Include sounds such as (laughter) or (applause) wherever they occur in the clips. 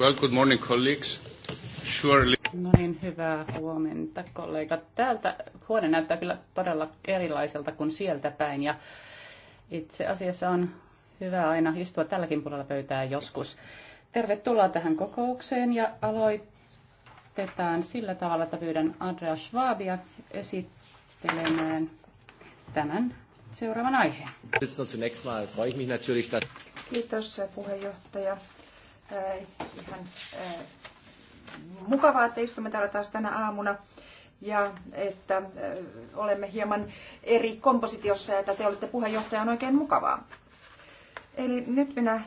Well, good morning, colleagues. Surely. No niin, hyvää huomenta kollegat. Täältä huone näyttää kyllä todella erilaiselta kuin sieltä päin ja itse asiassa on hyvä aina istua tälläkin puolella pöytää joskus. Tervetuloa tähän kokoukseen ja aloitetaan sillä tavalla, että pyydän Andrea Schwabia esittelemään tämän seuraavan aiheen. Kiitos puheenjohtaja. Äh, ihan äh, mukavaa, että istumme täällä taas tänä aamuna ja että äh, olemme hieman eri kompositiossa ja että te olette puheenjohtaja on oikein mukavaa. Eli nyt minä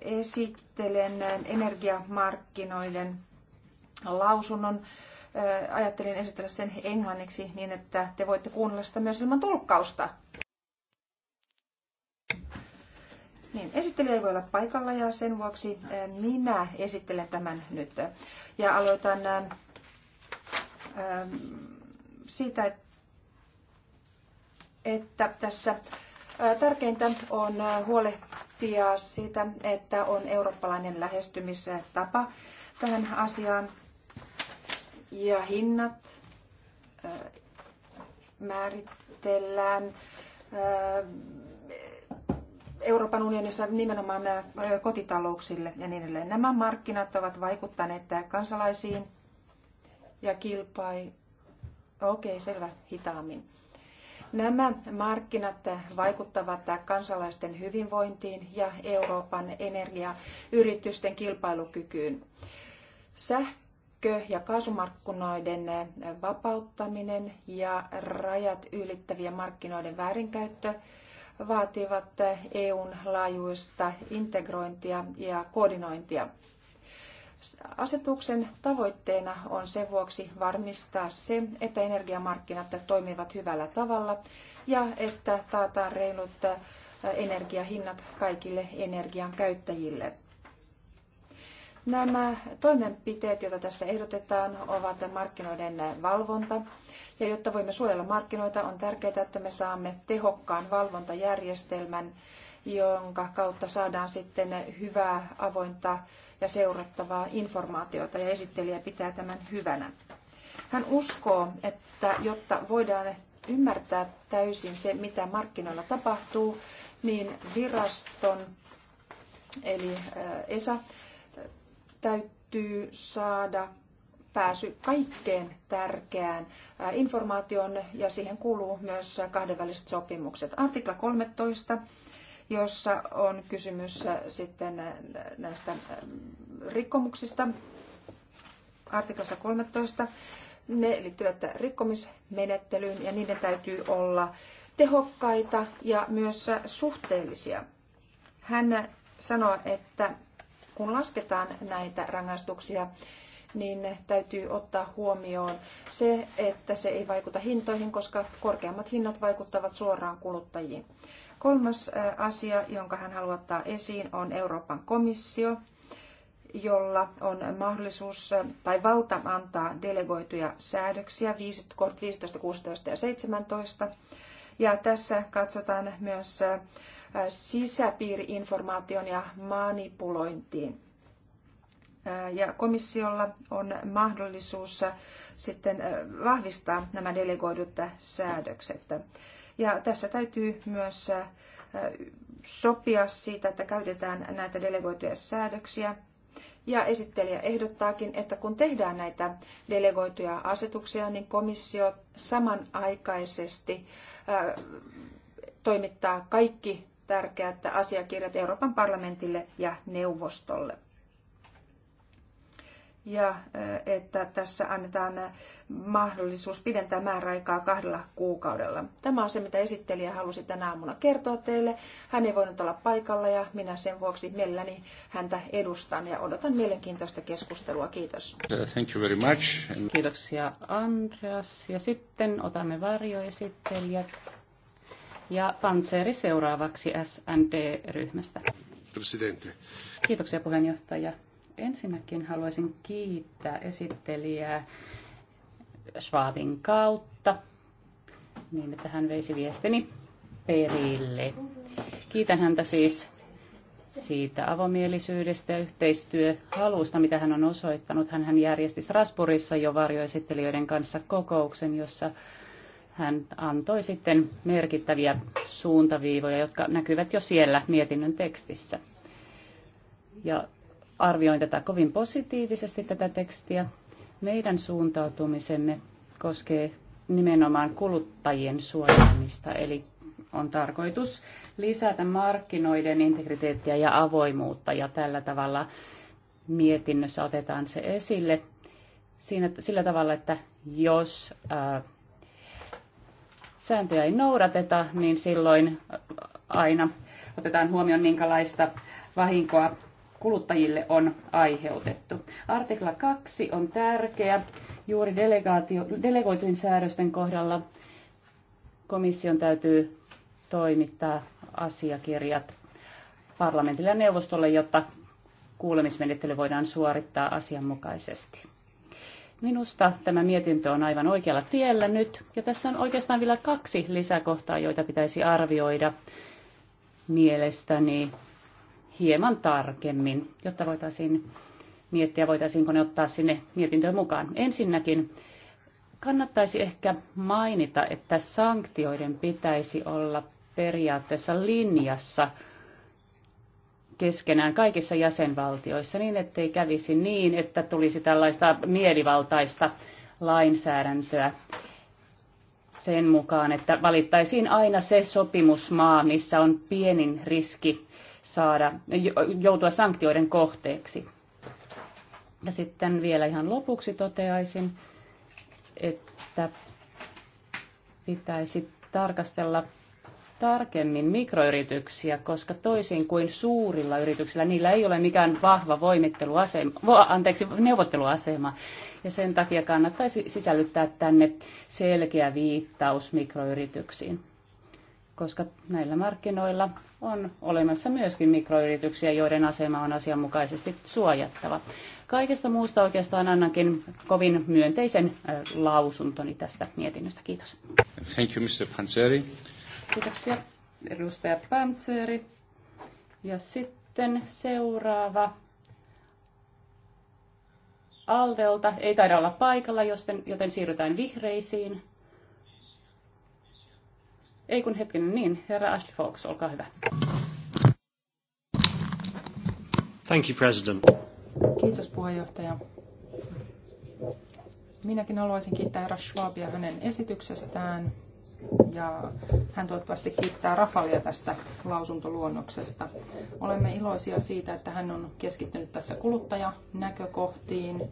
esittelen energiamarkkinoiden lausunnon. Ajattelin esitellä sen englanniksi niin, että te voitte kuunnella sitä myös ilman tulkkausta. Niin, esittelijä ei voi olla paikalla ja sen vuoksi eh, minä esittelen tämän nyt. Ja aloitan eh, eh, siitä, että tässä tärkeintä on huolehtia siitä, että on eurooppalainen lähestymistapa tähän asiaan ja hinnat määritellään Euroopan unionissa nimenomaan kotitalouksille ja niin edelleen. Nämä markkinat ovat vaikuttaneet kansalaisiin ja kilpai... Okei, okay, selvä, hitaammin. Nämä markkinat vaikuttavat kansalaisten hyvinvointiin ja Euroopan energiayritysten kilpailukykyyn. Sähkö- ja kaasumarkkinoiden vapauttaminen ja rajat ylittävien markkinoiden väärinkäyttö vaativat EUn laajuista integrointia ja koordinointia. Asetuksen tavoitteena on sen vuoksi varmistaa se, että energiamarkkinat toimivat hyvällä tavalla ja että taataan reilut energiahinnat kaikille energian käyttäjille. Nämä toimenpiteet, joita tässä ehdotetaan, ovat markkinoiden valvonta. Ja jotta voimme suojella markkinoita, on tärkeää, että me saamme tehokkaan valvontajärjestelmän, jonka kautta saadaan sitten hyvää, avointa ja seurattavaa informaatiota. Ja esittelijä pitää tämän hyvänä. Hän uskoo, että jotta voidaan ymmärtää täysin se, mitä markkinoilla tapahtuu, niin viraston eli ESA täytyy saada pääsy kaikkeen tärkeään informaatioon ja siihen kuuluu myös kahdenväliset sopimukset. Artikla 13 jossa on kysymys sitten näistä rikkomuksista. Artiklassa 13 ne liittyvät rikkomismenettelyyn ja niiden täytyy olla tehokkaita ja myös suhteellisia. Hän sanoi, että kun lasketaan näitä rangaistuksia, niin täytyy ottaa huomioon se, että se ei vaikuta hintoihin, koska korkeammat hinnat vaikuttavat suoraan kuluttajiin. Kolmas asia, jonka hän haluaa ottaa esiin, on Euroopan komissio, jolla on mahdollisuus tai valta antaa delegoituja säädöksiä, kort 15, 16 ja 17. Ja tässä katsotaan myös sisäpiiriinformaation ja manipulointiin. Äh, ja komissiolla on mahdollisuus äh, sitten äh, vahvistaa nämä delegoidut säädökset. Ja tässä täytyy myös sopia siitä, että käytetään näitä delegoituja säädöksiä. Ja esittelijä ehdottaakin, että kun tehdään näitä delegoituja asetuksia, niin komissio samanaikaisesti toimittaa kaikki tärkeät asiakirjat Euroopan parlamentille ja neuvostolle. Ja että tässä annetaan mahdollisuus pidentää määräaikaa kahdella kuukaudella. Tämä on se, mitä esittelijä halusi tänä aamuna kertoa teille. Hän ei voinut olla paikalla ja minä sen vuoksi mielelläni häntä edustan ja odotan mielenkiintoista keskustelua. Kiitos. Thank you very much. Kiitoksia Andreas. Ja sitten otamme varjoesittelijät ja Panzeri seuraavaksi SND-ryhmästä. Presidente. Kiitoksia puheenjohtaja. Ensinnäkin haluaisin kiittää esittelijää Schwabin kautta, niin että hän veisi viestini perille. Kiitän häntä siis siitä avomielisyydestä ja yhteistyöhalusta, mitä hän on osoittanut. Hän, hän järjesti Strasbourgissa jo varjoesittelijöiden kanssa kokouksen, jossa hän antoi sitten merkittäviä suuntaviivoja, jotka näkyvät jo siellä mietinnön tekstissä. Ja arvioin tätä kovin positiivisesti tätä tekstiä. Meidän suuntautumisemme koskee nimenomaan kuluttajien suojelmista, eli on tarkoitus lisätä markkinoiden integriteettiä ja avoimuutta, ja tällä tavalla mietinnössä otetaan se esille siinä, sillä tavalla, että jos äh, sääntöjä ei noudateta, niin silloin äh, aina otetaan huomioon, minkälaista vahinkoa kuluttajille on aiheutettu. Artikla 2 on tärkeä juuri delegaatio, delegoituin säädösten kohdalla. Komission täytyy toimittaa asiakirjat parlamentille ja neuvostolle, jotta kuulemismenettely voidaan suorittaa asianmukaisesti. Minusta tämä mietintö on aivan oikealla tiellä nyt, ja tässä on oikeastaan vielä kaksi lisäkohtaa, joita pitäisi arvioida mielestäni hieman tarkemmin, jotta voitaisiin miettiä, voitaisiinko ne ottaa sinne mietintöön mukaan. Ensinnäkin kannattaisi ehkä mainita, että sanktioiden pitäisi olla periaatteessa linjassa keskenään kaikissa jäsenvaltioissa niin, ettei kävisi niin, että tulisi tällaista mielivaltaista lainsäädäntöä sen mukaan, että valittaisiin aina se sopimusmaa, missä on pienin riski saada, joutua sanktioiden kohteeksi. Ja sitten vielä ihan lopuksi toteaisin, että pitäisi tarkastella tarkemmin mikroyrityksiä, koska toisin kuin suurilla yrityksillä, niillä ei ole mikään vahva voimitteluasema, vo, anteeksi, neuvotteluasema. Ja sen takia kannattaisi sisällyttää tänne selkeä viittaus mikroyrityksiin, koska näillä markkinoilla on olemassa myöskin mikroyrityksiä, joiden asema on asianmukaisesti suojattava. Kaikesta muusta oikeastaan annankin kovin myönteisen lausuntoni tästä mietinnöstä. Kiitos. Thank you, Mr. Panzeri. Kiitoksia edustaja Pantseri. Ja sitten seuraava Aldelta. Ei taida olla paikalla, joten, joten siirrytään vihreisiin. Ei kun hetken niin, herra Ashley Fox, olkaa hyvä. Thank you, President. Kiitos puheenjohtaja. Minäkin haluaisin kiittää herra Schwabia hänen esityksestään ja hän toivottavasti kiittää Rafalia tästä lausuntoluonnoksesta. Olemme iloisia siitä, että hän on keskittynyt tässä kuluttajanäkökohtiin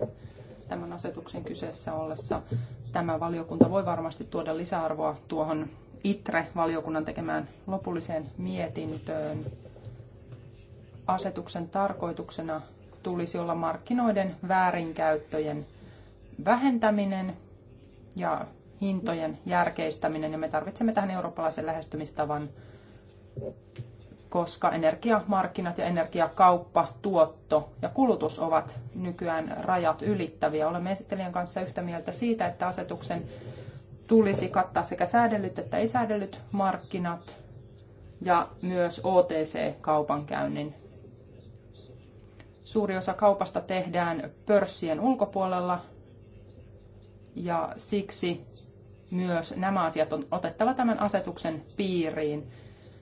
tämän asetuksen kyseessä ollessa. Tämä valiokunta voi varmasti tuoda lisäarvoa tuohon ITRE-valiokunnan tekemään lopulliseen mietintöön. Asetuksen tarkoituksena tulisi olla markkinoiden väärinkäyttöjen vähentäminen ja hintojen järkeistäminen ja me tarvitsemme tähän eurooppalaisen lähestymistavan, koska energiamarkkinat ja energiakauppa, tuotto ja kulutus ovat nykyään rajat ylittäviä. Olemme esittelijän kanssa yhtä mieltä siitä, että asetuksen tulisi kattaa sekä säädellyt että ei-säädellyt markkinat ja myös OTC-kaupankäynnin. Suuri osa kaupasta tehdään pörssien ulkopuolella ja siksi myös nämä asiat on otettava tämän asetuksen piiriin.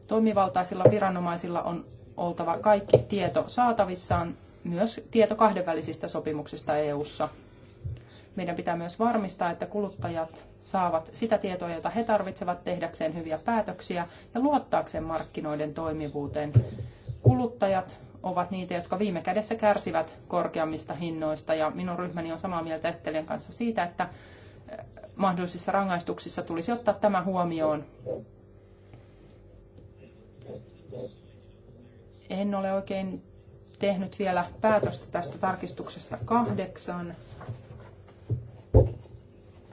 Toimivaltaisilla viranomaisilla on oltava kaikki tieto saatavissaan, myös tieto kahdenvälisistä sopimuksista EU:ssa. Meidän pitää myös varmistaa, että kuluttajat saavat sitä tietoa, jota he tarvitsevat tehdäkseen hyviä päätöksiä ja luottaakseen markkinoiden toimivuuteen. Kuluttajat ovat niitä, jotka viime kädessä kärsivät korkeammista hinnoista ja minun ryhmäni on samaa mieltä Estelian kanssa siitä, että mahdollisissa rangaistuksissa tulisi ottaa tämä huomioon. En ole oikein tehnyt vielä päätöstä tästä tarkistuksesta kahdeksan.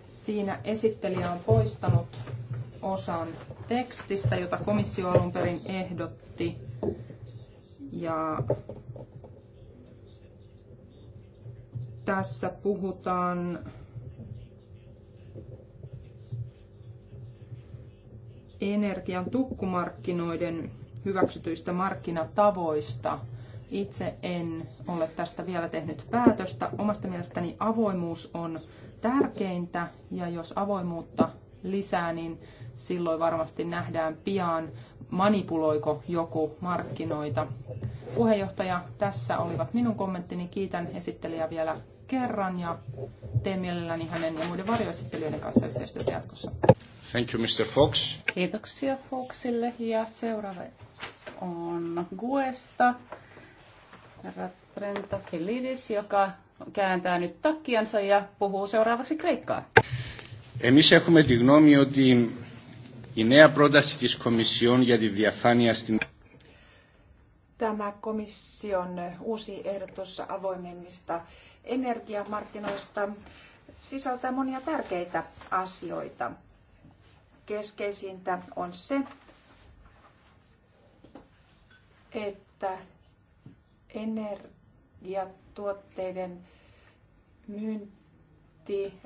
Siinä esittelijä on poistanut osan tekstistä, jota komissio alun perin ehdotti. Ja tässä puhutaan energian tukkumarkkinoiden hyväksytyistä markkinatavoista. Itse en ole tästä vielä tehnyt päätöstä. Omasta mielestäni avoimuus on tärkeintä ja jos avoimuutta lisää, niin silloin varmasti nähdään pian, manipuloiko joku markkinoita. Puheenjohtaja, tässä olivat minun kommenttini. Kiitän esittelijä vielä kerran ja teen mielelläni hänen ja muiden varjoesittelijöiden kanssa yhteistyötä jatkossa. Thank you, Mr. Fox. Kiitoksia Foxille ja seuraava on Guesta. Herra Brenta Filidis, joka kääntää nyt takkiansa ja puhuu seuraavaksi Kreikkaa. Εμείς έχουμε τη γνώμη ότι η νέα πρόταση της Κομισιόν για τη διαφάνεια στην... Tämä komission uusi ehdotus avoimemmista energiamarkkinoista sisältää monia tärkeitä asioita. Keskeisintä on se, että energiatuotteiden myynti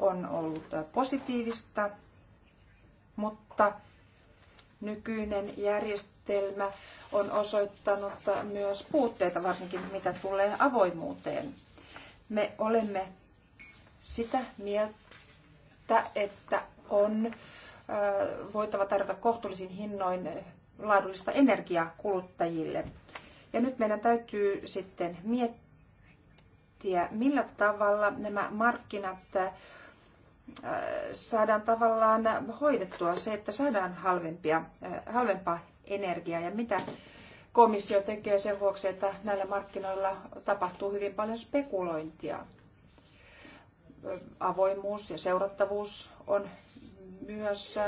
on ollut positiivista, mutta nykyinen järjestelmä järjestelmä on osoittanut myös puutteita, varsinkin mitä tulee avoimuuteen. Me olemme sitä mieltä, että on voitava tarjota kohtuullisin hinnoin laadullista energiaa kuluttajille. Ja nyt meidän täytyy sitten miettiä, millä tavalla nämä markkinat saadaan tavallaan hoidettua se, että saadaan halvempia, halvempaa energiaa ja mitä komissio tekee sen vuoksi, että näillä markkinoilla tapahtuu hyvin paljon spekulointia. Avoimuus ja seurattavuus on myös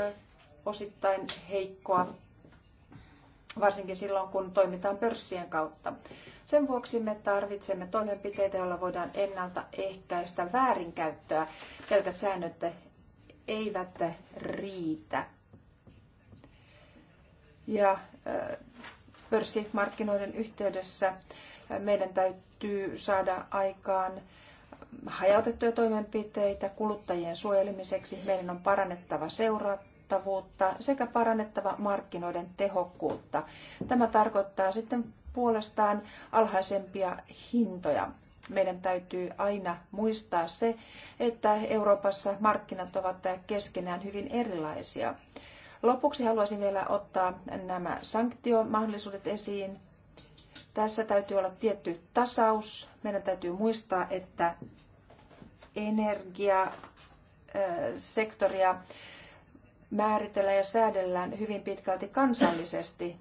osittain heikkoa, varsinkin silloin kun toimitaan pörssien kautta. Sen vuoksi me tarvitsemme toimenpiteitä, joilla voidaan ennaltaehkäistä väärinkäyttöä. Pelkät säännöt eivät riitä ja pörssimarkkinoiden yhteydessä meidän täytyy saada aikaan hajautettuja toimenpiteitä kuluttajien suojelemiseksi. Meidän on parannettava seurattavuutta sekä parannettava markkinoiden tehokkuutta. Tämä tarkoittaa sitten puolestaan alhaisempia hintoja. Meidän täytyy aina muistaa se, että Euroopassa markkinat ovat keskenään hyvin erilaisia. Lopuksi haluaisin vielä ottaa nämä sanktiomahdollisuudet esiin. Tässä täytyy olla tietty tasaus. Meidän täytyy muistaa, että energiasektoria määritellään ja säädellään hyvin pitkälti kansallisesti.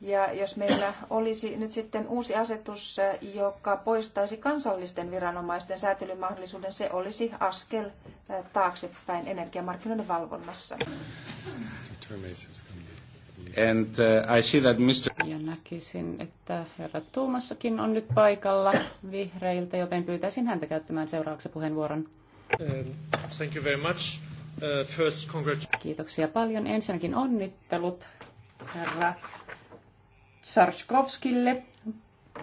Ja jos meillä olisi nyt sitten uusi asetus, joka poistaisi kansallisten viranomaisten säätelymahdollisuuden, se olisi askel taaksepäin energiamarkkinoiden valvonnassa. And, uh, I see that Mr. Ja näkisin, että herra Tuumassakin on nyt paikalla vihreiltä, joten pyytäisin häntä käyttämään seuraavaksi puheenvuoron. Um, thank you very much. Uh, first, Kiitoksia paljon. Ensinnäkin onnittelut herra Tsarskovskille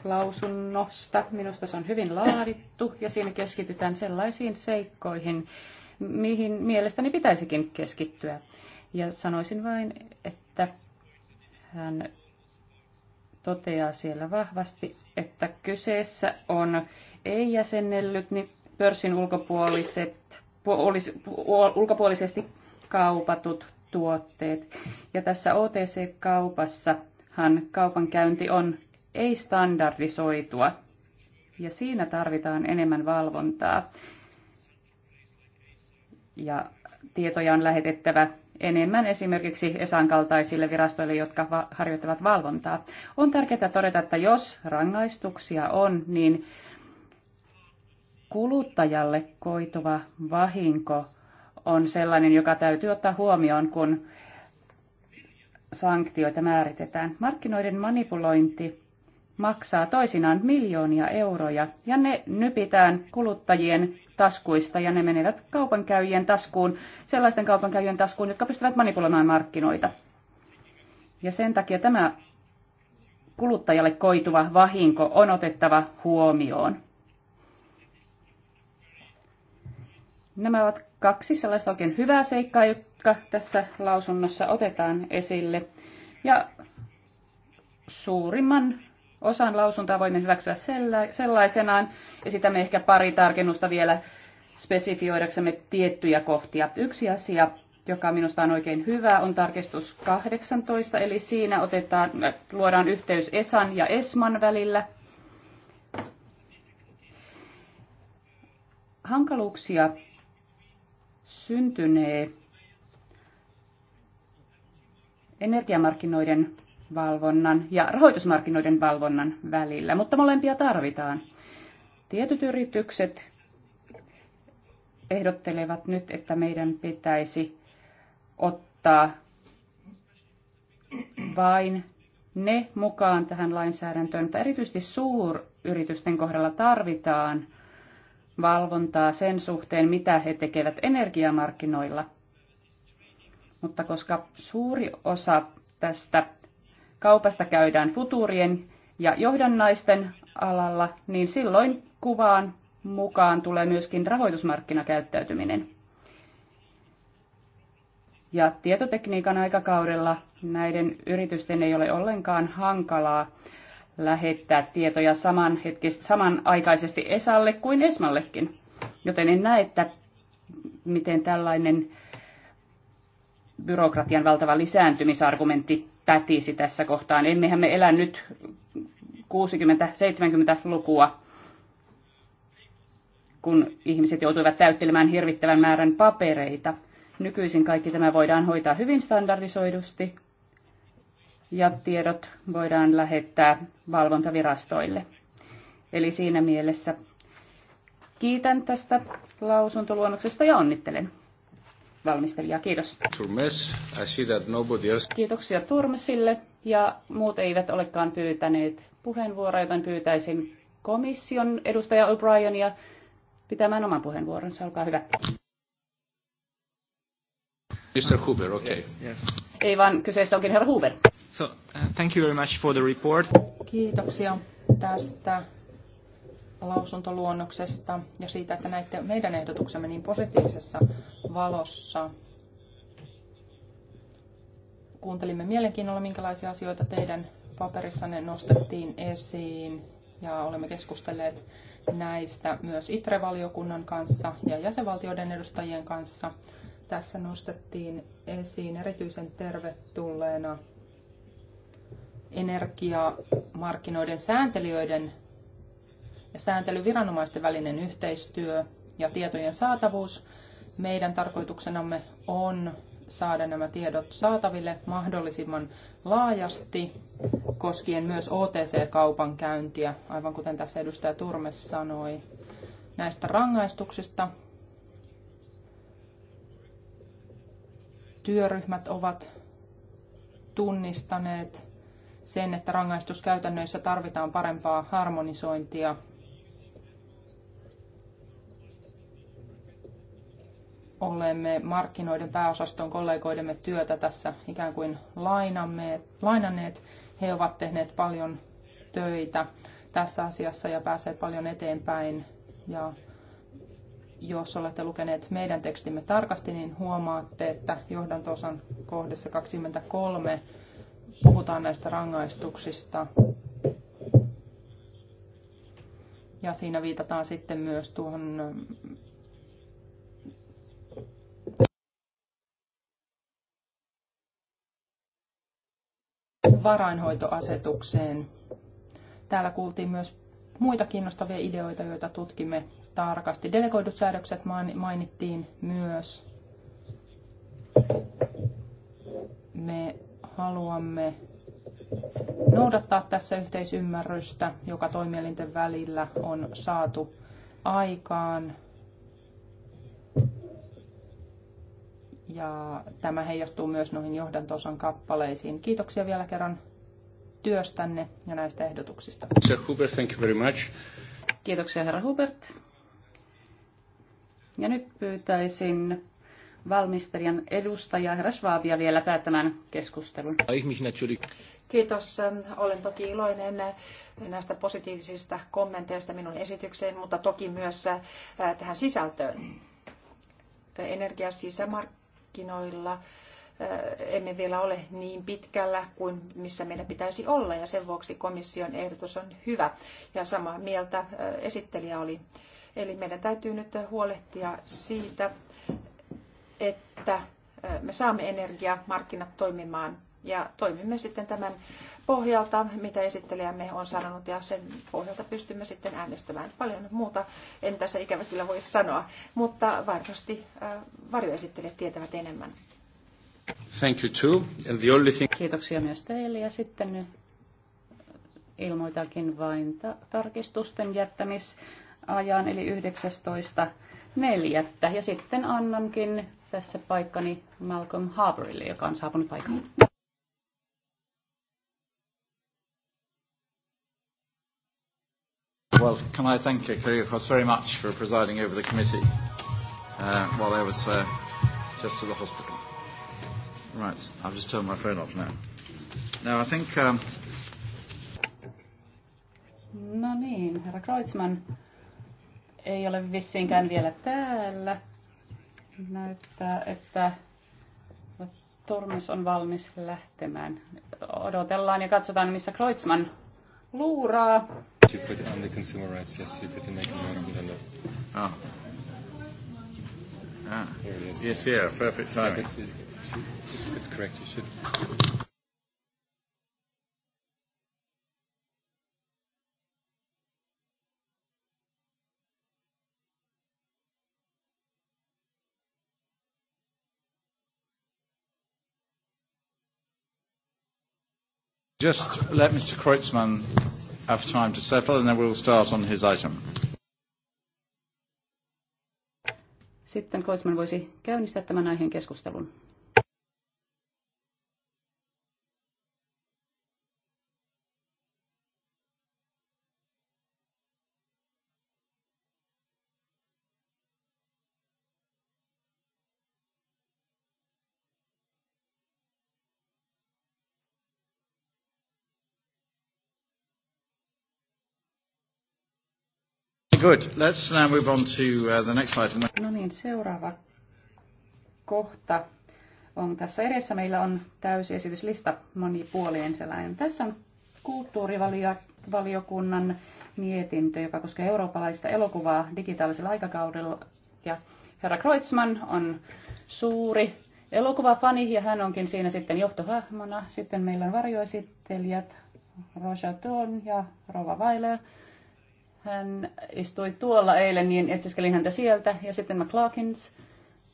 lausunnosta. Minusta se on hyvin laadittu ja siinä keskitytään sellaisiin seikkoihin, mihin mielestäni pitäisikin keskittyä. Ja sanoisin vain, että hän toteaa siellä vahvasti, että kyseessä on ei-jäsennellyt niin pörssin ulkopuoliset, puolis, ulkopuolisesti kaupatut tuotteet. Ja tässä OTC-kaupassahan kaupankäynti on ei-standardisoitua, ja siinä tarvitaan enemmän valvontaa. Ja tietoja on lähetettävä enemmän esimerkiksi Esan kaltaisille virastoille, jotka harjoittavat valvontaa. On tärkeää todeta, että jos rangaistuksia on, niin kuluttajalle koituva vahinko on sellainen, joka täytyy ottaa huomioon, kun sanktioita määritetään. Markkinoiden manipulointi maksaa toisinaan miljoonia euroja ja ne nypitään kuluttajien taskuista ja ne menevät kaupankäyjien taskuun, sellaisten kaupankäyjien taskuun, jotka pystyvät manipuloimaan markkinoita. Ja sen takia tämä kuluttajalle koituva vahinko on otettava huomioon. Nämä ovat kaksi sellaista oikein hyvää seikkaa, jotka tässä lausunnossa otetaan esille. Ja suurimman osan lausuntaa voimme hyväksyä sellaisenaan, ja sitä me ehkä pari tarkennusta vielä spesifioidaksemme tiettyjä kohtia. Yksi asia, joka minusta on oikein hyvä, on tarkistus 18, eli siinä otetaan, luodaan yhteys ESAN ja ESMAN välillä. Hankaluuksia syntynee energiamarkkinoiden valvonnan ja rahoitusmarkkinoiden valvonnan välillä, mutta molempia tarvitaan. Tietyt yritykset ehdottelevat nyt, että meidän pitäisi ottaa vain ne mukaan tähän lainsäädäntöön, mutta erityisesti suuryritysten kohdalla tarvitaan valvontaa sen suhteen, mitä he tekevät energiamarkkinoilla. Mutta koska suuri osa tästä kaupasta käydään futuurien ja johdannaisten alalla, niin silloin kuvaan mukaan tulee myöskin rahoitusmarkkinakäyttäytyminen. Ja tietotekniikan aikakaudella näiden yritysten ei ole ollenkaan hankalaa lähettää tietoja saman samanaikaisesti Esalle kuin Esmallekin. Joten en näe, että miten tällainen byrokratian valtava lisääntymisargumentti pätisi tässä kohtaan. Emmehän me elä nyt 60-70-lukua, kun ihmiset joutuivat täyttelemään hirvittävän määrän papereita. Nykyisin kaikki tämä voidaan hoitaa hyvin standardisoidusti ja tiedot voidaan lähettää valvontavirastoille. Eli siinä mielessä kiitän tästä lausuntoluonnoksesta ja onnittelen valmistelija. Kiitos. Turmes, I see that nobody else... Kiitoksia Turmesille ja muut eivät olekaan pyytäneet puheenvuoroa, joten pyytäisin komission edustaja O'Brienia pitämään oman puheenvuoronsa. Olkaa hyvä. Mr. Huber, okay. Yes. Ei vaan kyseessä onkin herra Huber. So, uh, thank you very much for the report. Kiitoksia tästä lausuntoluonnoksesta ja siitä, että näitte meidän ehdotuksemme niin positiivisessa valossa. Kuuntelimme mielenkiinnolla, minkälaisia asioita teidän paperissanne nostettiin esiin ja olemme keskustelleet näistä myös ITRE-valiokunnan kanssa ja jäsenvaltioiden edustajien kanssa. Tässä nostettiin esiin erityisen tervetulleena energiamarkkinoiden sääntelijöiden ja sääntelyviranomaisten välinen yhteistyö ja tietojen saatavuus. Meidän tarkoituksenamme on saada nämä tiedot saataville mahdollisimman laajasti koskien myös OTC-kaupan käyntiä, aivan kuten tässä edustaja Turmes sanoi, näistä rangaistuksista. Työryhmät ovat tunnistaneet sen, että rangaistuskäytännöissä tarvitaan parempaa harmonisointia olemme markkinoiden pääosaston kollegoidemme työtä tässä ikään kuin lainamme, lainanneet. He ovat tehneet paljon töitä tässä asiassa ja pääsee paljon eteenpäin. Ja jos olette lukeneet meidän tekstimme tarkasti, niin huomaatte, että johdantosan kohdassa 23 puhutaan näistä rangaistuksista. Ja siinä viitataan sitten myös tuohon varainhoitoasetukseen. Täällä kuultiin myös muita kiinnostavia ideoita, joita tutkimme tarkasti. Delegoidut säädökset mainittiin myös. Me haluamme noudattaa tässä yhteisymmärrystä, joka toimielinten välillä on saatu aikaan ja tämä heijastuu myös noihin johdantosan kappaleisiin. Kiitoksia vielä kerran työstänne ja näistä ehdotuksista. Sir Hubert, thank you very much. Kiitoksia herra Hubert. Ja nyt pyytäisin valmistelijan edustajaa herra Schwabia vielä päättämään keskustelun. Kiitos. Olen toki iloinen näistä positiivisista kommenteista minun esitykseen, mutta toki myös äh, tähän sisältöön. Energiasisämarkkinoille markkinoilla emme vielä ole niin pitkällä kuin missä meidän pitäisi olla ja sen vuoksi komission ehdotus on hyvä ja samaa mieltä esittelijä oli. Eli meidän täytyy nyt huolehtia siitä, että me saamme energiamarkkinat toimimaan ja toimimme sitten tämän pohjalta, mitä esittelijämme on sanonut, ja sen pohjalta pystymme sitten äänestämään. Paljon muuta en tässä ikävä kyllä voi sanoa, mutta varmasti äh, varjoesittelijät tietävät enemmän. Thank you too. And the only thing... Kiitoksia myös teille. Ja sitten nyt ilmoitakin vain ta- tarkistusten jättämisajan, eli 19.4. Ja sitten annankin tässä paikkani Malcolm Harbourille, joka on saapunut paikalle. Well, can I thank Kyriakos very much for presiding over the committee uh, while I was uh, just to the hospital. Right, I've just turned my phone off now. Now I think... Um... No niin, herra Kreutzmann ei ole vissiinkään vielä täällä. Näyttää, että Turmis on valmis lähtemään. Odotellaan ja katsotaan, missä Kreutzmann luuraa you put on the consumer rights, yes, you could make a note on that. Ah. Ah. Here it is. Yes, yeah, perfect timing. Yeah, it's, it's correct, you should. Just let Mr. Kreutzmann have time to settle, and then we'll start on his item. Sitten Koisman voisi käynnistää tämän aiheen keskustelun. Good. Let's now move on to uh, the next item. No niin, seuraava kohta on tässä edessä. Meillä on täysi esityslista monipuolinen sellainen. Tässä on kulttuurivaliokunnan mietintö, joka koskee eurooppalaista elokuvaa digitaalisella aikakaudella. Ja herra Kreutzmann on suuri elokuvafani ja hän onkin siinä sitten johtohahmona. Sitten meillä on varjoesittelijät Roja Thorn ja Rova Weiler. Hän istui tuolla eilen, niin etsiskelin häntä sieltä. Ja sitten McClarkins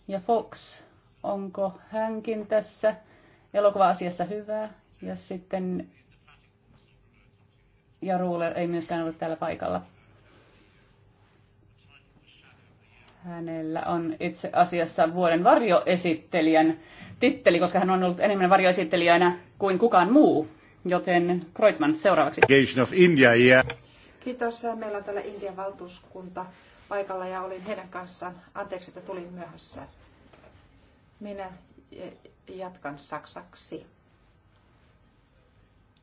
ja Fox. Onko hänkin tässä elokuva-asiassa hyvä? Ja sitten... Ja Ruler ei myöskään ollut täällä paikalla. Hänellä on itse asiassa vuoden varjoesittelijän titteli, koska hän on ollut enemmän varjoesittelijänä kuin kukaan muu. Joten Kreutzmann seuraavaksi. Of India, yeah. Kiitos. Meillä on täällä Intian valtuuskunta paikalla ja olin heidän kanssaan. Anteeksi, että tulin myöhässä. Minä jatkan saksaksi,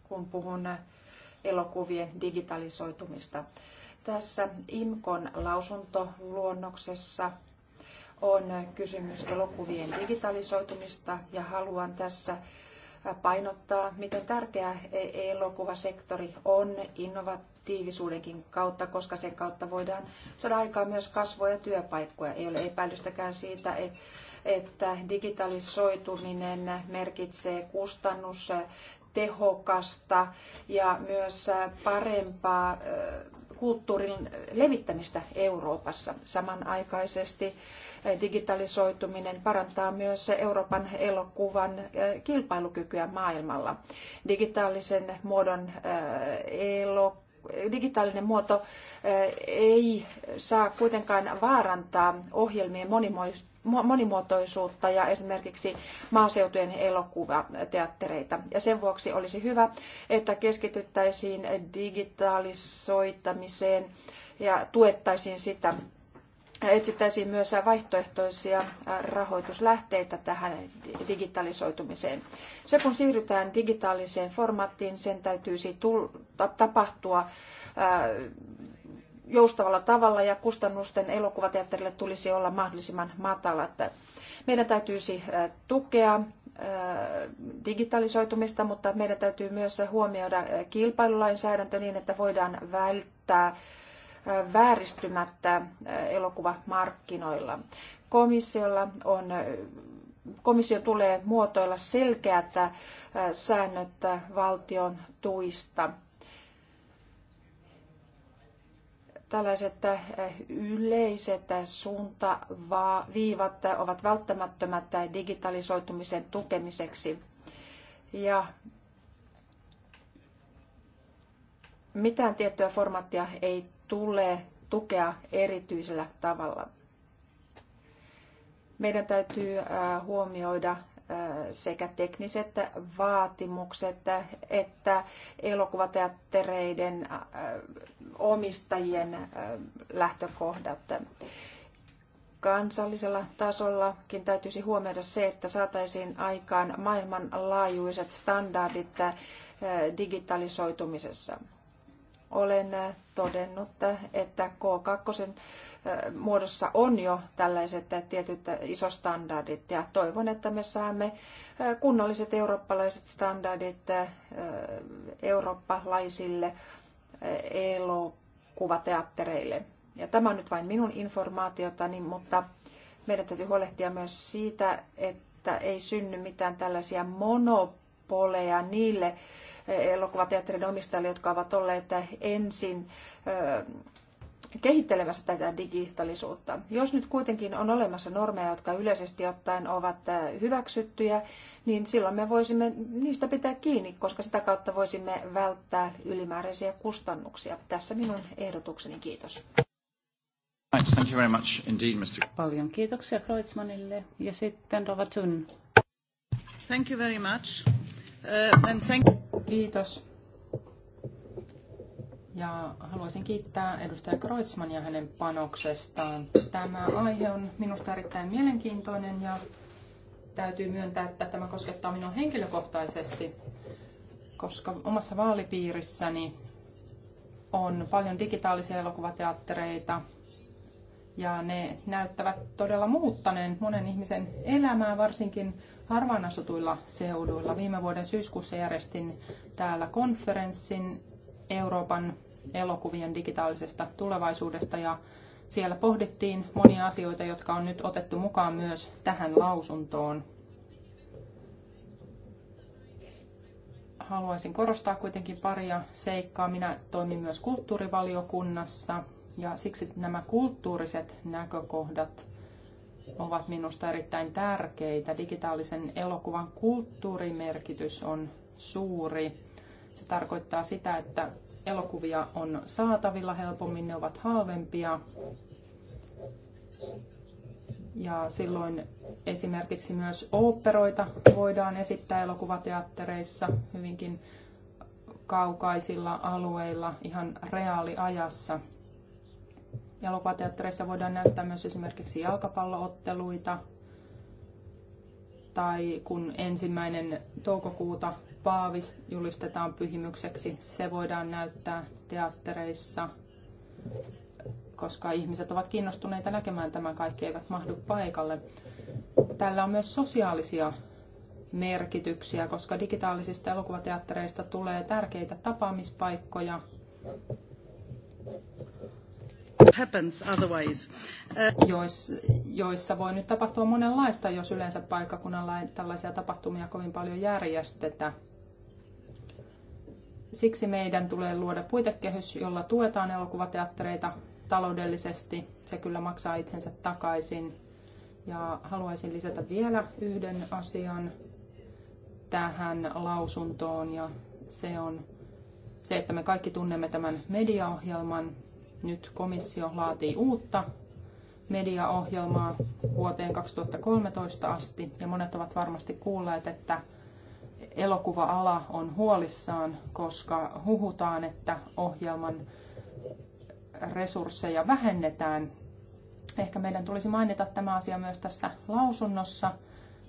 kun puhun elokuvien digitalisoitumista. Tässä IMKON lausuntoluonnoksessa on kysymys elokuvien digitalisoitumista ja haluan tässä painottaa, miten tärkeä elokuvasektori on innovatiivisuudenkin kautta, koska sen kautta voidaan saada aikaan myös kasvua ja työpaikkoja. Ei ole epäilystäkään siitä, että digitalisoituminen merkitsee kustannustehokasta tehokasta ja myös parempaa kulttuurin levittämistä Euroopassa. Samanaikaisesti eh, digitalisoituminen parantaa myös Euroopan elokuvan eh, kilpailukykyä maailmalla. Digitaalisen muodon eh, elokuva digitaalinen muoto ei saa kuitenkaan vaarantaa ohjelmien monimuotoisuutta ja esimerkiksi maaseutujen elokuvateattereita. Ja sen vuoksi olisi hyvä, että keskityttäisiin digitalisoitamiseen ja tuettaisiin sitä etsittäisiin myös vaihtoehtoisia rahoituslähteitä tähän digitalisoitumiseen. Se kun siirrytään digitaaliseen formaattiin, sen täytyisi tapahtua joustavalla tavalla ja kustannusten elokuvateatterille tulisi olla mahdollisimman matalat. Meidän täytyisi tukea digitalisoitumista, mutta meidän täytyy myös huomioida kilpailulainsäädäntö niin, että voidaan välttää vääristymättä elokuvamarkkinoilla. Komissiolla on komissio tulee muotoilla selkeät säännöt valtion tuista. Tällaiset yleiset suuntaviivat ovat välttämättömät digitalisoitumisen tukemiseksi. Ja mitään tiettyä formaattia ei tulee tukea erityisellä tavalla. Meidän täytyy äh, huomioida äh, sekä tekniset vaatimukset että elokuvateattereiden äh, omistajien lähtökohdat. Kansallisella tasollakin täytyisi huomioida se, että saataisiin aikaan maailmanlaajuiset standardit digitalisoitumisessa olen äh, todennut, äh, että K2 äh, muodossa on jo tällaiset tietyt isostandardit ja toivon, että me saamme kunnolliset eurooppalaiset standardit eurooppalaisille elokuvateattereille. Ja tämä on nyt vain minun informaatiotani, mutta meidän täytyy huolehtia myös siitä, että ei synny mitään tällaisia monopoleja poleja niille eh, elokuvateatterin omistajille, jotka ovat olleet ensin eh, kehittelemässä tätä digitaalisuutta. Jos nyt kuitenkin on olemassa normeja, jotka yleisesti ottaen ovat eh, hyväksyttyjä, niin silloin me voisimme niistä pitää kiinni, koska sitä kautta voisimme välttää ylimääräisiä kustannuksia. Tässä minun ehdotukseni. Kiitos. Thank you very much indeed, Mr. Paljon kiitoksia Kreutzmannille ja sitten Rova Thank you very much. Uh, Kiitos. Ja haluaisin kiittää edustaja Kreutzmania hänen panoksestaan. Tämä aihe on minusta erittäin mielenkiintoinen ja täytyy myöntää, että tämä koskettaa minua henkilökohtaisesti, koska omassa vaalipiirissäni on paljon digitaalisia elokuvateattereita ja ne näyttävät todella muuttaneen monen ihmisen elämää, varsinkin harvaan asutuilla seuduilla. Viime vuoden syyskuussa järjestin täällä konferenssin Euroopan elokuvien digitaalisesta tulevaisuudesta ja siellä pohdittiin monia asioita, jotka on nyt otettu mukaan myös tähän lausuntoon. Haluaisin korostaa kuitenkin paria seikkaa. Minä toimin myös kulttuurivaliokunnassa ja siksi nämä kulttuuriset näkökohdat ovat minusta erittäin tärkeitä. Digitaalisen elokuvan kulttuurimerkitys on suuri. Se tarkoittaa sitä, että elokuvia on saatavilla helpommin, ne ovat halvempia. Ja silloin esimerkiksi myös oopperoita voidaan esittää elokuvateattereissa hyvinkin kaukaisilla alueilla ihan reaaliajassa – Elokuvateattereissa voidaan näyttää myös esimerkiksi jalkapallootteluita. Tai kun ensimmäinen toukokuuta paavis julistetaan pyhimykseksi, se voidaan näyttää teattereissa, koska ihmiset ovat kiinnostuneita näkemään tämän, kaikki eivät mahdu paikalle. Tällä on myös sosiaalisia merkityksiä, koska digitaalisista elokuvateattereista tulee tärkeitä tapaamispaikkoja Uh, joissa voi nyt tapahtua monenlaista, jos yleensä paikkakunnalla ei tällaisia tapahtumia kovin paljon järjestetä. Siksi meidän tulee luoda puitekehys, jolla tuetaan elokuvateattereita taloudellisesti. Se kyllä maksaa itsensä takaisin. Ja haluaisin lisätä vielä yhden asian tähän lausuntoon ja se on se, että me kaikki tunnemme tämän mediaohjelman, nyt komissio laatii uutta mediaohjelmaa vuoteen 2013 asti ja monet ovat varmasti kuulleet, että elokuva-ala on huolissaan, koska huhutaan, että ohjelman resursseja vähennetään. Ehkä meidän tulisi mainita tämä asia myös tässä lausunnossa.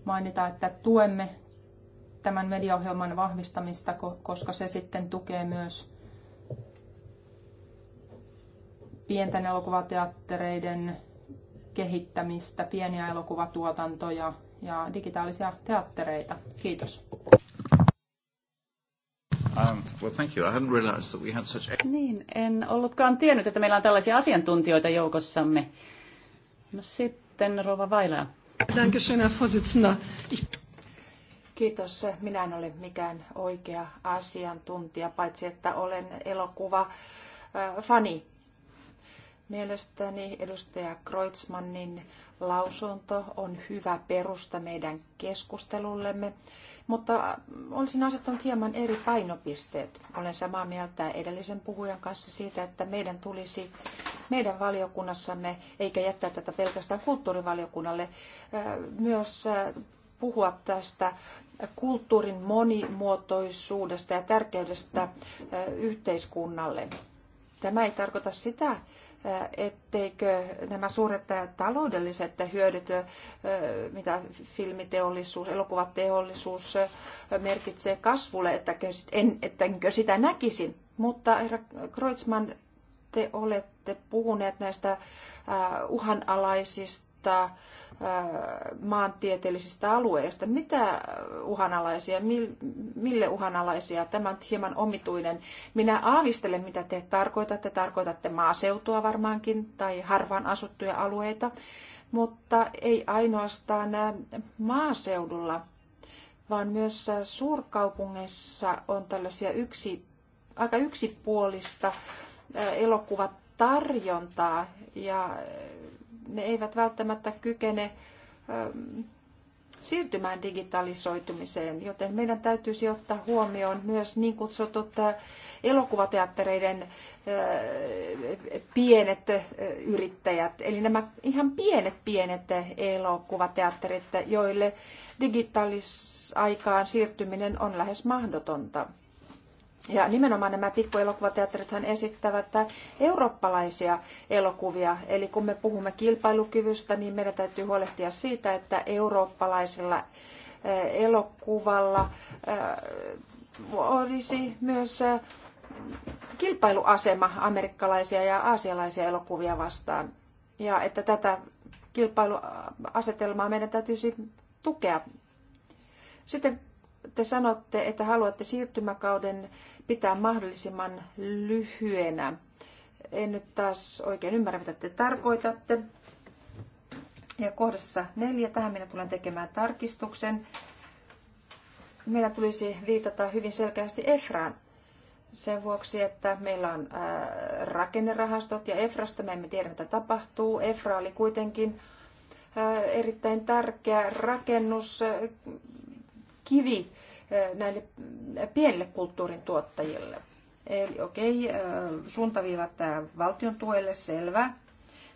Mainita, että tuemme tämän mediaohjelman vahvistamista, koska se sitten tukee myös pienten elokuvateattereiden kehittämistä, pieniä elokuvatuotantoja ja digitaalisia teattereita. Kiitos. Um, niin, en ollutkaan tiennyt, että meillä on tällaisia asiantuntijoita joukossamme. No sitten Rova Vaila. Kiitos. Minä en ole mikään oikea asiantuntija, paitsi että olen elokuva äh, fani. Mielestäni edustaja Kreutzmannin lausunto on hyvä perusta meidän keskustelullemme, mutta olisin asettanut hieman eri painopisteet. Olen samaa mieltä edellisen puhujan kanssa siitä, että meidän tulisi meidän valiokunnassamme, eikä jättää tätä pelkästään kulttuurivaliokunnalle, myös puhua tästä kulttuurin monimuotoisuudesta ja tärkeydestä yhteiskunnalle. Tämä ei tarkoita sitä, etteikö nämä suuret taloudelliset hyödyt, mitä filmiteollisuus, elokuvateollisuus merkitsee kasvulle, että en, ettenkö sitä näkisi. Mutta herra Kreutzmann, te olette puhuneet näistä uhanalaisista vastaa maantieteellisistä alueista. Mitä uhanalaisia, mille uhanalaisia? Tämä on hieman omituinen. Minä aavistelen, mitä te tarkoitatte. Tarkoitatte maaseutua varmaankin tai harvaan asuttuja alueita, mutta ei ainoastaan maaseudulla, vaan myös suurkaupungeissa on tällaisia yksi, aika yksipuolista elokuvatarjontaa tarjontaa ja ne eivät välttämättä kykene ähm, siirtymään digitalisoitumiseen, joten meidän täytyisi ottaa huomioon myös niin kutsutut äh, elokuvateattereiden äh, pienet äh, yrittäjät, eli nämä ihan pienet pienet elokuvateatterit, joille digitaalisaikaan siirtyminen on lähes mahdotonta. Ja nimenomaan nämä pikkuelokuvateatterithan esittävät eurooppalaisia elokuvia. Eli kun me puhumme kilpailukyvystä, niin meidän täytyy huolehtia siitä, että eurooppalaisella eh, elokuvalla eh, olisi myös eh, kilpailuasema amerikkalaisia ja aasialaisia elokuvia vastaan. Ja että tätä kilpailuasetelmaa meidän täytyisi tukea. Sitten te sanotte, että haluatte siirtymäkauden pitää mahdollisimman lyhyenä. En nyt taas oikein ymmärrä, mitä te tarkoitatte. Ja kohdassa neljä, tähän minä tulen tekemään tarkistuksen. Meidän tulisi viitata hyvin selkeästi EFRAan sen vuoksi, että meillä on rakennerahastot ja EFRAsta me emme tiedä, mitä tapahtuu. EFRA oli kuitenkin erittäin tärkeä rakennuskivi näille pienille kulttuurin tuottajille. Eli okei, okay, suuntaviivat valtion tuelle selvä,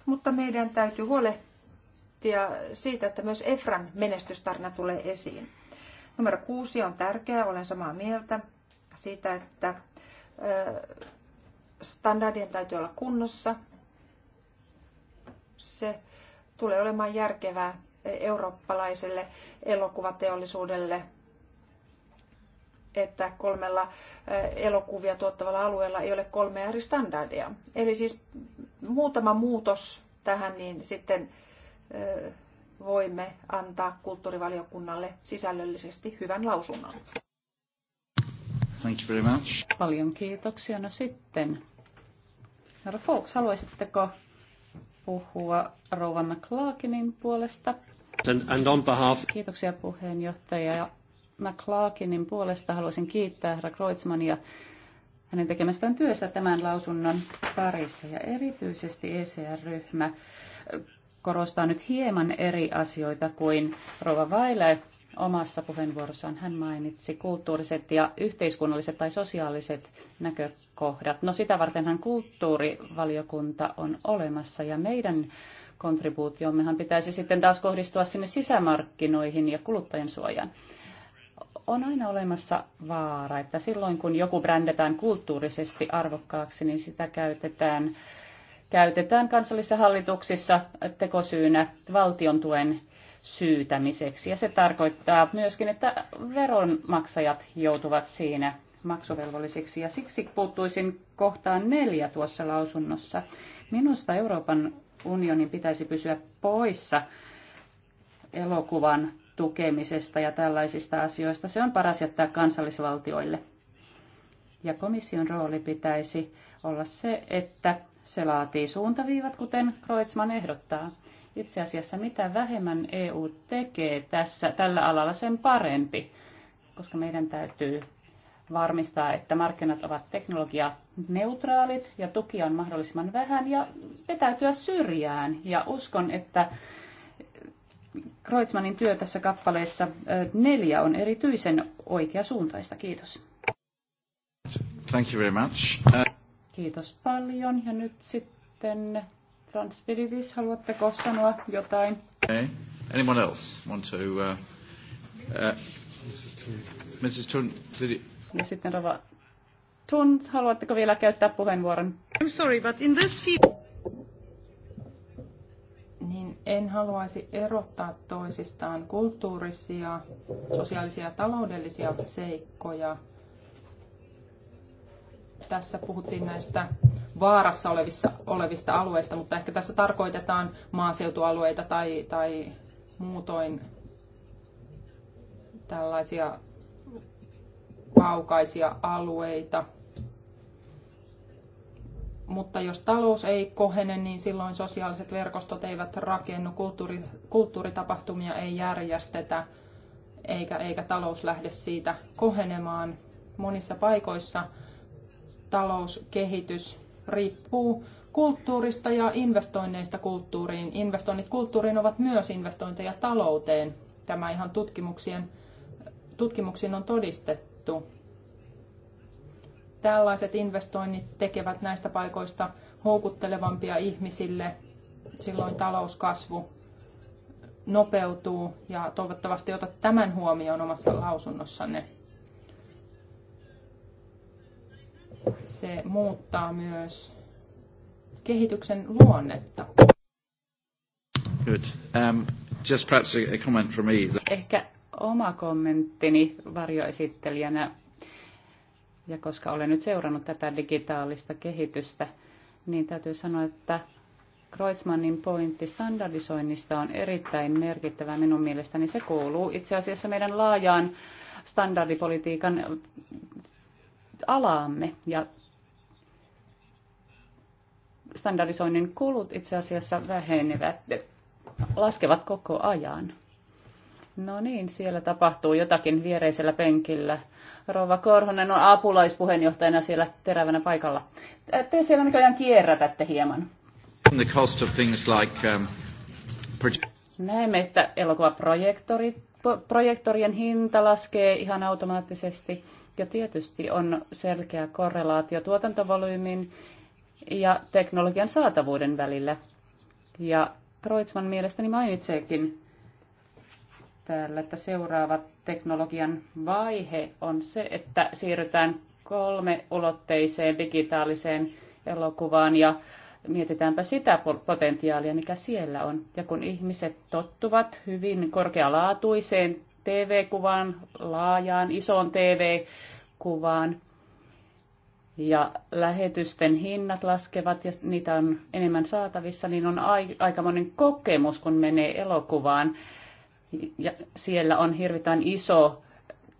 mutta meidän täytyy huolehtia siitä, että myös EFRAN menestystarina tulee esiin. Numero kuusi on tärkeä, olen samaa mieltä siitä, että standardien täytyy olla kunnossa. Se tulee olemaan järkevää eurooppalaiselle elokuvateollisuudelle että kolmella eh, elokuvia tuottavalla alueella ei ole kolmea eri standardia. Eli siis muutama muutos tähän, niin sitten eh, voimme antaa kulttuurivaliokunnalle sisällöllisesti hyvän lausunnon. Thank you very much. Paljon kiitoksia. No sitten, herra Fox, haluaisitteko puhua Rouva McLaakinin puolesta? And, and on behalf... Kiitoksia puheenjohtaja McClarkinin puolesta haluaisin kiittää herra Kreutzmania hänen tekemästään työstä tämän lausunnon parissa. Ja erityisesti ECR-ryhmä korostaa nyt hieman eri asioita kuin Rova Weiler omassa puheenvuorossaan. Hän mainitsi kulttuuriset ja yhteiskunnalliset tai sosiaaliset näkökohdat. No sitä vartenhan kulttuurivaliokunta on olemassa ja meidän kontribuutiommehan pitäisi sitten taas kohdistua sinne sisämarkkinoihin ja kuluttajien suojaan on aina olemassa vaara, että silloin kun joku brändetään kulttuurisesti arvokkaaksi, niin sitä käytetään, käytetään kansallisissa hallituksissa tekosyynä valtion tuen syytämiseksi. Ja se tarkoittaa myöskin, että veronmaksajat joutuvat siinä maksuvelvollisiksi. Ja siksi puuttuisin kohtaan neljä tuossa lausunnossa. Minusta Euroopan unionin pitäisi pysyä poissa elokuvan tukemisesta ja tällaisista asioista. Se on paras jättää kansallisvaltioille. Ja komission rooli pitäisi olla se, että se laatii suuntaviivat, kuten Kreutzmann ehdottaa. Itse asiassa mitä vähemmän EU tekee tässä, tällä alalla, sen parempi, koska meidän täytyy varmistaa, että markkinat ovat teknologianeutraalit ja tuki on mahdollisimman vähän ja vetäytyä syrjään. Ja uskon, että Kreutzmannin työ tässä kappaleessa neljä on erityisen oikeasuuntaista. Kiitos. Thank you very much. Uh... Kiitos paljon. Ja nyt sitten Franz Viridis, haluatteko sanoa jotain? Okay. Anyone else want to... Uh, uh, Mrs. Tun, did you... Ja sitten Rova Tun, haluatteko vielä käyttää puheenvuoron? I'm sorry, but in this field... En haluaisi erottaa toisistaan kulttuurisia, sosiaalisia ja taloudellisia seikkoja. Tässä puhuttiin näistä vaarassa olevissa, olevista alueista, mutta ehkä tässä tarkoitetaan maaseutualueita tai, tai muutoin tällaisia kaukaisia alueita mutta jos talous ei kohene, niin silloin sosiaaliset verkostot eivät rakennu, kulttuuri, kulttuuritapahtumia ei järjestetä eikä, eikä talous lähde siitä kohenemaan. Monissa paikoissa talouskehitys riippuu kulttuurista ja investoinneista kulttuuriin. Investoinnit kulttuuriin ovat myös investointeja talouteen. Tämä ihan tutkimuksien, tutkimuksiin on todistettu tällaiset investoinnit tekevät näistä paikoista houkuttelevampia ihmisille. Silloin talouskasvu nopeutuu ja toivottavasti otat tämän huomioon omassa lausunnossanne. Se muuttaa myös kehityksen luonnetta. Good. Um, just perhaps a comment from me. Ehkä oma kommenttini varjoesittelijänä ja koska olen nyt seurannut tätä digitaalista kehitystä, niin täytyy sanoa, että Kreutzmannin pointti standardisoinnista on erittäin merkittävä minun mielestäni. Se kuuluu itse asiassa meidän laajaan standardipolitiikan alaamme. Ja standardisoinnin kulut itse asiassa vähenevät, laskevat koko ajan. No niin, siellä tapahtuu jotakin viereisellä penkillä. Rova Korhonen on apulaispuheenjohtajana siellä terävänä paikalla. Te siellä näköjään kierrätätte hieman. The cost of things like, um, Näemme, että elokuvaprojektorien hinta laskee ihan automaattisesti. Ja tietysti on selkeä korrelaatio tuotantovolyymin ja teknologian saatavuuden välillä. Ja Kreutzmann mielestäni mainitseekin täällä, että seuraava teknologian vaihe on se, että siirrytään kolmeulotteiseen digitaaliseen elokuvaan ja mietitäänpä sitä potentiaalia, mikä siellä on. Ja kun ihmiset tottuvat hyvin korkealaatuiseen TV-kuvaan, laajaan, isoon TV-kuvaan, ja lähetysten hinnat laskevat ja niitä on enemmän saatavissa, niin on aikamoinen kokemus, kun menee elokuvaan ja siellä on hirvittävän iso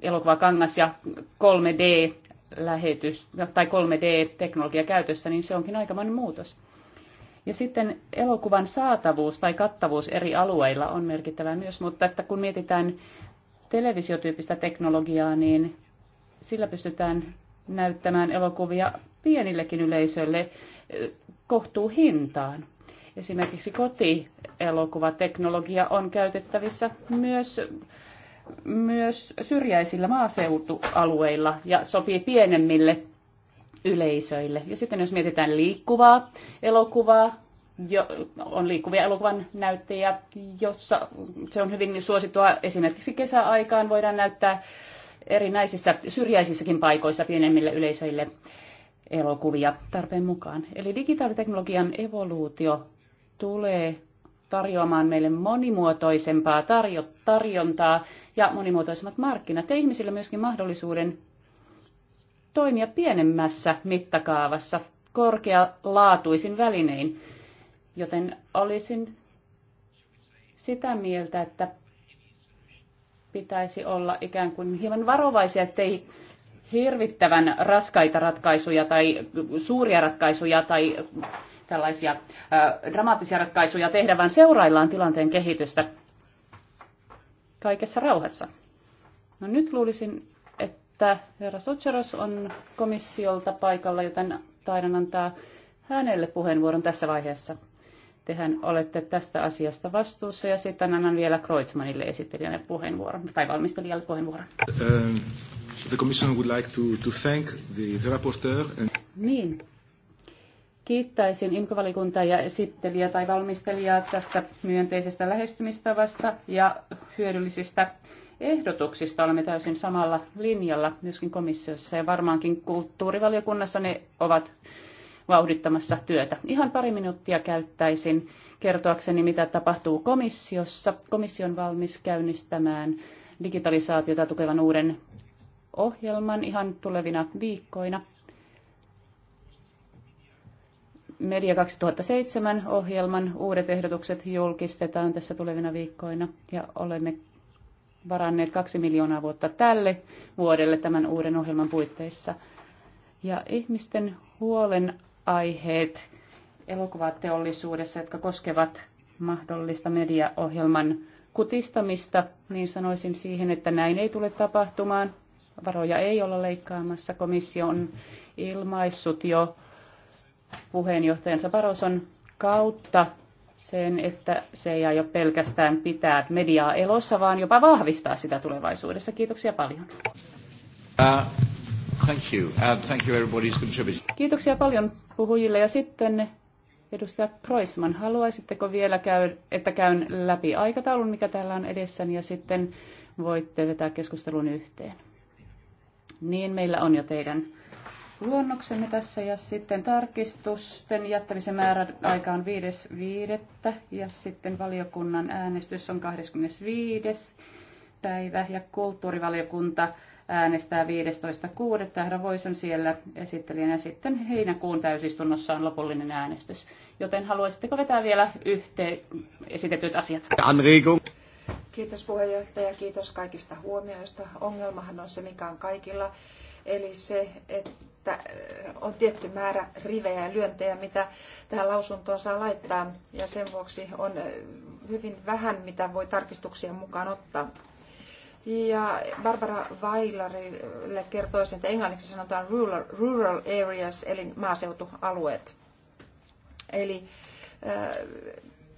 elokuvakangas ja 3D lähetys tai 3D-teknologia käytössä, niin se onkin aikamoinen muutos. Ja sitten elokuvan saatavuus tai kattavuus eri alueilla on merkittävää myös, mutta että kun mietitään televisiotyyppistä teknologiaa, niin sillä pystytään näyttämään elokuvia pienillekin yleisölle eh, kohtuuhintaan. hintaan. Esimerkiksi kotielokuvateknologia on käytettävissä myös, myös syrjäisillä maaseutualueilla ja sopii pienemmille yleisöille. Ja sitten jos mietitään liikkuvaa elokuvaa, jo, on liikkuvia elokuvan näyttäjiä, jossa se on hyvin suosittua. Esimerkiksi kesäaikaan voidaan näyttää erinäisissä syrjäisissäkin paikoissa pienemmille yleisöille elokuvia tarpeen mukaan. Eli digitaaliteknologian evoluutio tulee tarjoamaan meille monimuotoisempaa tarjo- tarjontaa ja monimuotoisemmat markkinat ja ihmisille myöskin mahdollisuuden toimia pienemmässä mittakaavassa korkealaatuisin välinein. Joten olisin sitä mieltä, että pitäisi olla ikään kuin hieman varovaisia, ettei hirvittävän raskaita ratkaisuja tai suuria ratkaisuja tai tällaisia dramaattisia ratkaisuja tehdä, vaan seuraillaan tilanteen kehitystä kaikessa rauhassa. No nyt luulisin, että herra Sotseros on komissiolta paikalla, joten taidan antaa hänelle puheenvuoron tässä vaiheessa. Tehän olette tästä asiasta vastuussa ja sitten annan vielä Kreutzmannille esittelijänne puheenvuoron tai valmistelijalle puheenvuoron. Um, the commission would like to, to thank the, the rapporteur and... Niin, Kiittäisin imkovalikuntaa ja esittelijä tai valmistelijaa tästä myönteisestä lähestymistavasta ja hyödyllisistä ehdotuksista. Olemme täysin samalla linjalla myöskin komissiossa ja varmaankin kulttuurivaliokunnassa ne ovat vauhdittamassa työtä. Ihan pari minuuttia käyttäisin kertoakseni, mitä tapahtuu komissiossa. Komissio on valmis käynnistämään digitalisaatiota tukevan uuden ohjelman ihan tulevina viikkoina. Media 2007 ohjelman uudet ehdotukset julkistetaan tässä tulevina viikkoina ja olemme varanneet kaksi miljoonaa vuotta tälle vuodelle tämän uuden ohjelman puitteissa. Ja ihmisten huolenaiheet elokuvateollisuudessa, jotka koskevat mahdollista mediaohjelman kutistamista, niin sanoisin siihen, että näin ei tule tapahtumaan. Varoja ei olla leikkaamassa. Komissio on ilmaissut jo puheenjohtajansa Baroson kautta sen, että se ei aio pelkästään pitää mediaa elossa, vaan jopa vahvistaa sitä tulevaisuudessa. Kiitoksia paljon. Uh, thank you. Uh, thank you Kiitoksia paljon puhujille. Ja sitten edustaja Kreutzmann, haluaisitteko vielä, käy, että käyn läpi aikataulun, mikä täällä on edessäni, ja sitten voitte vetää keskustelun yhteen. Niin meillä on jo teidän luonnoksemme tässä ja sitten tarkistusten jättämisen määrä aika on 5.5. ja sitten valiokunnan äänestys on 25. päivä ja kulttuurivaliokunta äänestää 15.6. Herra on siellä esittelijänä sitten heinäkuun täysistunnossa on lopullinen äänestys. Joten haluaisitteko vetää vielä yhteen esitetyt asiat? Anregung. Kiitos puheenjohtaja, kiitos kaikista huomioista. Ongelmahan on se, mikä on kaikilla, eli se, että että on tietty määrä rivejä ja lyöntejä, mitä tähän lausuntoon saa laittaa, ja sen vuoksi on hyvin vähän, mitä voi tarkistuksia mukaan ottaa. Ja Barbara Weilerille kertoi, että englanniksi sanotaan rural, rural areas, eli maaseutualueet. Eli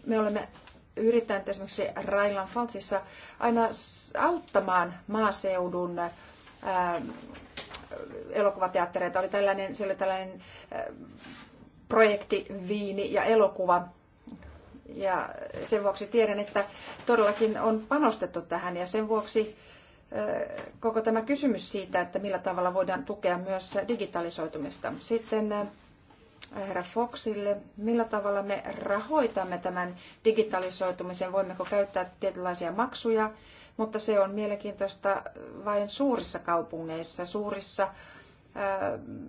me olemme yrittäneet esimerkiksi Railan Falsissa aina auttamaan maaseudun elokuvateattereita. Oli tällainen, se oli tällainen äh, projekti Viini ja elokuva. Ja sen vuoksi tiedän, että todellakin on panostettu tähän ja sen vuoksi äh, koko tämä kysymys siitä, että millä tavalla voidaan tukea myös digitalisoitumista. Sitten äh, herra Foxille, millä tavalla me rahoitamme tämän digitalisoitumisen, voimmeko käyttää tietynlaisia maksuja mutta se on mielenkiintoista vain suurissa kaupungeissa, suurissa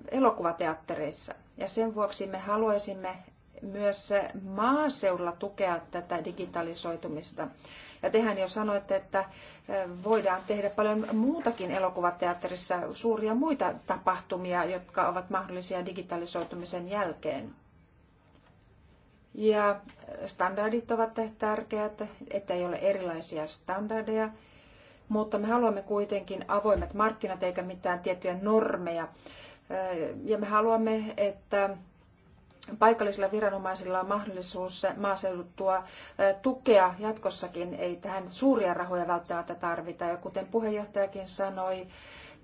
elokuvateattereissa. Ja sen vuoksi me haluaisimme myös maaseudulla tukea tätä digitalisoitumista. Ja tehän jo sanoitte, että voidaan tehdä paljon muutakin elokuvateatterissa, suuria muita tapahtumia, jotka ovat mahdollisia digitalisoitumisen jälkeen. Ja standardit ovat tärkeät, että ei ole erilaisia standardeja, mutta me haluamme kuitenkin avoimet markkinat eikä mitään tiettyjä normeja. Ja me haluamme, että paikallisilla viranomaisilla on mahdollisuus maaseutua tukea jatkossakin. Ei tähän suuria rahoja välttämättä tarvita. Ja kuten puheenjohtajakin sanoi,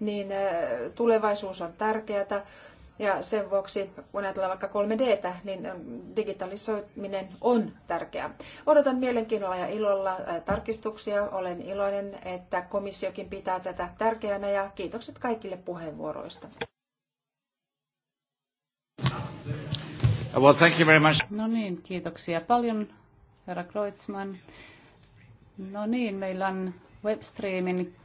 niin tulevaisuus on tärkeää ja sen vuoksi, kun ajatellaan vaikka 3Dtä, niin ähm, digitalisoiminen on tärkeää. Odotan mielenkiinnolla ja ilolla äh, tarkistuksia. Olen iloinen, että komissiokin pitää tätä tärkeänä ja kiitokset kaikille puheenvuoroista. Well, thank you very much. No niin, kiitoksia paljon, herra Kreutzmann. No niin, meillä on webstreamin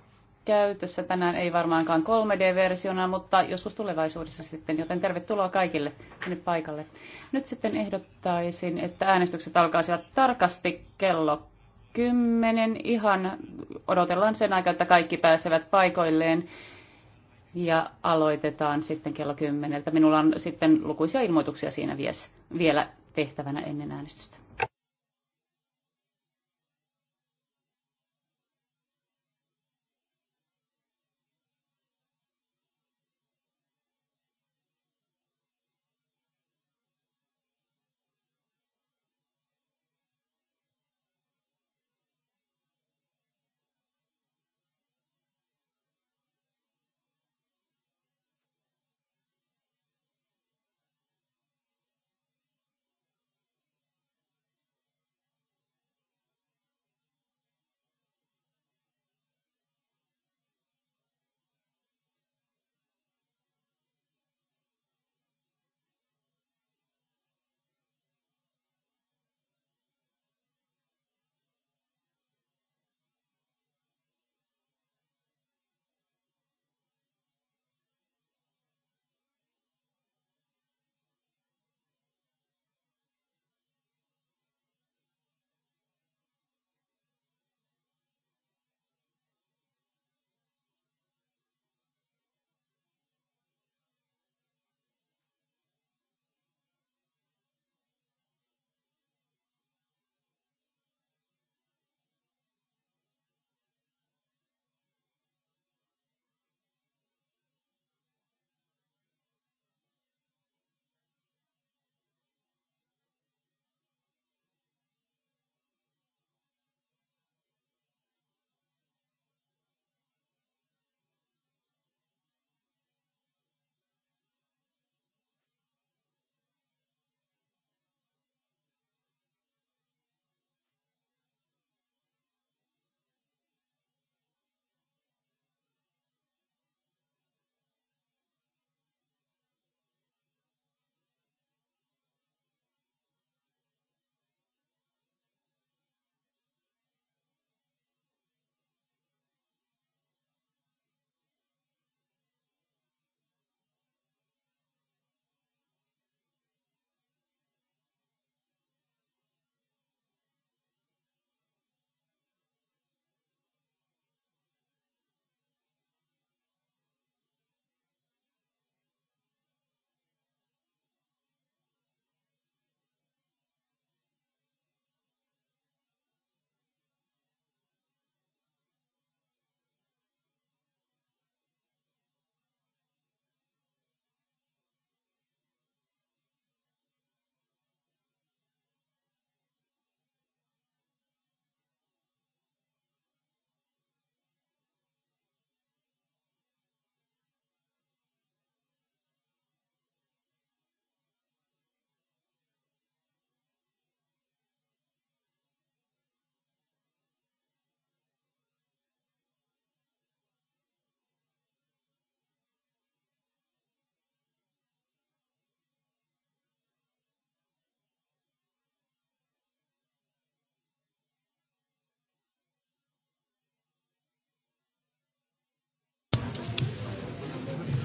käytössä tänään, ei varmaankaan 3D-versiona, mutta joskus tulevaisuudessa sitten, joten tervetuloa kaikille tänne paikalle. Nyt sitten ehdottaisin, että äänestykset alkaisivat tarkasti kello 10. Ihan odotellaan sen aikaa, että kaikki pääsevät paikoilleen ja aloitetaan sitten kello 10. Minulla on sitten lukuisia ilmoituksia siinä vielä tehtävänä ennen äänestystä.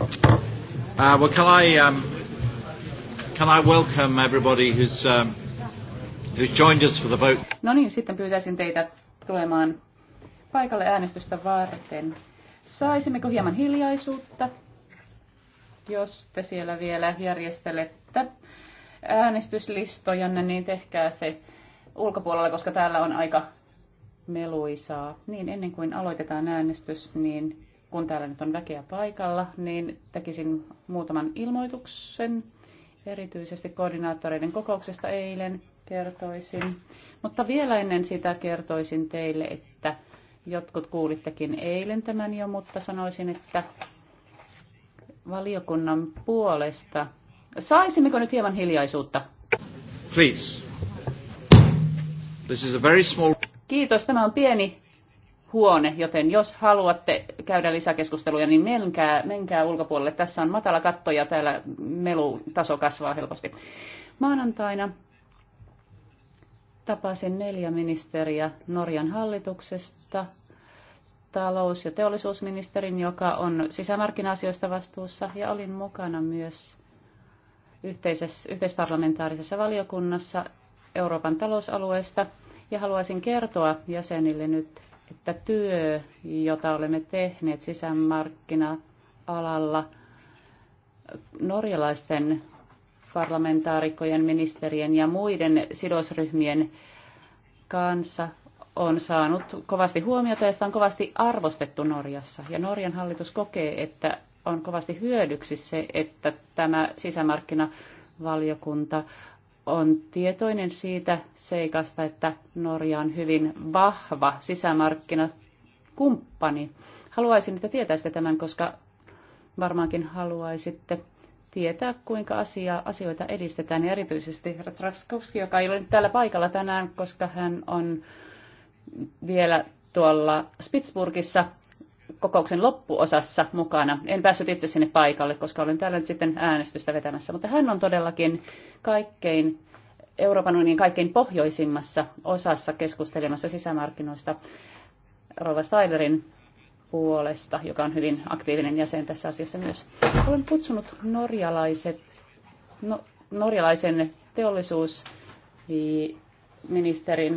Uh, well, can I, um, can I welcome everybody who's, um, who's joined us for the vote? No niin, sitten pyytäisin teitä tulemaan paikalle äänestystä varten. Saisimmeko hieman hiljaisuutta, jos te siellä vielä järjestelette äänestyslistojanne, niin tehkää se ulkopuolella, koska täällä on aika meluisaa. Niin ennen kuin aloitetaan äänestys, niin kun täällä nyt on väkeä paikalla, niin tekisin muutaman ilmoituksen erityisesti koordinaattoreiden kokouksesta eilen kertoisin. Mutta vielä ennen sitä kertoisin teille, että jotkut kuulittekin eilen tämän jo, mutta sanoisin, että valiokunnan puolesta. Saisimmeko nyt hieman hiljaisuutta? Please. This is a very small... Kiitos, tämä on pieni huone, joten jos haluatte käydä lisäkeskusteluja, niin menkää, menkää ulkopuolelle. Tässä on matala katto ja täällä melutaso kasvaa helposti. Maanantaina tapasin neljä ministeriä Norjan hallituksesta, talous- ja teollisuusministerin, joka on sisämarkkina-asioista vastuussa, ja olin mukana myös yhteisparlamentaarisessa valiokunnassa Euroopan talousalueesta, ja haluaisin kertoa jäsenille nyt että työ, jota olemme tehneet sisämarkkina-alalla norjalaisten parlamentaarikkojen, ministerien ja muiden sidosryhmien kanssa, on saanut kovasti huomiota ja sitä on kovasti arvostettu Norjassa. Ja Norjan hallitus kokee, että on kovasti hyödyksi se, että tämä sisämarkkinavaliokunta on tietoinen siitä seikasta, että Norja on hyvin vahva sisämarkkinakumppani. Haluaisin, että tietäisitte tämän, koska varmaankin haluaisitte tietää, kuinka asia, asioita edistetään. Ja erityisesti Ratskovski, joka ei ole nyt täällä paikalla tänään, koska hän on vielä tuolla Spitsburgissa kokouksen loppuosassa mukana. En päässyt itse sinne paikalle, koska olen täällä nyt sitten äänestystä vetämässä, mutta hän on todellakin kaikkein Euroopan unionin kaikkein pohjoisimmassa osassa keskustelemassa sisämarkkinoista Rova Steinerin puolesta, joka on hyvin aktiivinen jäsen tässä asiassa myös. Olen kutsunut norjalaiset, no, norjalaisen teollisuusministerin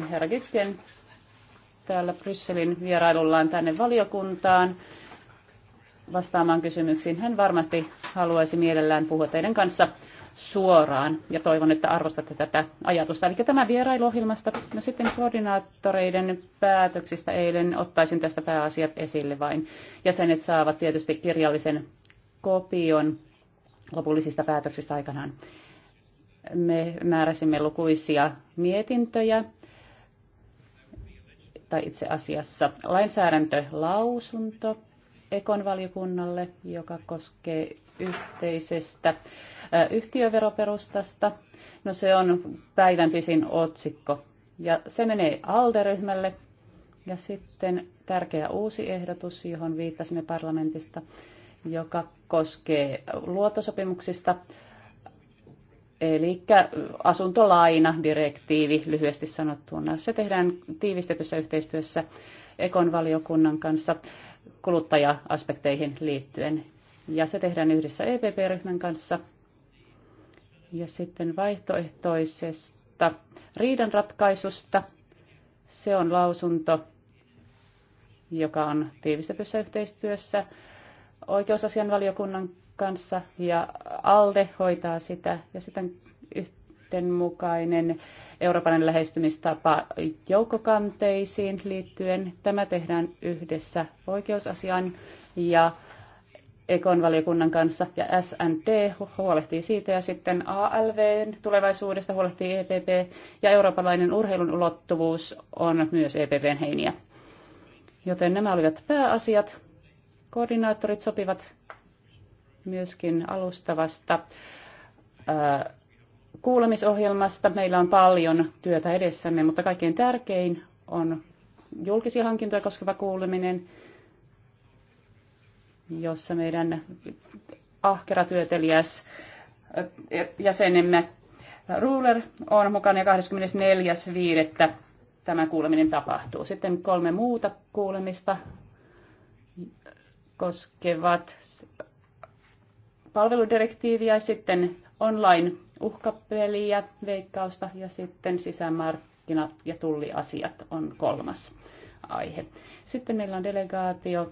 herra Gisken täällä Brysselin vierailullaan tänne valiokuntaan vastaamaan kysymyksiin. Hän varmasti haluaisi mielellään puhua teidän kanssa suoraan ja toivon, että arvostatte tätä ajatusta. Eli tämä vierailuohjelmasta, no sitten koordinaattoreiden päätöksistä eilen ottaisin tästä pääasiat esille vain. Jäsenet saavat tietysti kirjallisen kopion lopullisista päätöksistä aikanaan. Me määräsimme lukuisia mietintöjä tai itse asiassa lainsäädäntölausunto Ekon valiokunnalle, joka koskee yhteisestä yhtiöveroperustasta. No se on päivän pisin otsikko. Ja se menee ALDE-ryhmälle. Ja sitten tärkeä uusi ehdotus, johon viittasimme parlamentista, joka koskee luottosopimuksista Eli asuntolainadirektiivi lyhyesti sanottuna. Se tehdään tiivistetyssä yhteistyössä Ekon valiokunnan kanssa kuluttaja-aspekteihin liittyen. Ja se tehdään yhdessä EPP-ryhmän kanssa. Ja sitten vaihtoehtoisesta riidanratkaisusta. Se on lausunto, joka on tiivistetyssä yhteistyössä oikeusasianvaliokunnan kanssa ja ALDE hoitaa sitä ja sitten yhdenmukainen Euroopan lähestymistapa joukkokanteisiin liittyen. Tämä tehdään yhdessä oikeusasian ja Ekon valiokunnan kanssa ja SND huolehtii siitä ja sitten ALVn tulevaisuudesta huolehtii EPP ja eurooppalainen urheilun ulottuvuus on myös EPPn heiniä. Joten nämä olivat pääasiat. Koordinaattorit sopivat myöskin alustavasta kuulemisohjelmasta. Meillä on paljon työtä edessämme, mutta kaikkein tärkein on julkisia hankintoja koskeva kuuleminen, jossa meidän ahkera työtelijäs jäsenemme Ruler on mukana ja 24.5. tämä kuuleminen tapahtuu. Sitten kolme muuta kuulemista koskevat palveludirektiiviä, sitten online uhkapeliä, veikkausta ja sitten sisämarkkinat ja tulliasiat on kolmas aihe. Sitten meillä on delegaatio,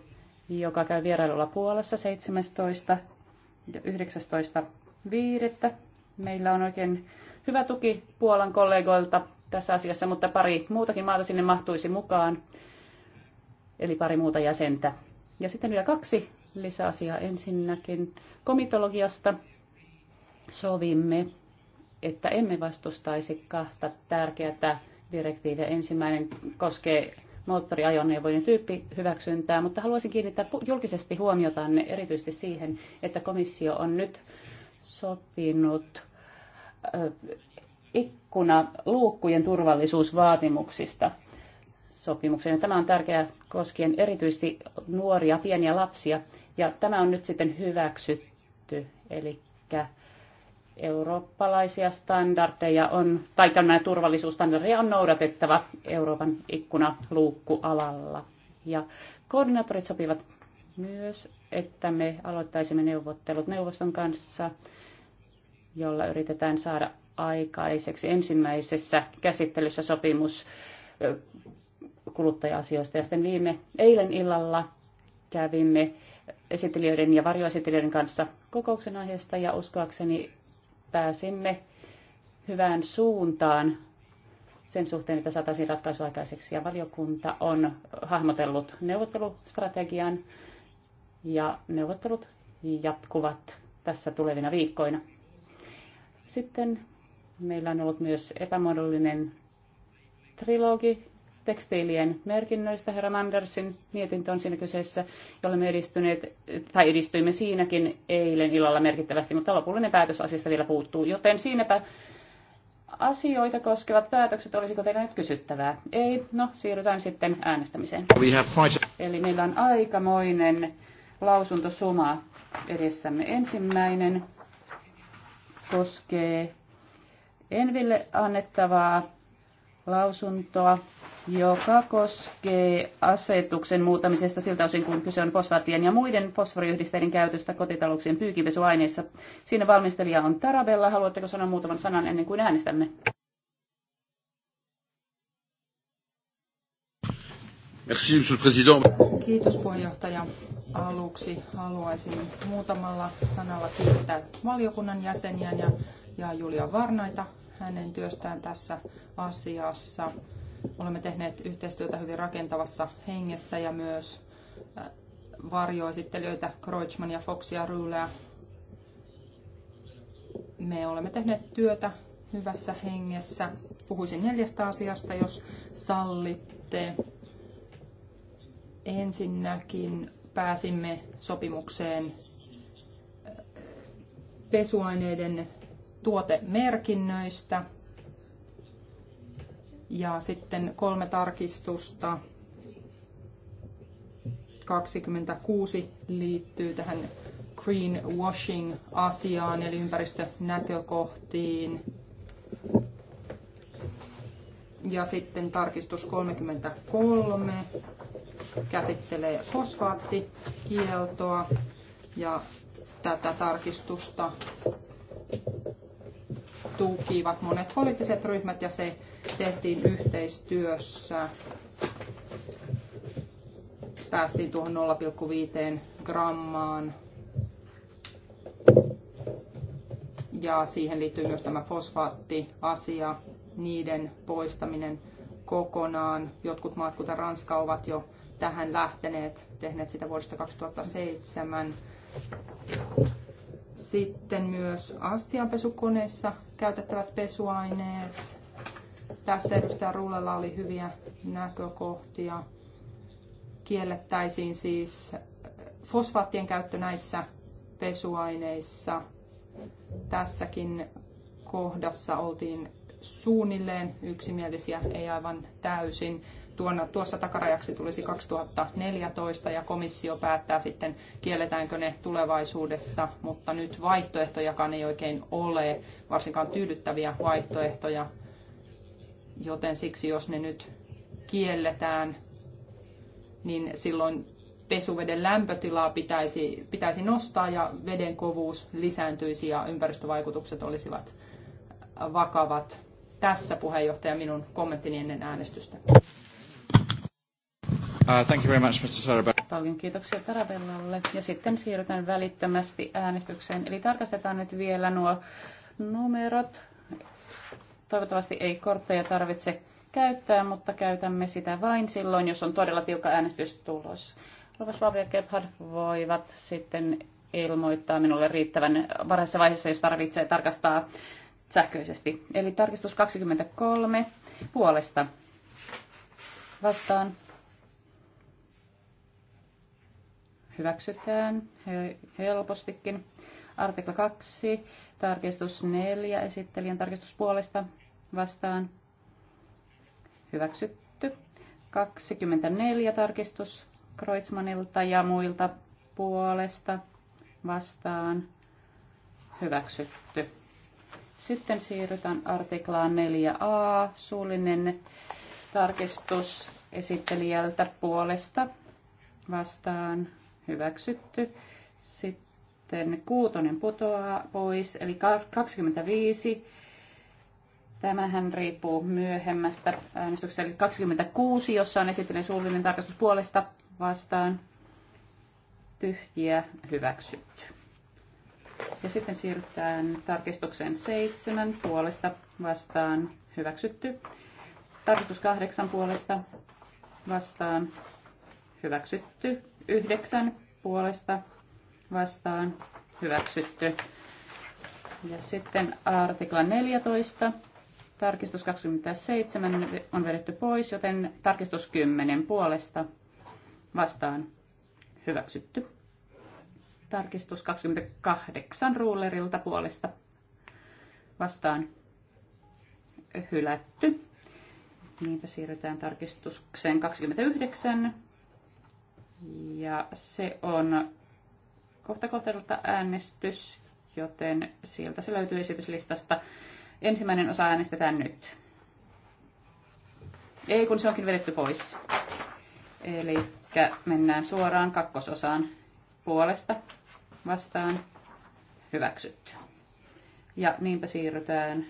joka käy vierailulla Puolassa 17. ja viidettä. Meillä on oikein hyvä tuki Puolan kollegoilta tässä asiassa, mutta pari muutakin maata sinne mahtuisi mukaan, eli pari muuta jäsentä. Ja sitten vielä kaksi lisäasia ensinnäkin. Komitologiasta sovimme, että emme vastustaisi kahta tärkeää direktiiviä. Ensimmäinen koskee moottoriajoneuvojen tyyppi hyväksyntää, mutta haluaisin kiinnittää julkisesti huomiotaan erityisesti siihen, että komissio on nyt sopinut ikkuna luukkujen turvallisuusvaatimuksista sopimukseen. Ja tämä on tärkeää koskien erityisesti nuoria, pieniä lapsia. Ja tämä on nyt sitten hyväksytty, eli eurooppalaisia standardeja on, tai nämä turvallisuusstandardeja on noudatettava Euroopan ikkunaluukkualalla. Ja koordinaattorit sopivat myös, että me aloittaisimme neuvottelut neuvoston kanssa, jolla yritetään saada aikaiseksi ensimmäisessä käsittelyssä sopimus kuluttaja-asioista. Ja sitten viime eilen illalla kävimme esittelijöiden ja varjoesittelijöiden kanssa kokouksen aiheesta ja uskoakseni pääsimme hyvään suuntaan sen suhteen, että saataisiin ratkaisu aikaiseksi. Ja valiokunta on hahmotellut neuvottelustrategian ja neuvottelut jatkuvat tässä tulevina viikkoina. Sitten meillä on ollut myös epämuodollinen trilogi tekstiilien merkinnöistä. Herra Mandersin mietintö on siinä kyseessä, jolle me edistyneet, tai edistyimme siinäkin eilen illalla merkittävästi, mutta lopullinen päätös asiasta vielä puuttuu. Joten siinäpä asioita koskevat päätökset, olisiko teillä nyt kysyttävää? Ei, no siirrytään sitten äänestämiseen. Eli meillä on aikamoinen lausuntosuma edessämme. Ensimmäinen koskee Enville annettavaa lausuntoa joka koskee asetuksen muutamisesta siltä osin, kun kyse on fosfaattien ja muiden fosforiyhdisteiden käytöstä kotitalouksien pyykinpesuaineissa. Siinä valmistelija on Tarabella. Haluatteko sanoa muutaman sanan ennen kuin äänestämme? Merci, monsieur le président. Kiitos puheenjohtaja. Aluksi haluaisin muutamalla sanalla kiittää valiokunnan jäseniä ja, ja Julia Varnaita hänen työstään tässä asiassa. Olemme tehneet yhteistyötä hyvin rakentavassa hengessä ja myös varjoesittelijöitä Kreutzmann ja Fox ja Ryylää. Me olemme tehneet työtä hyvässä hengessä. Puhuisin neljästä asiasta, jos sallitte. Ensinnäkin pääsimme sopimukseen pesuaineiden tuotemerkinnöistä – ja sitten kolme tarkistusta. 26 liittyy tähän greenwashing-asiaan, eli ympäristönäkökohtiin. Ja sitten tarkistus 33 käsittelee fosfaattikieltoa ja tätä tarkistusta tukivat monet poliittiset ryhmät ja se tehtiin yhteistyössä. Päästiin tuohon 0,5 grammaan. Ja siihen liittyy myös tämä fosfaattiasia, niiden poistaminen kokonaan. Jotkut maat, kuten Ranska, ovat jo tähän lähteneet, tehneet sitä vuodesta 2007. Sitten myös astianpesukoneissa käytettävät pesuaineet. Tästä edustaja Rullella oli hyviä näkökohtia. Kiellettäisiin siis äh, fosfaattien käyttö näissä pesuaineissa. Tässäkin kohdassa oltiin suunnilleen yksimielisiä, ei aivan täysin tuona, tuossa takarajaksi tulisi 2014 ja komissio päättää sitten, kielletäänkö ne tulevaisuudessa, mutta nyt vaihtoehtojakaan ei oikein ole, varsinkaan tyydyttäviä vaihtoehtoja, joten siksi jos ne nyt kielletään, niin silloin pesuveden lämpötilaa pitäisi, pitäisi nostaa ja veden kovuus lisääntyisi ja ympäristövaikutukset olisivat vakavat. Tässä puheenjohtaja minun kommenttini ennen äänestystä. Uh, thank you very much, Mr. Tarabella. Paljon kiitoksia Tarabellalle. Ja sitten siirrytään välittömästi äänestykseen. Eli tarkastetaan nyt vielä nuo numerot. Toivottavasti ei kortteja tarvitse käyttää, mutta käytämme sitä vain silloin, jos on todella tiukka äänestystulos. Rovaslavia ja Gebhard voivat sitten ilmoittaa minulle riittävän varhaisessa vaiheessa, jos tarvitsee tarkastaa sähköisesti. Eli tarkistus 23 puolesta vastaan hyväksytään helpostikin. Artikla 2, tarkistus 4, esittelijän tarkistuspuolesta vastaan hyväksytty. 24 tarkistus Kreutzmannilta ja muilta puolesta vastaan hyväksytty. Sitten siirrytään artiklaan 4a, suullinen tarkistus esittelijältä puolesta vastaan hyväksytty. Sitten kuutonen putoaa pois, eli 25. Tämähän riippuu myöhemmästä äänestyksestä, eli 26, jossa on esittelen suullinen tarkastus puolesta vastaan. Tyhjiä hyväksytty. Ja sitten siirrytään tarkistukseen 7 puolesta vastaan hyväksytty. Tarkistus 8 puolesta vastaan hyväksytty. Yhdeksän puolesta vastaan hyväksytty. Ja sitten artikla 14, tarkistus 27 on vedetty pois, joten tarkistus 10 puolesta vastaan hyväksytty. Tarkistus 28 ruulerilta puolesta vastaan hylätty. Niinpä siirrytään tarkistukseen 29 ja se on kohta kohdalta äänestys, joten sieltä se löytyy esityslistasta. Ensimmäinen osa äänestetään nyt. Ei, kun se onkin vedetty pois. Eli mennään suoraan kakkososaan puolesta vastaan hyväksytty. Ja niinpä siirrytään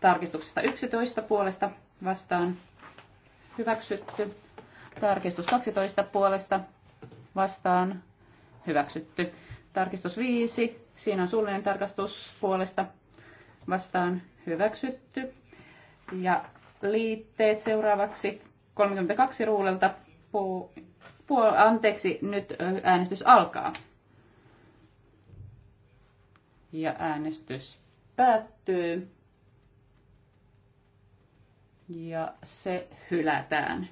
tarkistuksesta 11 puolesta vastaan hyväksytty. Tarkistus 12 puolesta vastaan hyväksytty. Tarkistus 5. Siinä on suullinen tarkastus puolesta vastaan hyväksytty. Ja liitteet seuraavaksi 32 ruulelta. Pu- puol- anteeksi, nyt äänestys alkaa. Ja äänestys päättyy. Ja se hylätään.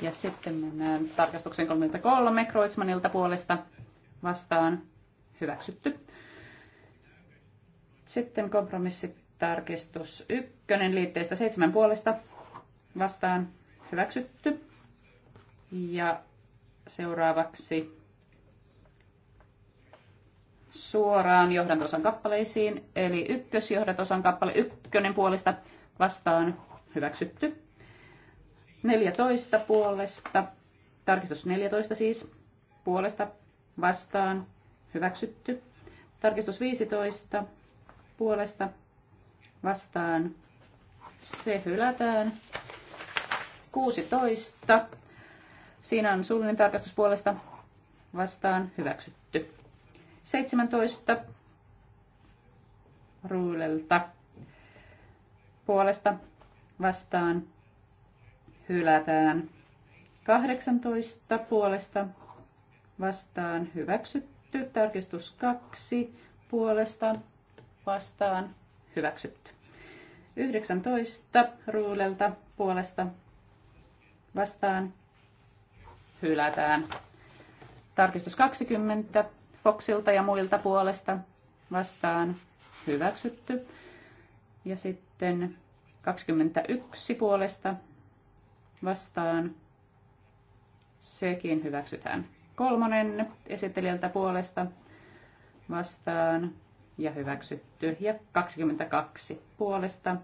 Ja sitten mennään äh, tarkastuksen 33 Kreutzmannilta puolesta vastaan hyväksytty. Sitten kompromissitarkistus 1 liitteestä 7 puolesta vastaan hyväksytty. Ja seuraavaksi suoraan johdantosan kappaleisiin, eli ykkösjohdantosan kappale ykkönen puolesta vastaan hyväksytty. 14 puolesta, tarkistus 14 siis, puolesta vastaan hyväksytty. Tarkistus 15 puolesta vastaan se hylätään. 16. Siinä on suullinen tarkastus puolesta vastaan hyväksytty. 17. Ruulelta puolesta vastaan hylätään. 18 puolesta vastaan hyväksytty. Tarkistus 2 puolesta vastaan hyväksytty. 19 ruulelta puolesta vastaan hylätään. Tarkistus 20 Foxilta ja muilta puolesta vastaan hyväksytty. Ja sitten 21 puolesta vastaan. Sekin hyväksytään. Kolmonen esittelijältä puolesta vastaan ja hyväksytty. Ja 22 puolesta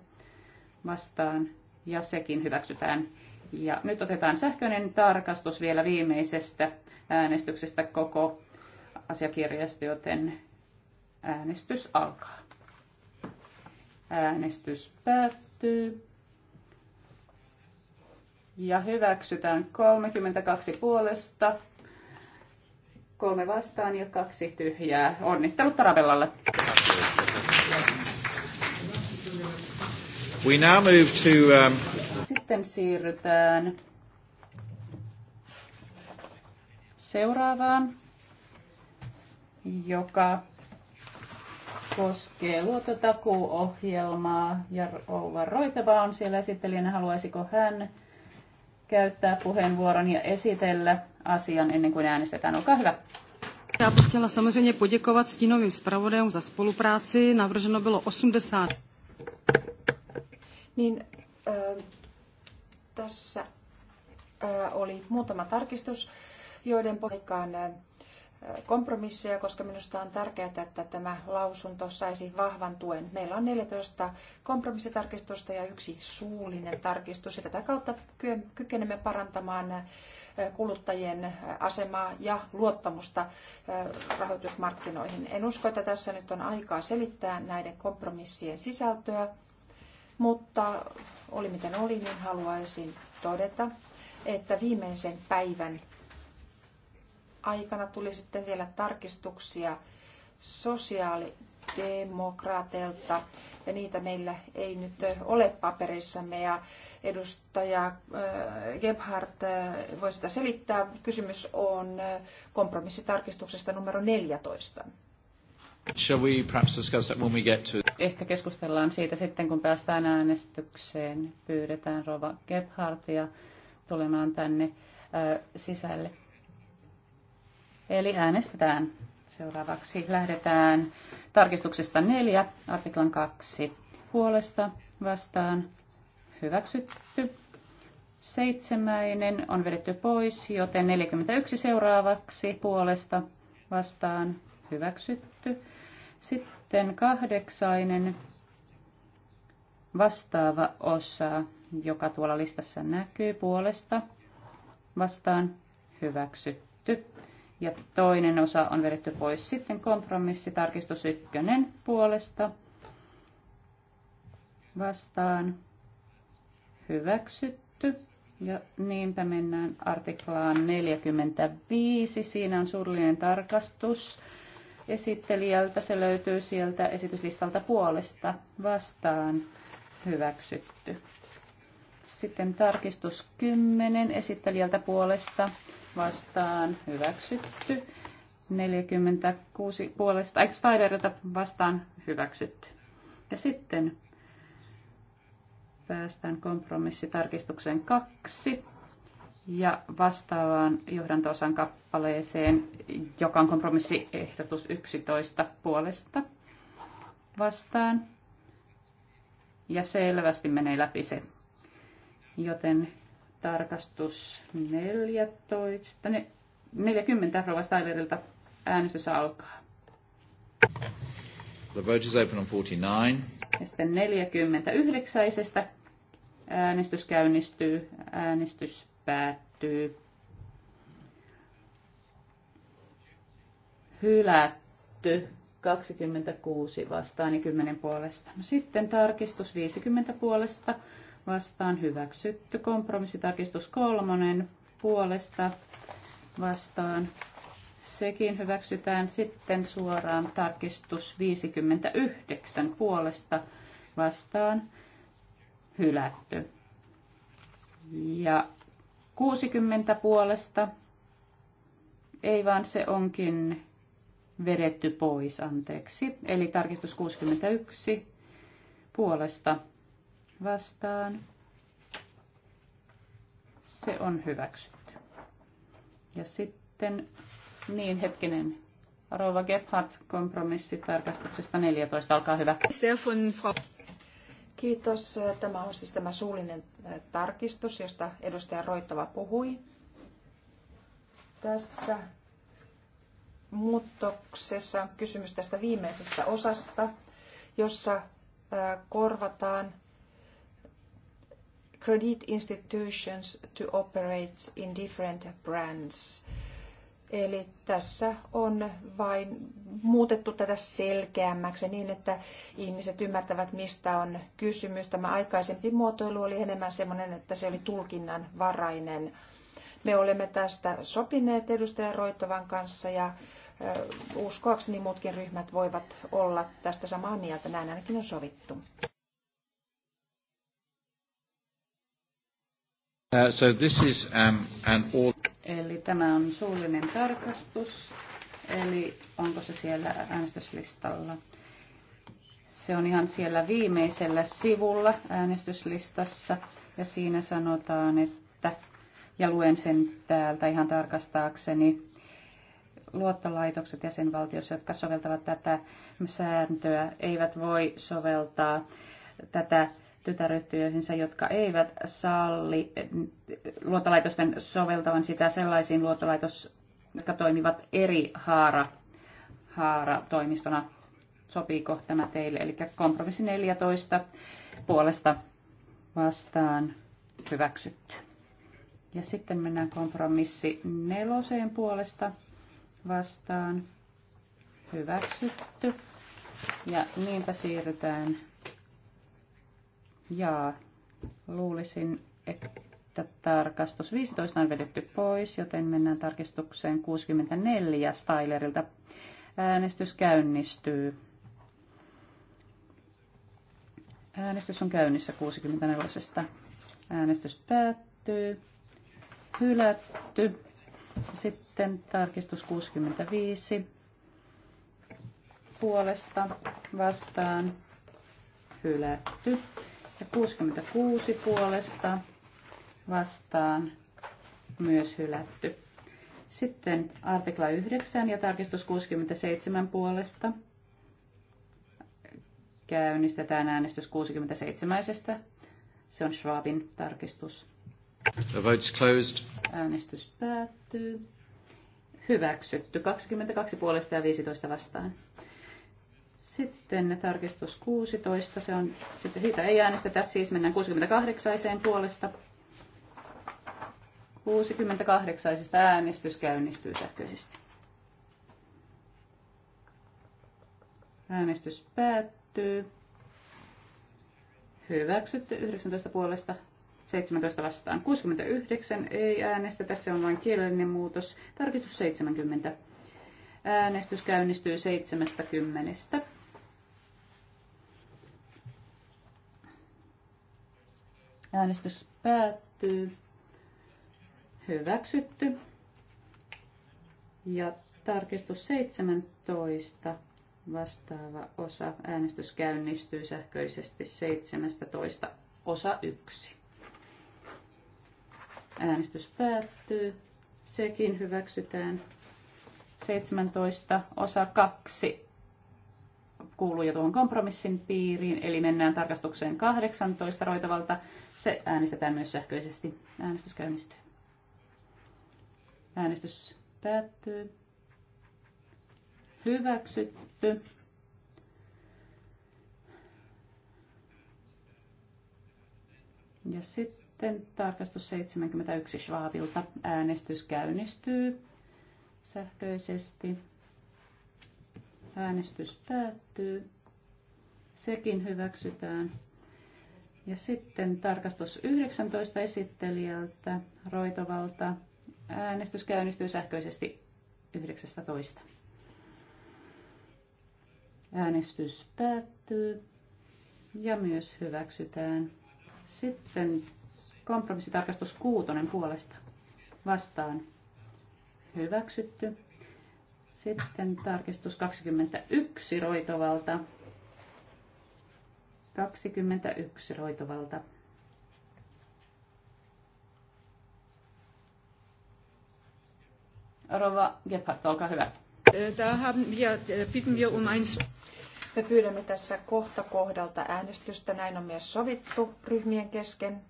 vastaan ja sekin hyväksytään. Ja nyt otetaan sähköinen tarkastus vielä viimeisestä äänestyksestä koko asiakirjasta, joten äänestys alkaa. Äänestys päättyy ja hyväksytään 32 puolesta, kolme vastaan ja kaksi tyhjää. Onnittelut Tarabellalle. We now move to, um... Sitten siirrytään seuraavaan, joka koskee luototakuuohjelmaa ja Ouva Roitava on siellä esittelijänä. Haluaisiko hän käyttää puheenvuoron ja esitellä asian ennen kuin äänestetään. Olkaa hyvä. Já bych chtěla samozřejmě poděkovat stínovým zpravodajům za spolupráci. Navrženo bylo 80. Niin, äh, tässä äh, oli muutama tarkistus, joiden pohjaan äh, kompromisseja, koska minusta on tärkeää, että tämä lausunto saisi vahvan tuen. Meillä on 14 kompromissitarkistusta ja yksi suullinen tarkistus. Ja tätä kautta kykenemme parantamaan äh, kuluttajien äh, asemaa ja luottamusta äh, rahoitusmarkkinoihin. En usko, että tässä nyt on aikaa selittää näiden kompromissien sisältöä, mutta oli miten oli, niin haluaisin todeta, että viimeisen päivän aikana tuli sitten vielä tarkistuksia sosiaalidemokraateilta, ja niitä meillä ei nyt ole paperissamme, ja edustaja äh, Gebhardt äh, voi sitä selittää. Kysymys on äh, kompromissitarkistuksesta numero 14. Shall we perhaps discuss that when we get to... Ehkä keskustellaan siitä sitten, kun päästään äänestykseen. Pyydetään Rova Gebhardtia tulemaan tänne sisälle Eli äänestetään. Seuraavaksi lähdetään tarkistuksesta 4, artiklan 2 puolesta vastaan hyväksytty. Seitsemäinen on vedetty pois, joten 41 seuraavaksi puolesta vastaan hyväksytty. Sitten kahdeksainen vastaava osa, joka tuolla listassa näkyy puolesta vastaan hyväksytty ja toinen osa on vedetty pois. Sitten kompromissi, tarkistus ykkönen puolesta vastaan hyväksytty. Ja niinpä mennään artiklaan 45. Siinä on surullinen tarkastus esittelijältä. Se löytyy sieltä esityslistalta puolesta vastaan hyväksytty. Sitten tarkistus 10 esittelijältä puolesta vastaan hyväksytty. 46 puolesta, eikö Steinerilta vastaan hyväksytty. Ja sitten päästään kompromissitarkistukseen kaksi ja vastaavaan johdantosan kappaleeseen, joka on kompromissiehdotus 11 puolesta vastaan. Ja selvästi menee läpi se. Joten Tarkastus 14, ne, 40 rouva Stylerilta äänestys alkaa. The vote is open on 49. Ja sitten 49. Äänestys käynnistyy, äänestys päättyy. Hylätty 26 vastaan ja 10 puolesta. No sitten tarkistus 50 puolesta vastaan hyväksytty. Kompromissitarkistus kolmonen puolesta vastaan sekin hyväksytään sitten suoraan tarkistus 59 puolesta vastaan hylätty. Ja 60 puolesta, ei vaan se onkin vedetty pois, anteeksi. Eli tarkistus 61 puolesta vastaan. Se on hyväksytty. Ja sitten, niin hetkinen, Rova Gebhardt kompromissitarkastuksesta 14, olkaa hyvä. Kiitos. Tämä on siis tämä suullinen tarkistus, josta edustaja Roittava puhui. Tässä muutoksessa on kysymys tästä viimeisestä osasta, jossa korvataan credit institutions to operate in different brands. Eli tässä on vain muutettu tätä selkeämmäksi niin, että ihmiset ymmärtävät, mistä on kysymys. Tämä aikaisempi muotoilu oli enemmän sellainen, että se oli tulkinnan varainen. Me olemme tästä sopineet edustaja Roitovan kanssa ja uskoakseni muutkin ryhmät voivat olla tästä samaa mieltä. Näin ainakin on sovittu. Uh, so this is, um, an all... Eli tämä on suullinen tarkastus. Eli onko se siellä äänestyslistalla? Se on ihan siellä viimeisellä sivulla äänestyslistassa ja siinä sanotaan, että, ja luen sen täältä ihan tarkastaakseni, luottolaitokset jäsenvaltiossa, jotka soveltavat tätä sääntöä, eivät voi soveltaa tätä tytäryhtiöihinsä, jotka eivät salli eh, luottolaitosten soveltavan sitä sellaisiin luottolaitos, jotka toimivat eri haara, haara toimistona. Sopiiko tämä teille? Eli kompromissi 14 puolesta vastaan hyväksytty. Ja sitten mennään kompromissi neloseen puolesta vastaan hyväksytty. Ja niinpä siirrytään jaa. Luulisin, että tarkastus 15 on vedetty pois, joten mennään tarkistukseen 64 Stylerilta. Äänestys käynnistyy. Äänestys on käynnissä 64. Äänestys päättyy. Hylätty. Sitten tarkistus 65 puolesta vastaan hylätty. Ja 66 puolesta vastaan myös hylätty. Sitten artikla 9 ja tarkistus 67 puolesta. Käynnistetään äänestys 67. Se on Schwabin tarkistus. The vote's closed. Äänestys päättyy. Hyväksytty. 22 puolesta ja 15 vastaan. Sitten tarkistus 16, se on, sitten siitä ei äänestetä, siis mennään 68 puolesta. 68 äänestys käynnistyy sähköisesti. Äänestys päättyy. Hyväksytty 19 puolesta 17 vastaan. 69 ei äänestetä, se on vain kielellinen muutos. Tarkistus 70. Äänestys käynnistyy 70. Äänestys päättyy. Hyväksytty. Ja tarkistus 17. Vastaava osa. Äänestys käynnistyy sähköisesti 17. Osa 1. Äänestys päättyy. Sekin hyväksytään. 17. Osa 2 kuuluu jo tuohon kompromissin piiriin, eli mennään tarkastukseen 18 roitavalta. Se äänestetään myös sähköisesti. Äänestys käynnistyy. Äänestys päättyy. Hyväksytty. Ja sitten tarkastus 71 Schwabilta. Äänestys käynnistyy sähköisesti. Äänestys päättyy. Sekin hyväksytään. Ja sitten tarkastus 19 esittelijältä Roitovalta. Äänestys käynnistyy sähköisesti 19. Äänestys päättyy ja myös hyväksytään. Sitten kompromissitarkastus kuutonen puolesta vastaan hyväksytty. Sitten tarkistus 21 roitovalta. 21 roitovalta. Rova Gebhardt, olkaa hyvä. Äh, bitten wir um Me pyydämme tässä kohta kohdalta äänestystä. Näin on myös sovittu ryhmien kesken.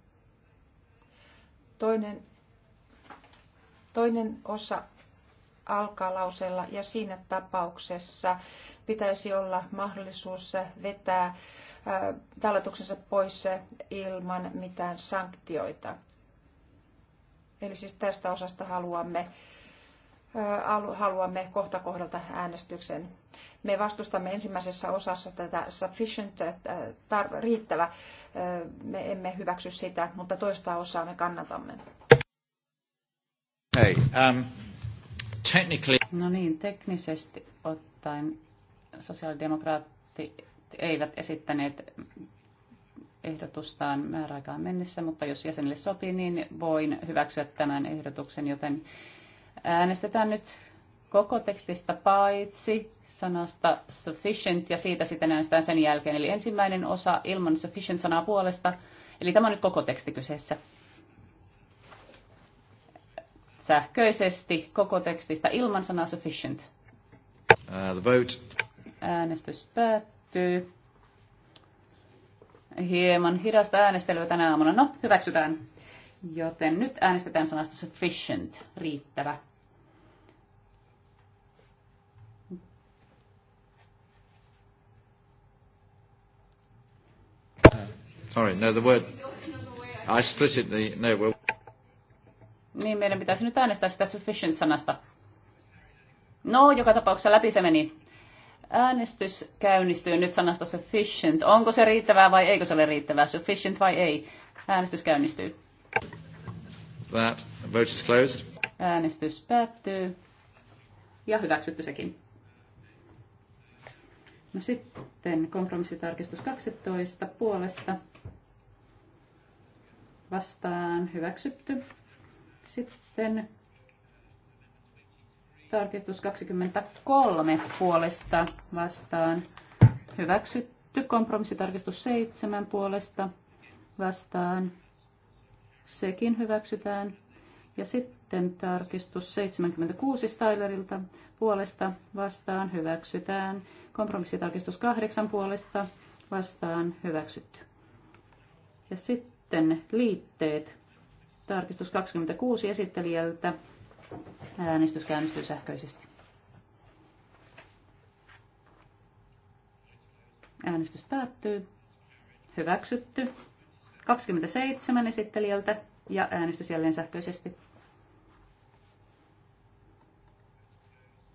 Toinen, toinen osa alkaa lauseella ja siinä tapauksessa pitäisi olla mahdollisuus vetää talletuksensa pois ilman mitään sanktioita. Eli siis tästä osasta haluamme haluamme kohta kohdalta äänestyksen. Me vastustamme ensimmäisessä osassa tätä sufficient, tar- riittävä. Me emme hyväksy sitä, mutta toista osaa me kannatamme. Hey, um, technically... No niin, teknisesti ottaen sosiaalidemokraatit eivät esittäneet ehdotustaan määräaikaan mennessä, mutta jos jäsenille sopii, niin voin hyväksyä tämän ehdotuksen, joten äänestetään nyt koko tekstistä paitsi sanasta sufficient ja siitä sitten äänestetään sen jälkeen. Eli ensimmäinen osa ilman sufficient sanaa puolesta. Eli tämä on nyt koko teksti kyseessä sähköisesti koko tekstistä ilman sanaa sufficient. Uh, the vote. Äänestys päättyy. Hieman hidasta äänestelyä tänä aamuna. No, hyväksytään. Joten nyt äänestetään sanasta sufficient, riittävä. Sorry, no, the word... I split it the... No, we're... Niin meidän pitäisi nyt äänestää sitä sufficient-sanasta. No, joka tapauksessa läpi se meni. Äänestys käynnistyy nyt sanasta sufficient. Onko se riittävää vai eikö se ole riittävää? Sufficient vai ei? Äänestys käynnistyy. That vote is closed. Äänestys päättyy. Ja hyväksytty sekin. No sitten kompromissitarkistus 12 puolesta vastaan hyväksytty. Sitten tarkistus 23 puolesta vastaan hyväksytty. Kompromissitarkistus 7 puolesta vastaan sekin hyväksytään. Ja sitten tarkistus 76 Stylerilta puolesta vastaan hyväksytään. Kompromissitarkistus 8 puolesta vastaan hyväksytty. Ja sitten liitteet Tarkistus 26 esittelijältä. Äänestys käynnistyy sähköisesti. Äänestys päättyy. Hyväksytty. 27 esittelijältä ja äänestys jälleen sähköisesti.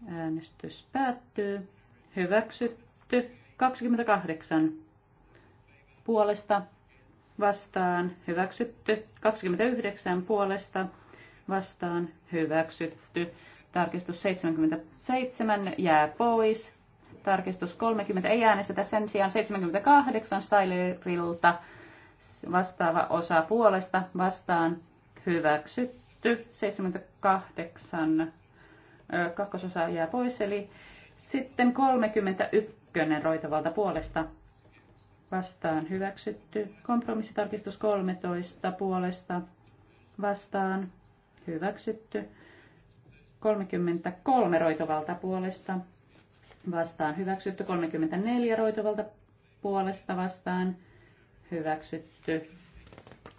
Äänestys päättyy. Hyväksytty. 28 puolesta vastaan hyväksytty. 29 puolesta vastaan hyväksytty. Tarkistus 77 jää pois. Tarkistus 30 ei äänestetä sen sijaan 78 Stylerilta vastaava osa puolesta vastaan hyväksytty. 78 kakkososa jää pois, eli sitten 31 roitavalta puolesta vastaan hyväksytty. Kompromissitarkistus 13 puolesta vastaan hyväksytty. 33 roitovalta puolesta vastaan hyväksytty. 34 roitovalta puolesta vastaan hyväksytty.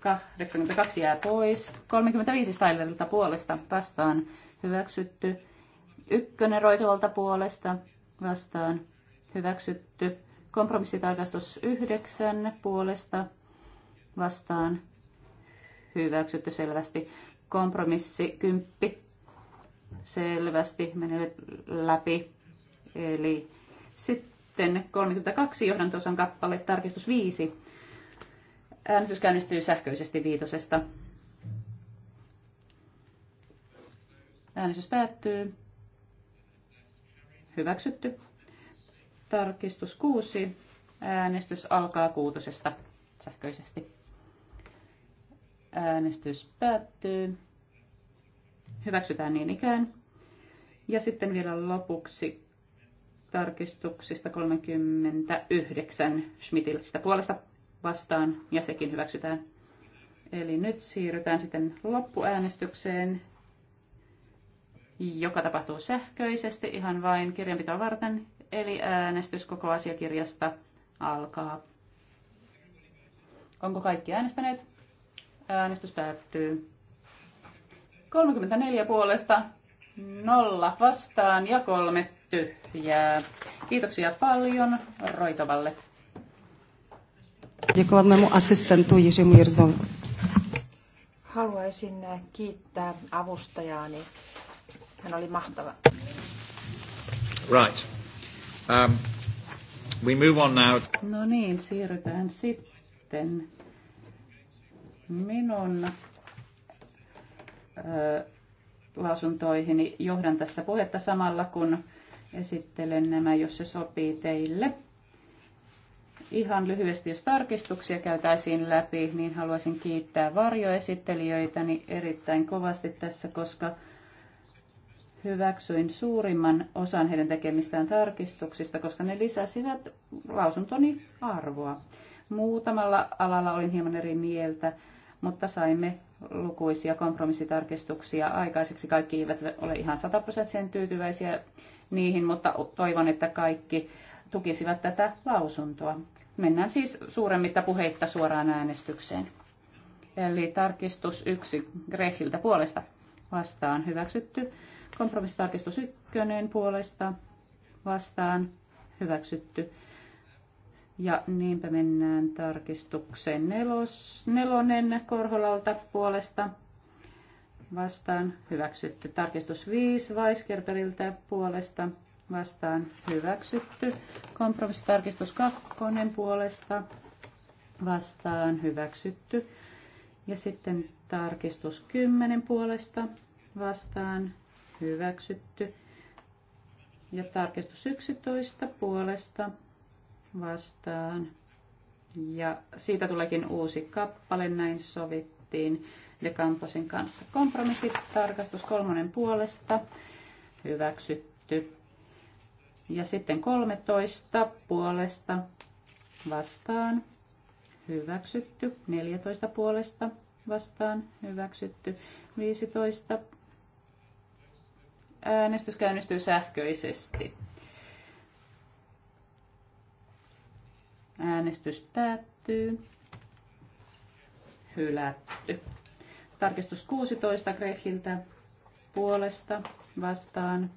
82 jää pois. 35 Stylerilta puolesta vastaan hyväksytty. Ykkönen Roitovalta puolesta vastaan hyväksytty. Kompromissitarkastus 9 puolesta vastaan hyväksytty selvästi. Kompromissi 10 selvästi menee läpi. Eli sitten 32 johdantosan kappale, tarkistus 5. Äänestys käynnistyy sähköisesti viitosesta. Äänestys päättyy. Hyväksytty. Tarkistus 6. Äänestys alkaa kuutosesta sähköisesti. Äänestys päättyy. Hyväksytään niin ikään. Ja sitten vielä lopuksi tarkistuksista 39 Schmidtilistä puolesta vastaan ja sekin hyväksytään. Eli nyt siirrytään sitten loppuäänestykseen, joka tapahtuu sähköisesti ihan vain kirjanpitoa varten eli äänestys koko asiakirjasta alkaa. Onko kaikki äänestäneet? Äänestys päättyy. 34 puolesta, nolla vastaan ja kolme tyhjää. Kiitoksia paljon Roitovalle. Děkovat Haluaisin kiittää avustajaani. Hän oli mahtava. Right. Um, we move on now. No niin, siirrytään sitten minun ö, lausuntoihini. Johdan tässä puhetta samalla, kun esittelen nämä, jos se sopii teille. Ihan lyhyesti, jos tarkistuksia käytäisiin läpi, niin haluaisin kiittää varjoesittelijöitäni erittäin kovasti tässä, koska hyväksyin suurimman osan heidän tekemistään tarkistuksista, koska ne lisäsivät lausuntoni arvoa. Muutamalla alalla olin hieman eri mieltä, mutta saimme lukuisia kompromissitarkistuksia aikaiseksi. Kaikki eivät ole ihan sataprosenttisen tyytyväisiä niihin, mutta toivon, että kaikki tukisivat tätä lausuntoa. Mennään siis suuremmitta puheitta suoraan äänestykseen. Eli tarkistus yksi Grehiltä puolesta vastaan hyväksytty. Kompromissitarkistus 1 puolesta vastaan hyväksytty. Ja niinpä mennään tarkistukseen nelos, nelonen Korholalta puolesta vastaan hyväksytty. Tarkistus 5 Weiskerperiltä puolesta vastaan hyväksytty. Kompromissitarkistus 2 puolesta vastaan hyväksytty. Ja sitten Tarkistus 10 puolesta vastaan hyväksytty. Ja tarkistus 11 puolesta vastaan. Ja siitä tuleekin uusi kappale, näin sovittiin De Camposin kanssa. kompromissi tarkistus kolmonen puolesta, hyväksytty. Ja sitten 13 puolesta vastaan, hyväksytty. 14 puolesta vastaan hyväksytty. 15. Äänestys käynnistyy sähköisesti. Äänestys päättyy. Hylätty. Tarkistus 16 Grefiltä puolesta vastaan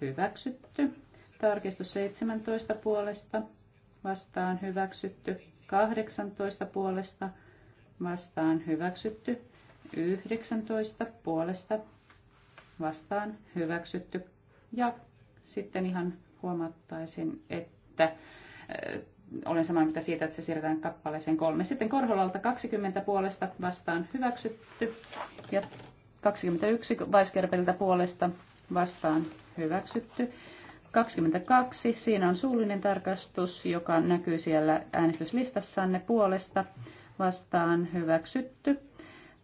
hyväksytty. Tarkistus 17 puolesta vastaan hyväksytty. 18 puolesta vastaan hyväksytty 19 puolesta vastaan hyväksytty. Ja sitten ihan huomattaisin, että äh, olen samaa mitä siitä, että se siirretään kappaleeseen kolme. Sitten Korholalta 20 puolesta vastaan hyväksytty ja 21 Vaiskerpeliltä puolesta vastaan hyväksytty. 22, siinä on suullinen tarkastus, joka näkyy siellä äänestyslistassanne puolesta vastaan hyväksytty.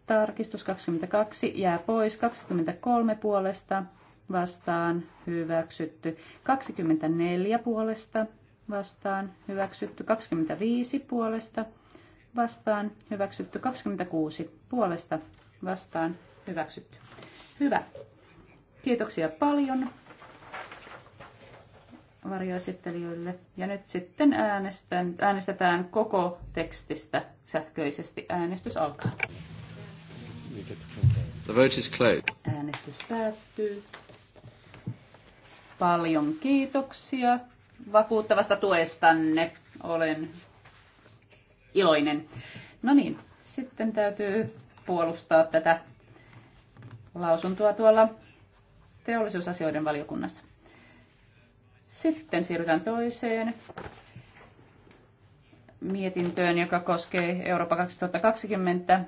Tarkistus 22 jää pois. 23 puolesta vastaan hyväksytty. 24 puolesta vastaan hyväksytty. 25 puolesta vastaan hyväksytty. 26 puolesta vastaan hyväksytty. Hyvä. Kiitoksia paljon varjoesittelijöille. Ja nyt sitten äänestän, äänestetään koko tekstistä sähköisesti. Äänestys alkaa. The vote is closed. Äänestys päättyy. Paljon kiitoksia vakuuttavasta tuestanne. Olen iloinen. No niin, sitten täytyy puolustaa tätä lausuntoa tuolla teollisuusasioiden valiokunnassa. Sitten siirrytään toiseen mietintöön, joka koskee Eurooppa 2020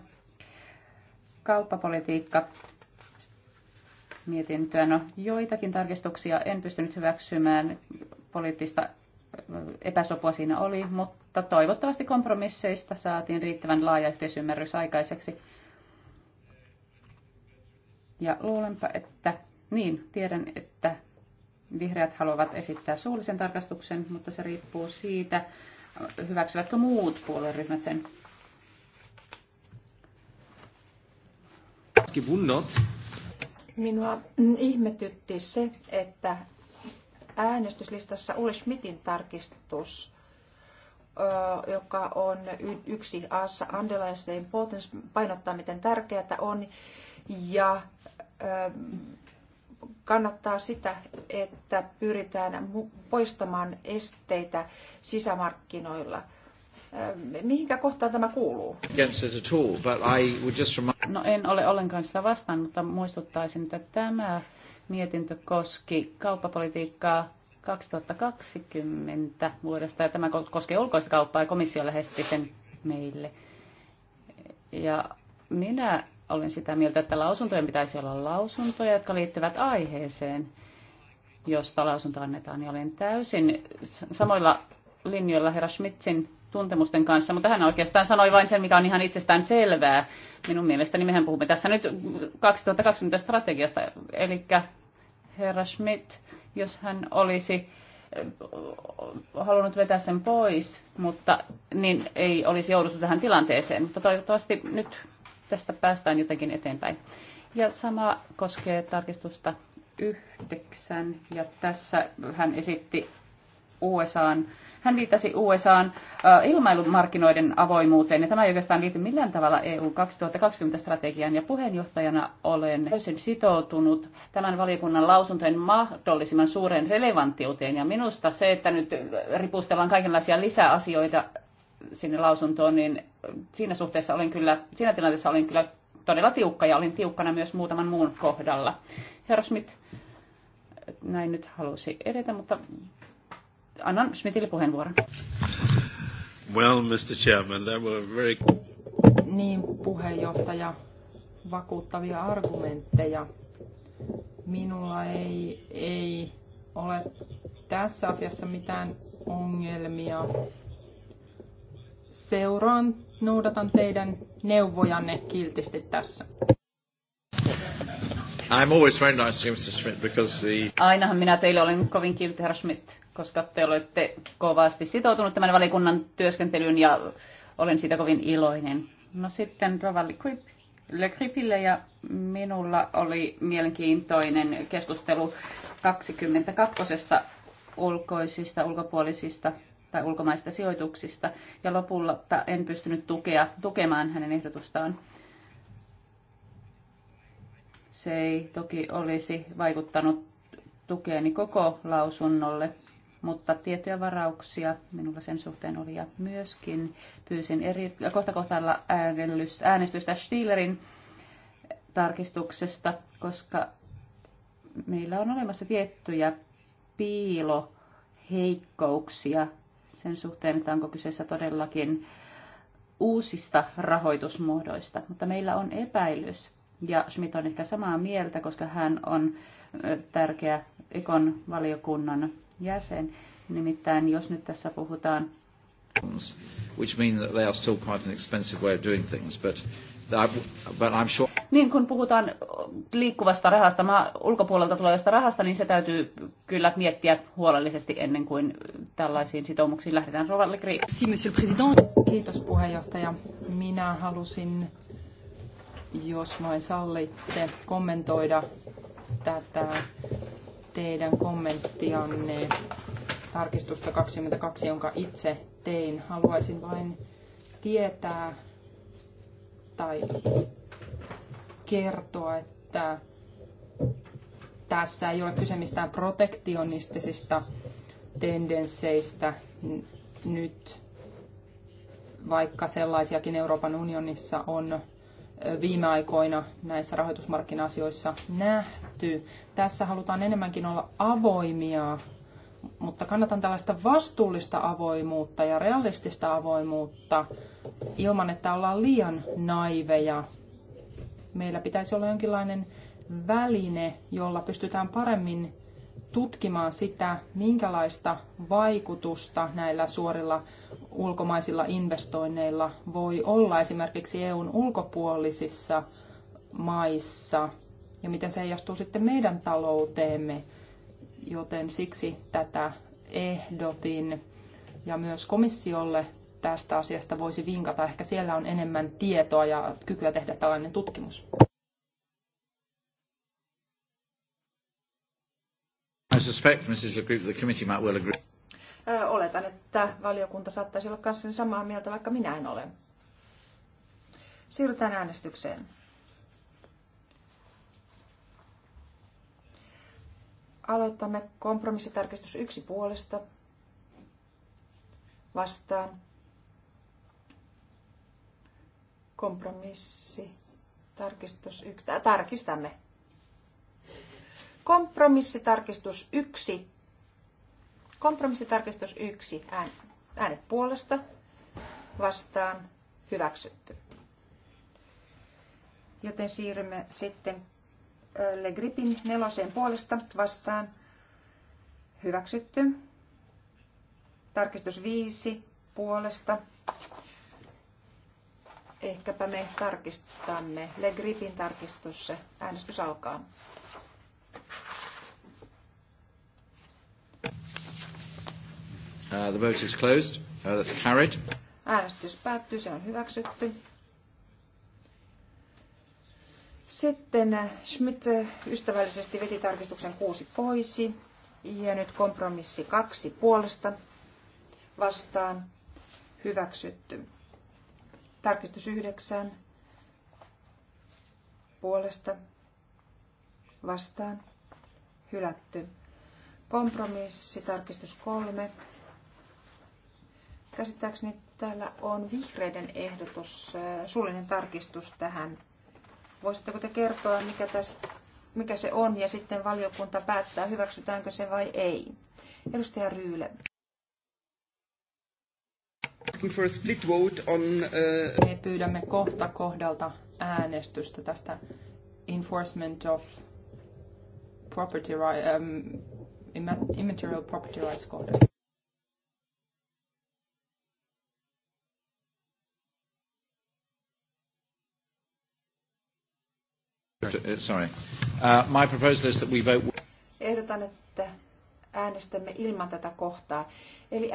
kauppapolitiikka mietintöä. No, joitakin tarkistuksia en pystynyt hyväksymään. Poliittista epäsopua siinä oli, mutta toivottavasti kompromisseista saatiin riittävän laaja yhteisymmärrys aikaiseksi. Ja luulenpa, että niin, tiedän, että Vihreät haluavat esittää suullisen tarkastuksen, mutta se riippuu siitä, hyväksyvätkö muut puolueryhmät sen. Minua ihmetytti se, että äänestyslistassa Ulle Schmidtin tarkistus, joka on yksi Aassa Andelaisen painottaa, miten tärkeää on, ja kannattaa sitä, että pyritään poistamaan esteitä sisämarkkinoilla. Öö, mihinkä kohtaan tämä kuuluu? No en ole ollenkaan sitä vastaan, mutta muistuttaisin, että tämä mietintö koski kauppapolitiikkaa 2020 vuodesta ja tämä koskee ulkoista kauppaa ja komissio lähesti sen meille. Ja minä olen sitä mieltä, että lausuntojen pitäisi olla lausuntoja, jotka liittyvät aiheeseen, josta lausunto annetaan. niin olen täysin samoilla linjoilla herra Schmitzin tuntemusten kanssa, mutta hän oikeastaan sanoi vain sen, mikä on ihan itsestään selvää. Minun mielestäni mehän puhumme tässä nyt 2020 strategiasta, eli herra Schmidt, jos hän olisi halunnut vetää sen pois, mutta niin ei olisi jouduttu tähän tilanteeseen. Mutta toivottavasti nyt tästä päästään jotenkin eteenpäin. Ja sama koskee tarkistusta yhdeksän. Ja tässä hän esitti USAn, hän viittasi USAn äh, ilmailumarkkinoiden avoimuuteen, ja tämä ei oikeastaan liity millään tavalla EU 2020-strategiaan, ja puheenjohtajana olen täysin sitoutunut tämän valiokunnan lausuntojen mahdollisimman suureen relevanttiuteen, ja minusta se, että nyt ripustellaan kaikenlaisia lisäasioita sinne lausuntoon, niin siinä suhteessa olin kyllä, siinä tilanteessa olin kyllä todella tiukka ja olin tiukkana myös muutaman muun kohdalla. Herra Smith näin nyt halusi edetä, mutta annan Smithille puheenvuoron. Well, Mr. Chairman, that were very... Niin, puheenjohtaja, vakuuttavia argumentteja. Minulla ei, ei ole tässä asiassa mitään ongelmia seuraan, noudatan teidän neuvojanne kiltisti tässä. I'm always very nice to Mr. Schmidt because the... Ainahan minä teille olen kovin kiltti, herra Schmidt, koska te olette kovasti sitoutunut tämän valikunnan työskentelyyn ja olen siitä kovin iloinen. No sitten Rova Le Gripille ja minulla oli mielenkiintoinen keskustelu 22 ulkoisista, ulkopuolisista tai ulkomaista sijoituksista. Ja lopulta en pystynyt tukea, tukemaan hänen ehdotustaan. Se ei toki olisi vaikuttanut tukeeni koko lausunnolle, mutta tiettyjä varauksia minulla sen suhteen oli ja myöskin pyysin eri, kohta kohtailla äänestystä Stielerin tarkistuksesta, koska meillä on olemassa tiettyjä piiloheikkouksia sen suhteen, että onko kyseessä todellakin uusista rahoitusmuodoista. Mutta meillä on epäilys, ja Schmidt on ehkä samaa mieltä, koska hän on tärkeä Ekon valiokunnan jäsen. Nimittäin jos nyt tässä puhutaan which mean that they are still quite an expensive way of doing things, but Sure... Niin kun puhutaan liikkuvasta rahasta, mä, ulkopuolelta tulevasta rahasta, niin se täytyy kyllä miettiä huolellisesti ennen kuin tällaisiin sitoumuksiin lähdetään. Président, Kiitos puheenjohtaja. Minä halusin, jos vain sallitte, kommentoida tätä teidän kommenttianne tarkistusta 22, jonka itse tein. Haluaisin vain tietää, tai kertoa, että tässä ei ole kyse mistään protektionistisista tendensseistä nyt, vaikka sellaisiakin Euroopan unionissa on viime aikoina näissä rahoitusmarkkina-asioissa nähty. Tässä halutaan enemmänkin olla avoimia, mutta kannatan tällaista vastuullista avoimuutta ja realistista avoimuutta ilman, että ollaan liian naiveja. Meillä pitäisi olla jonkinlainen väline, jolla pystytään paremmin tutkimaan sitä, minkälaista vaikutusta näillä suorilla ulkomaisilla investoinneilla voi olla esimerkiksi EUn ulkopuolisissa maissa ja miten se heijastuu sitten meidän talouteemme. Joten siksi tätä ehdotin ja myös komissiolle tästä asiasta voisi vinkata. Ehkä siellä on enemmän tietoa ja kykyä tehdä tällainen tutkimus. I suspect, Mrs. Le Group, the committee might well agree. Oletan, että valiokunta saattaisi olla kanssani samaa mieltä, vaikka minä en ole. Siirrytään äänestykseen. Aloitamme kompromissitarkistus yksi puolesta. Vastaan Kompromissi. Tarkistus yksi. Tarkistamme. Kompromissitarkistus yksi. Kompromissitarkistus yksi. Äänet puolesta vastaan hyväksytty. Joten siirrymme sitten Le Gripin neloseen puolesta vastaan hyväksytty. Tarkistus 5 puolesta Ehkäpä me tarkistamme. Le Gripin tarkistus. Äänestys alkaa. Uh, the vote is closed. Uh, that's carried. Äänestys päättyy. Se on hyväksytty. Sitten Schmidt ystävällisesti veti tarkistuksen kuusi pois ja nyt kompromissi kaksi puolesta vastaan hyväksytty. Tarkistus yhdeksään puolesta vastaan hylätty. Kompromissi, tarkistus kolme Käsittääkseni täällä on vihreiden ehdotus, äh, suullinen tarkistus tähän. Voisitteko te kertoa, mikä, tästä, mikä se on ja sitten valiokunta päättää, hyväksytäänkö se vai ei? Edustaja Ryyle asking for a split vote on... Uh... Me pyydämme kohta kohdalta äänestystä tästä enforcement of property right, um, immaterial property rights kohdasta. Uh, sorry. Uh, my proposal is that we vote... Ehdotan, että äänestämme ilman tätä kohtaa. Eli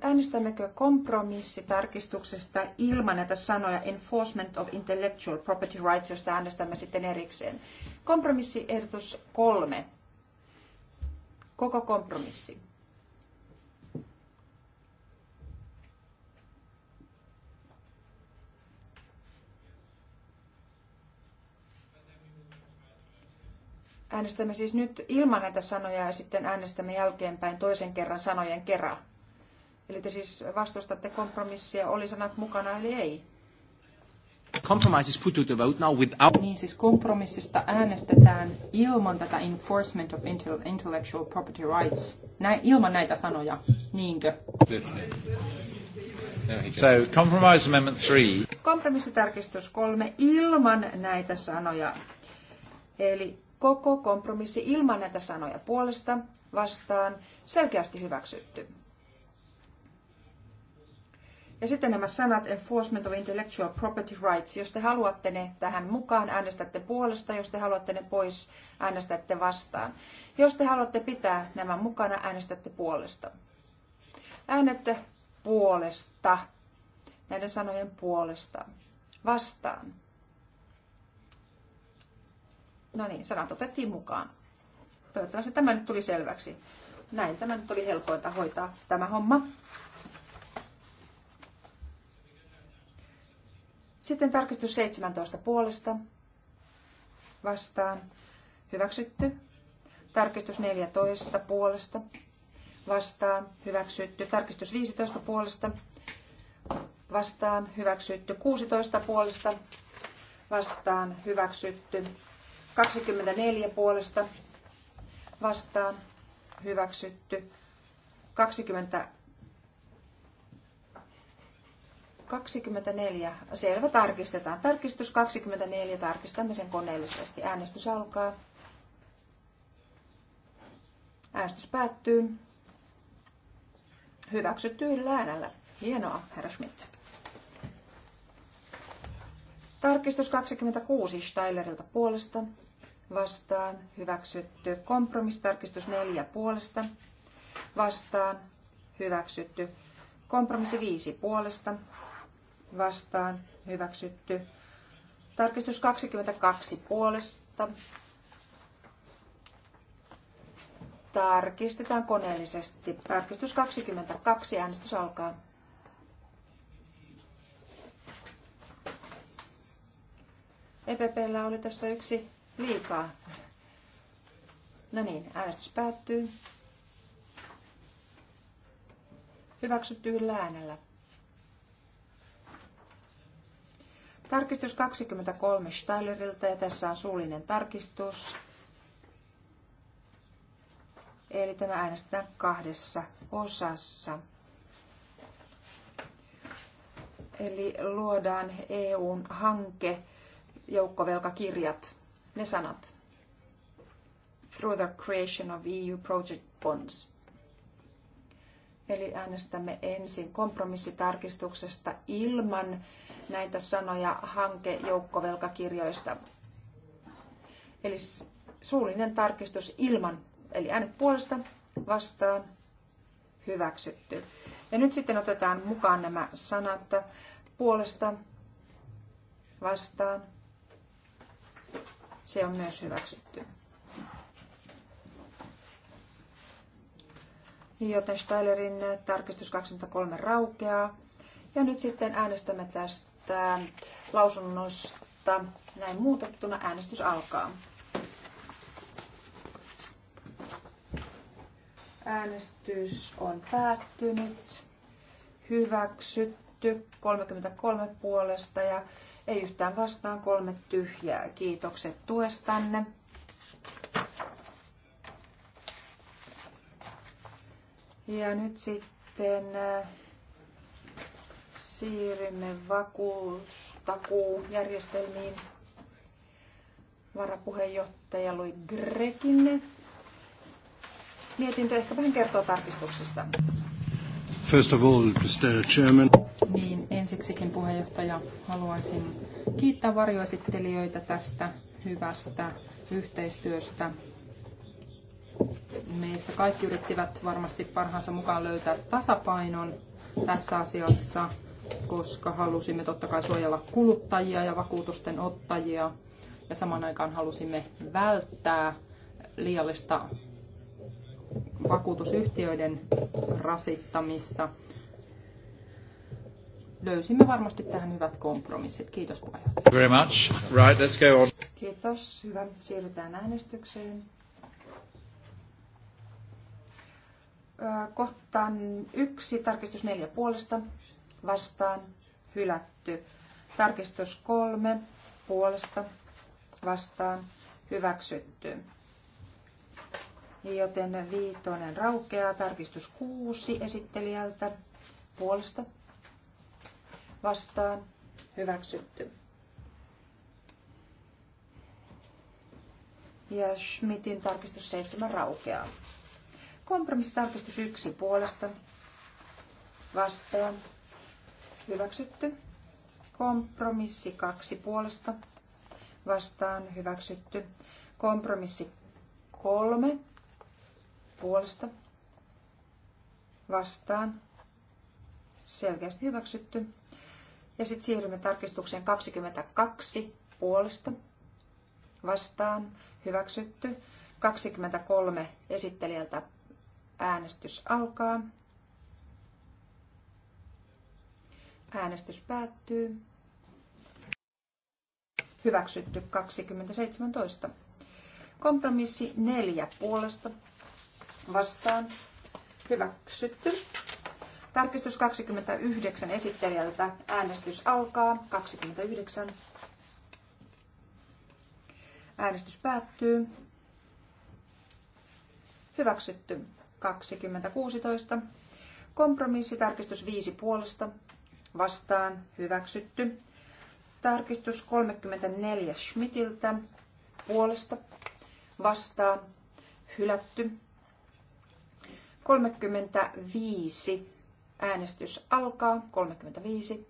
äänestämmekö kompromissitarkistuksesta ilman näitä sanoja enforcement of intellectual property rights, josta äänestämme sitten erikseen. Kompromissiehdotus kolme. Koko kompromissi. Äänestämme siis nyt ilman näitä sanoja ja sitten äänestämme jälkeenpäin toisen kerran sanojen kerran. Eli te siis vastustatte kompromissia, oli sanat mukana eli ei. Compromise is put to the vote now without... Niin siis kompromissista äänestetään ilman tätä enforcement of intellectual property rights. Nä, ilman näitä sanoja, niinkö? So, compromise amendment three. Kompromissitarkistus kolme ilman näitä sanoja. Eli koko kompromissi ilman näitä sanoja puolesta vastaan selkeästi hyväksytty. Ja sitten nämä sanat Enforcement of Intellectual Property Rights. Jos te haluatte ne tähän mukaan, äänestätte puolesta. Jos te haluatte ne pois, äänestätte vastaan. Jos te haluatte pitää nämä mukana, äänestätte puolesta. Äänette puolesta. Näiden sanojen puolesta. Vastaan. No niin, sanat otettiin mukaan. Toivottavasti tämä nyt tuli selväksi. Näin, tämä nyt oli helpointa hoitaa tämä homma. Sitten tarkistus 17 puolesta. Vastaan. Hyväksytty. Tarkistus 14 puolesta. Vastaan. Hyväksytty. Tarkistus 15 puolesta. Vastaan. Hyväksytty. 16 puolesta. Vastaan. Hyväksytty. 24 puolesta vastaan hyväksytty. 20, 24. Selvä, tarkistetaan. Tarkistus 24. Tarkistamme sen koneellisesti. Äänestys alkaa. Äänestys päättyy. Hyväksytty yhdellä äänellä. Hienoa, herra Schmidt. Tarkistus 26 Steilerilta puolesta vastaan, hyväksytty. Kompromissitarkistus 4 puolesta, vastaan, hyväksytty. Kompromissi 5 puolesta, vastaan, hyväksytty. Tarkistus 22 puolesta. Tarkistetaan koneellisesti. Tarkistus 22, äänestys alkaa. EPPllä oli tässä yksi liikaa. No niin, äänestys päättyy. Hyväksytty yhdellä äänellä. Tarkistus 23 Steilerilta ja tässä on suullinen tarkistus. Eli tämä äänestetään kahdessa osassa. Eli luodaan EUn hanke joukkovelkakirjat ne sanat. Through the creation of EU project bonds. Eli äänestämme ensin kompromissitarkistuksesta ilman näitä sanoja hankejoukkovelkakirjoista. Eli suullinen tarkistus ilman, eli äänet puolesta vastaan hyväksytty. Ja nyt sitten otetaan mukaan nämä sanat puolesta vastaan se on myös hyväksytty. Joten Steilerin tarkistus 23 raukeaa. Ja nyt sitten äänestämme tästä lausunnosta näin muutettuna. Äänestys alkaa. Äänestys on päättynyt. Hyväksytty hylätty, 33 puolesta ja ei yhtään vastaan, kolme tyhjää. Kiitokset tuestanne. Ja nyt sitten äh, siirrymme vakuustakuujärjestelmiin. Varapuheenjohtaja Lui Grekinne. Mietintö ehkä vähän kertoo tarkistuksista. First of all, Mr. Chairman. Ensiksikin puheenjohtaja haluaisin kiittää varjoesittelijöitä tästä hyvästä yhteistyöstä. Meistä kaikki yrittivät varmasti parhaansa mukaan löytää tasapainon tässä asiassa, koska halusimme totta kai suojella kuluttajia ja vakuutusten ottajia ja saman aikaan halusimme välttää liiallista vakuutusyhtiöiden rasittamista – löysimme varmasti tähän hyvät kompromissit. Kiitos puheenjohtaja. Very much. Right, let's go on. Kiitos. Hyvä. Siirrytään äänestykseen. Kohtaan yksi, tarkistus neljä puolesta, vastaan, hylätty. Tarkistus kolme, puolesta, vastaan, hyväksytty. Joten viitonen raukeaa, tarkistus kuusi esittelijältä, puolesta, vastaan hyväksytty. Ja Schmidtin tarkistus 7 raukeaa. Kompromissitarkistus 1 puolesta vastaan hyväksytty. Kompromissi 2 puolesta vastaan hyväksytty. Kompromissi 3 puolesta vastaan selkeästi hyväksytty. Ja sitten siirrymme tarkistukseen 22 puolesta vastaan hyväksytty. 23 esittelijältä äänestys alkaa. Äänestys päättyy. Hyväksytty 2017. Kompromissi 4 puolesta vastaan. Hyväksytty. Tarkistus 29 esittelijältä. Äänestys alkaa. 29. Äänestys päättyy. Hyväksytty. 2016. tarkistus 5 puolesta. Vastaan. Hyväksytty. Tarkistus 34 Schmidtiltä. Puolesta. Vastaan. Hylätty. 35 Äänestys alkaa. 35.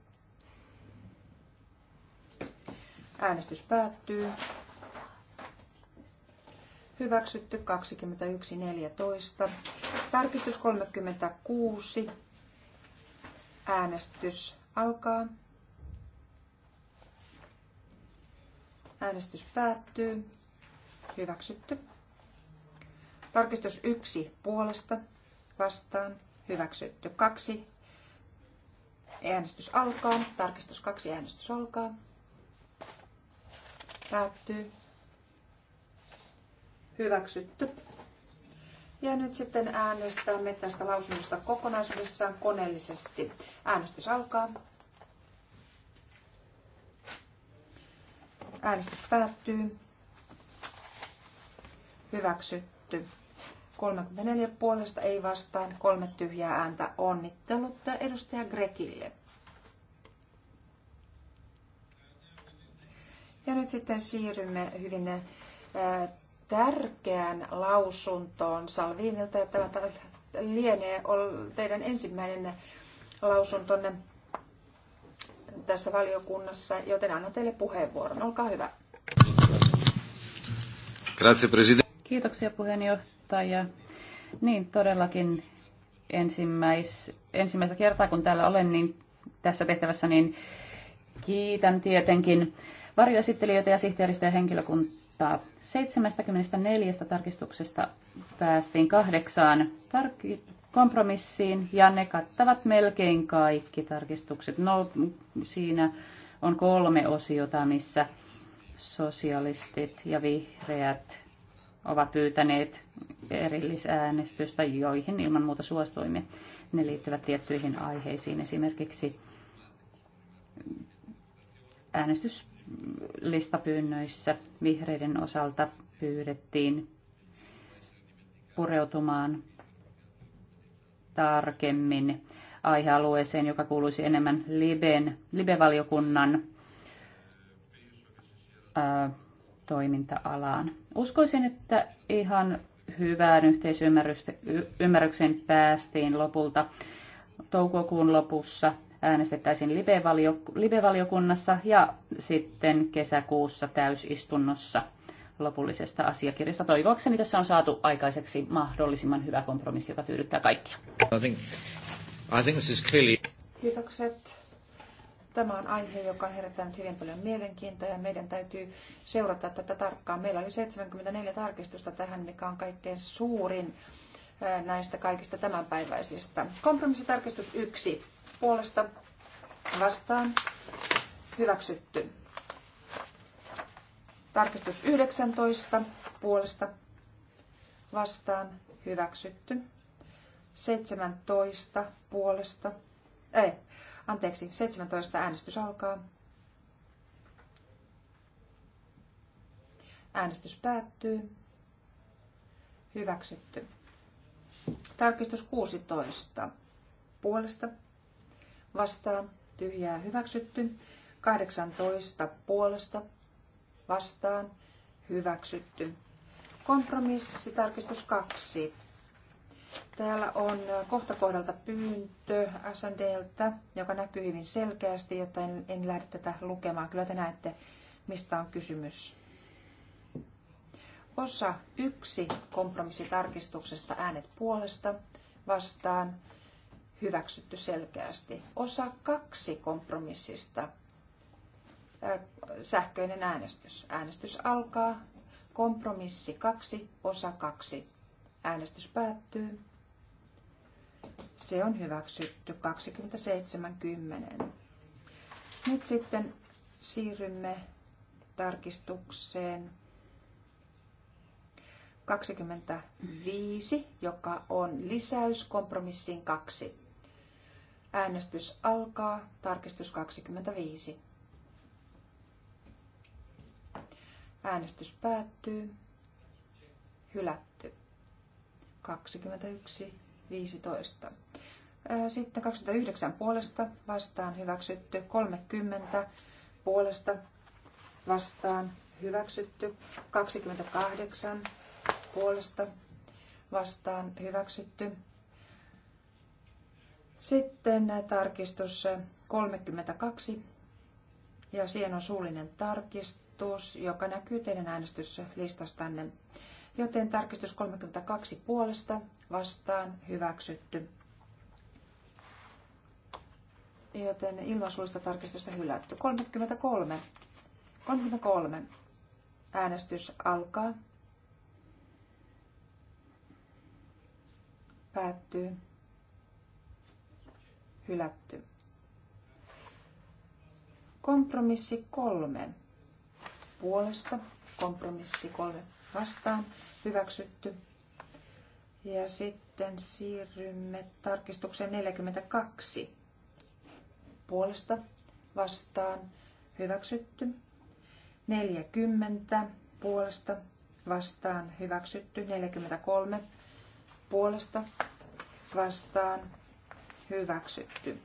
Äänestys päättyy. Hyväksytty 21.14. Tarkistus 36. Äänestys alkaa. Äänestys päättyy. Hyväksytty. Tarkistus 1 puolesta vastaan hyväksytty. Kaksi, äänestys alkaa, tarkistus kaksi, äänestys alkaa, päättyy, hyväksytty. Ja nyt sitten äänestämme tästä lausunnosta kokonaisuudessaan koneellisesti. Äänestys alkaa. Äänestys päättyy. Hyväksytty. 34 puolesta ei vastaan, kolme tyhjää ääntä. Onnittelut edustaja Grekille. Ja nyt sitten siirrymme hyvin äh, tärkeään lausuntoon Salviinilta. Ja tämä lienee teidän ensimmäinen lausuntonne tässä valiokunnassa, joten annan teille puheenvuoron. Olkaa hyvä. Grazie, Kiitoksia puheenjohtaja ja Niin, todellakin ensimmäis, ensimmäistä kertaa, kun täällä olen niin tässä tehtävässä, niin kiitän tietenkin varjoesittelijöitä ja sihteeristöä ja henkilökuntaa. 74 tarkistuksesta päästiin kahdeksaan kompromissiin ja ne kattavat melkein kaikki tarkistukset. No, siinä on kolme osiota, missä sosialistit ja vihreät ovat pyytäneet erillisäänestystä, joihin ilman muuta suostuimme. Ne liittyvät tiettyihin aiheisiin, esimerkiksi äänestyslistapyynnöissä vihreiden osalta pyydettiin pureutumaan tarkemmin aihealueeseen, joka kuuluisi enemmän Liben, Libe-valiokunnan toiminta-alaan. Uskoisin, että ihan hyvään yhteisymmärrykseen päästiin lopulta toukokuun lopussa äänestettäisiin live-valiokunnassa ja sitten kesäkuussa täysistunnossa lopullisesta asiakirjasta. Toivoakseni tässä on saatu aikaiseksi mahdollisimman hyvä kompromissi, joka tyydyttää kaikkia. I think, I think this is clearly... Kiitokset. Tämä on aihe, joka on herättänyt hyvin paljon mielenkiintoa ja meidän täytyy seurata tätä tarkkaan. Meillä oli 74 tarkistusta tähän, mikä on kaikkein suurin näistä kaikista tämänpäiväisistä. Kompromissitarkistus 1. Puolesta vastaan hyväksytty. Tarkistus 19. Puolesta vastaan hyväksytty. 17 puolesta, ei, Anteeksi, 17 äänestys alkaa. Äänestys päättyy. Hyväksytty. Tarkistus 16. Puolesta. Vastaan. Tyhjää hyväksytty. 18. Puolesta. Vastaan. Hyväksytty. Kompromissi. Tarkistus 2. Täällä on kohdalta pyyntö SNDltä, joka näkyy hyvin selkeästi, jotta en, en lähde tätä lukemaan. Kyllä te näette, mistä on kysymys. Osa yksi kompromissitarkistuksesta äänet puolesta vastaan hyväksytty selkeästi. Osa kaksi kompromissista sähköinen äänestys. Äänestys alkaa. Kompromissi 2, osa 2. Äänestys päättyy. Se on hyväksytty 27.10. Nyt sitten siirrymme tarkistukseen 25, joka on lisäys kompromissiin 2. Äänestys alkaa, tarkistus 25. Äänestys päättyy. Hylätty. 21, 15. Sitten 29 puolesta vastaan hyväksytty, 30 puolesta vastaan hyväksytty, 28 puolesta vastaan hyväksytty. Sitten tarkistus 32 ja siihen on suullinen tarkistus, joka näkyy teidän äänestyslistastanne joten tarkistus 32 puolesta vastaan hyväksytty. Joten ilman tarkistusta hylätty. 33. 33. Äänestys alkaa. Päättyy. Hylätty. Kompromissi kolme. Puolesta kompromissi kolme vastaan hyväksytty. Ja sitten siirrymme tarkistukseen 42 puolesta vastaan hyväksytty. 40 puolesta vastaan hyväksytty. 43 puolesta vastaan hyväksytty.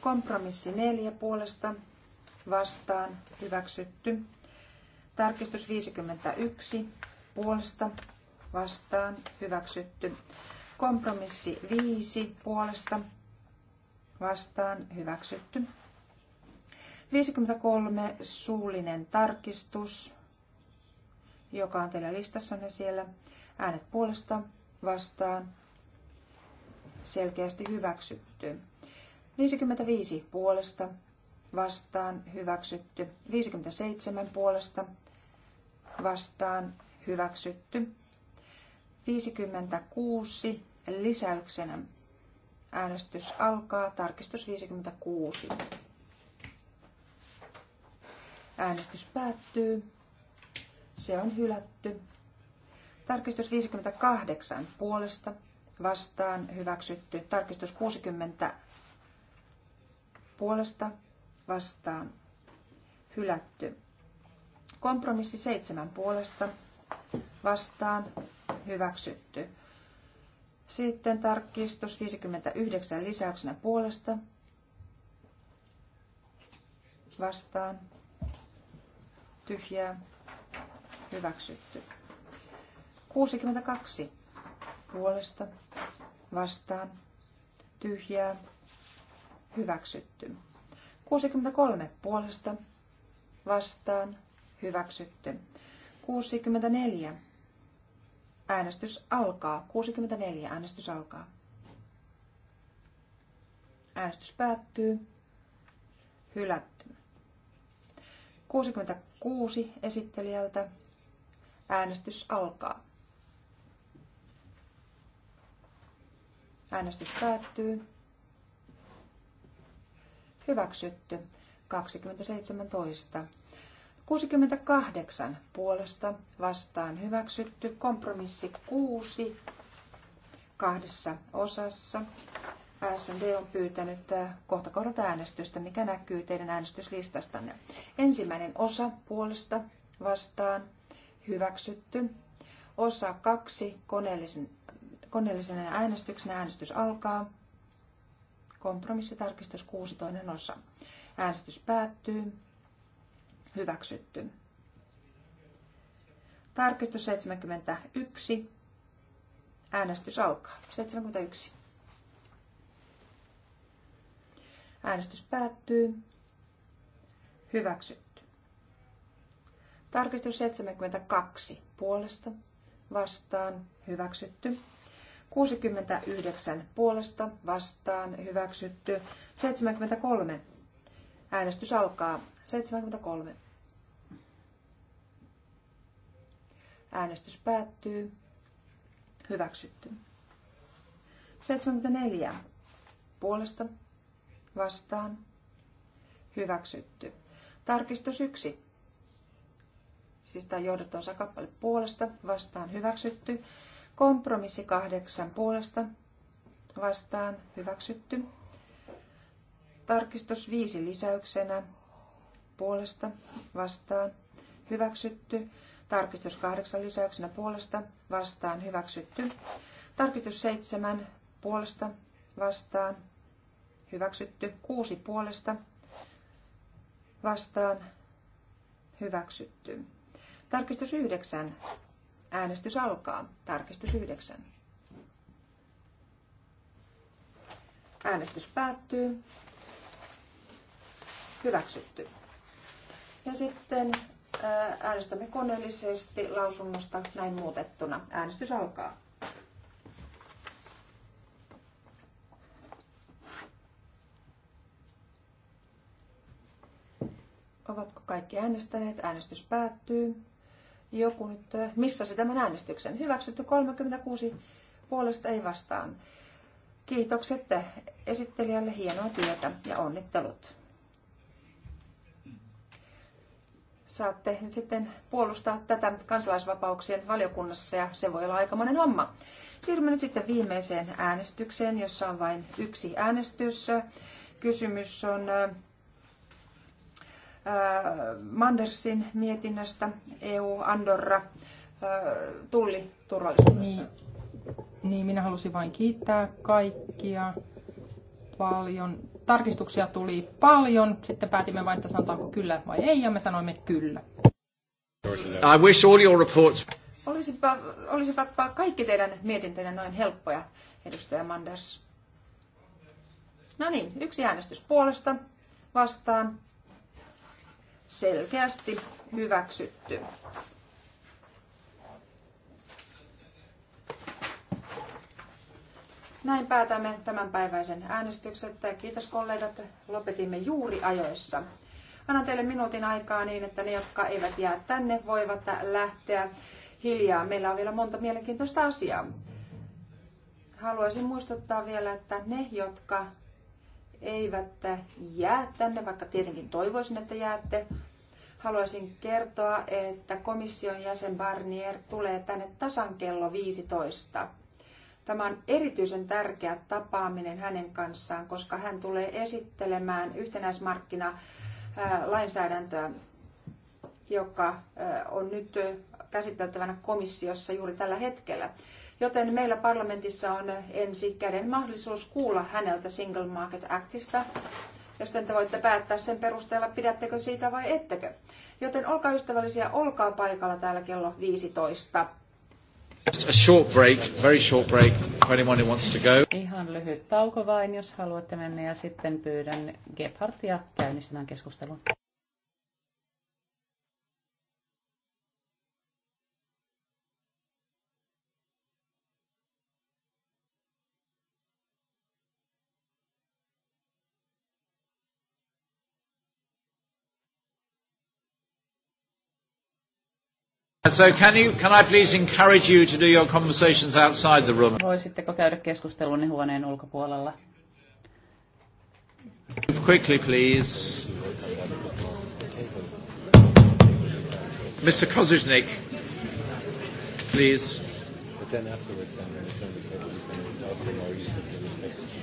Kompromissi 4 puolesta vastaan hyväksytty. Tarkistus 51 puolesta vastaan hyväksytty. Kompromissi 5 puolesta vastaan hyväksytty. 53 suullinen tarkistus, joka on teillä listassanne siellä. Äänet puolesta vastaan selkeästi hyväksytty. 55 puolesta vastaan hyväksytty. 57 puolesta vastaan hyväksytty. 56 lisäyksenä. Äänestys alkaa. Tarkistus 56. Äänestys päättyy. Se on hylätty. Tarkistus 58 puolesta vastaan hyväksytty. Tarkistus 60 puolesta vastaan hylätty. Kompromissi 7 puolesta vastaan hyväksytty. Sitten tarkistus 59 lisäyksenä puolesta vastaan tyhjää hyväksytty. 62 puolesta vastaan tyhjää hyväksytty. 63 puolesta vastaan hyväksytty. 64. Äänestys alkaa. 64. Äänestys alkaa. Äänestys päättyy. Hylätty. 66 esittelijältä. Äänestys alkaa. Äänestys päättyy. Hyväksytty. 2017. 68 puolesta vastaan hyväksytty. Kompromissi 6 kahdessa osassa. SND on pyytänyt äh, kohta kohdalta äänestystä, mikä näkyy teidän äänestyslistastanne. Ensimmäinen osa puolesta vastaan hyväksytty. Osa kaksi koneellisen, äänestyksen äänestyksenä äänestys alkaa. Kompromissitarkistus 6 toinen osa. Äänestys päättyy. Hyväksytty. Tarkistus 71. Äänestys alkaa. 71. Äänestys päättyy. Hyväksytty. Tarkistus 72. Puolesta. Vastaan. Hyväksytty. 69 puolesta vastaan hyväksytty, 73 Äänestys alkaa. 73. Äänestys päättyy. Hyväksytty. 74. Puolesta. Vastaan. Hyväksytty. Tarkistus 1. Siis tämä johdatonsa kappale puolesta. Vastaan. Hyväksytty. Kompromissi 8. Puolesta. Vastaan. Hyväksytty. Tarkistus viisi lisäyksenä puolesta vastaan hyväksytty. Tarkistus kahdeksan lisäyksenä puolesta vastaan hyväksytty. Tarkistus seitsemän puolesta vastaan hyväksytty. kuusi puolesta vastaan hyväksytty. Tarkistus yhdeksän Äänestys alkaa. Tarkistus yhdeksän Äänestys päättyy hyväksytty. Ja sitten äh, äänestämme koneellisesti lausunnosta näin muutettuna. Äänestys alkaa. Ovatko kaikki äänestäneet? Äänestys päättyy. Joku nyt äh, missasi tämän äänestyksen. Hyväksytty 36 puolesta ei vastaan. Kiitokset esittelijälle. Hienoa työtä ja onnittelut. saatte nyt sitten puolustaa tätä kansalaisvapauksien valiokunnassa ja se voi olla aikamoinen homma. Siirrymme nyt sitten viimeiseen äänestykseen, jossa on vain yksi äänestys. Kysymys on Mandersin mietinnöstä EU Andorra tulli turvallisuudessa. Niin, niin, minä halusin vain kiittää kaikkia paljon tarkistuksia tuli paljon. Sitten päätimme vain, että sanotaanko kyllä vai ei, ja me sanoimme kyllä. I wish all your reports... Olisipa, olisipa kaikki teidän mietintöjä noin helppoja, edustaja Manders. No niin, yksi äänestys puolesta, vastaan, selkeästi hyväksytty. Näin päätämme tämänpäiväisen äänestykset. Kiitos kollegat, lopetimme juuri ajoissa. Annan teille minuutin aikaa niin, että ne, jotka eivät jää tänne, voivat lähteä hiljaa. Meillä on vielä monta mielenkiintoista asiaa. Haluaisin muistuttaa vielä, että ne, jotka eivät jää tänne, vaikka tietenkin toivoisin, että jäätte, haluaisin kertoa, että komission jäsen Barnier tulee tänne tasan kello 15. Tämä on erityisen tärkeä tapaaminen hänen kanssaan, koska hän tulee esittelemään yhtenäismarkkina äh, lainsäädäntöä, joka äh, on nyt äh, käsiteltävänä komissiossa juuri tällä hetkellä. Joten meillä parlamentissa on ensi käden mahdollisuus kuulla häneltä Single Market Actista, ja te voitte päättää sen perusteella, pidättekö siitä vai ettekö. Joten olkaa ystävällisiä, olkaa paikalla täällä kello 15 a short break, very short break for anyone who wants to go. Ihan lyhyt tauko vain, jos haluatte mennä ja sitten pyydän Gebhardtia käynnistämään keskustelun. So can, you, can I please encourage you to do your conversations outside the room? Voisitteko käydä keskustelunne huoneen ulkopuolella? Quickly, please. Mr. Kozuznik, please. But then afterwards, then, going to be to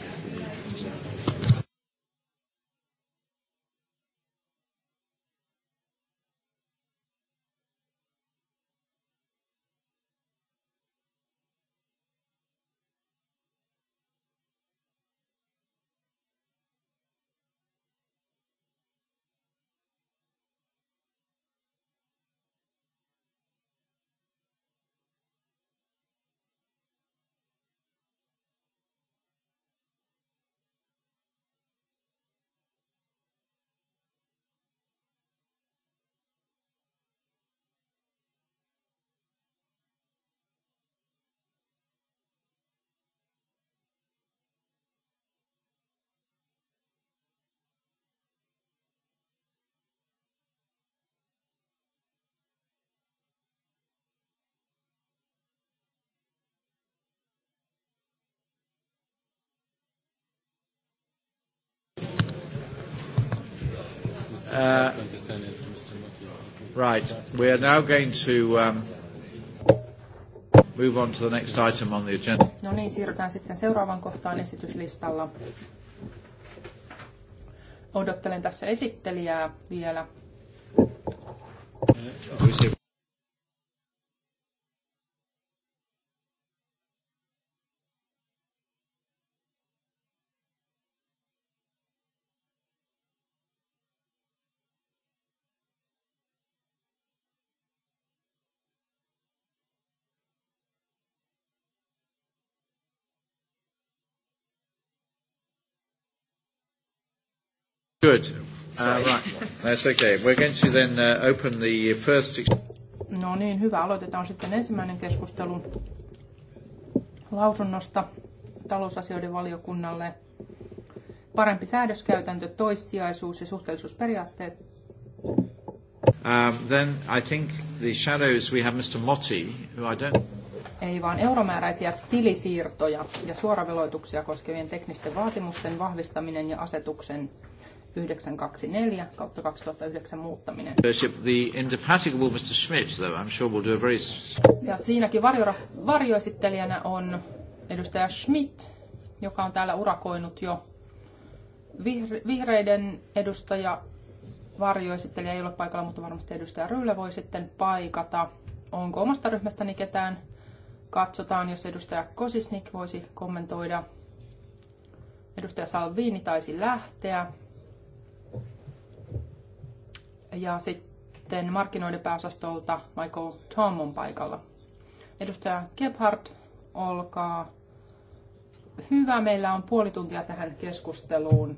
Uh, right. We are now going to um, move on to the next item on the agenda. No niin, siirrytään sitten seuraavan kohtaan esityslistalla. Odottelen tässä esittelijää vielä. Uh, Good. Uh, right. That's okay. We're going to then uh, open the first... No niin, hyvä. Aloitetaan sitten ensimmäinen keskustelu lausunnosta talousasioiden valiokunnalle. Parempi säädöskäytäntö, toissijaisuus ja suhteellisuusperiaatteet. Um, then I think the shadows we have Mr. Motti, who I don't... Ei vaan euromääräisiä tilisiirtoja ja suoraveloituksia koskevien teknisten vaatimusten vahvistaminen ja asetuksen 924 2009 muuttaminen. The indefatigable Mr. Schmidt, though, I'm sure will do a very... Ja siinäkin varjo, varjoesittelijänä on edustaja Schmidt, joka on täällä urakoinut jo vihreiden edustaja varjoesittelijä ei ole paikalla, mutta varmasti edustaja Ryllä voi sitten paikata. Onko omasta ryhmästäni ketään? Katsotaan, jos edustaja Kosisnik voisi kommentoida. Edustaja Salviini taisi lähteä ja sitten markkinoiden pääosastolta Michael Tom on paikalla. Edustaja Gebhardt, olkaa hyvä. Meillä on puoli tuntia tähän keskusteluun,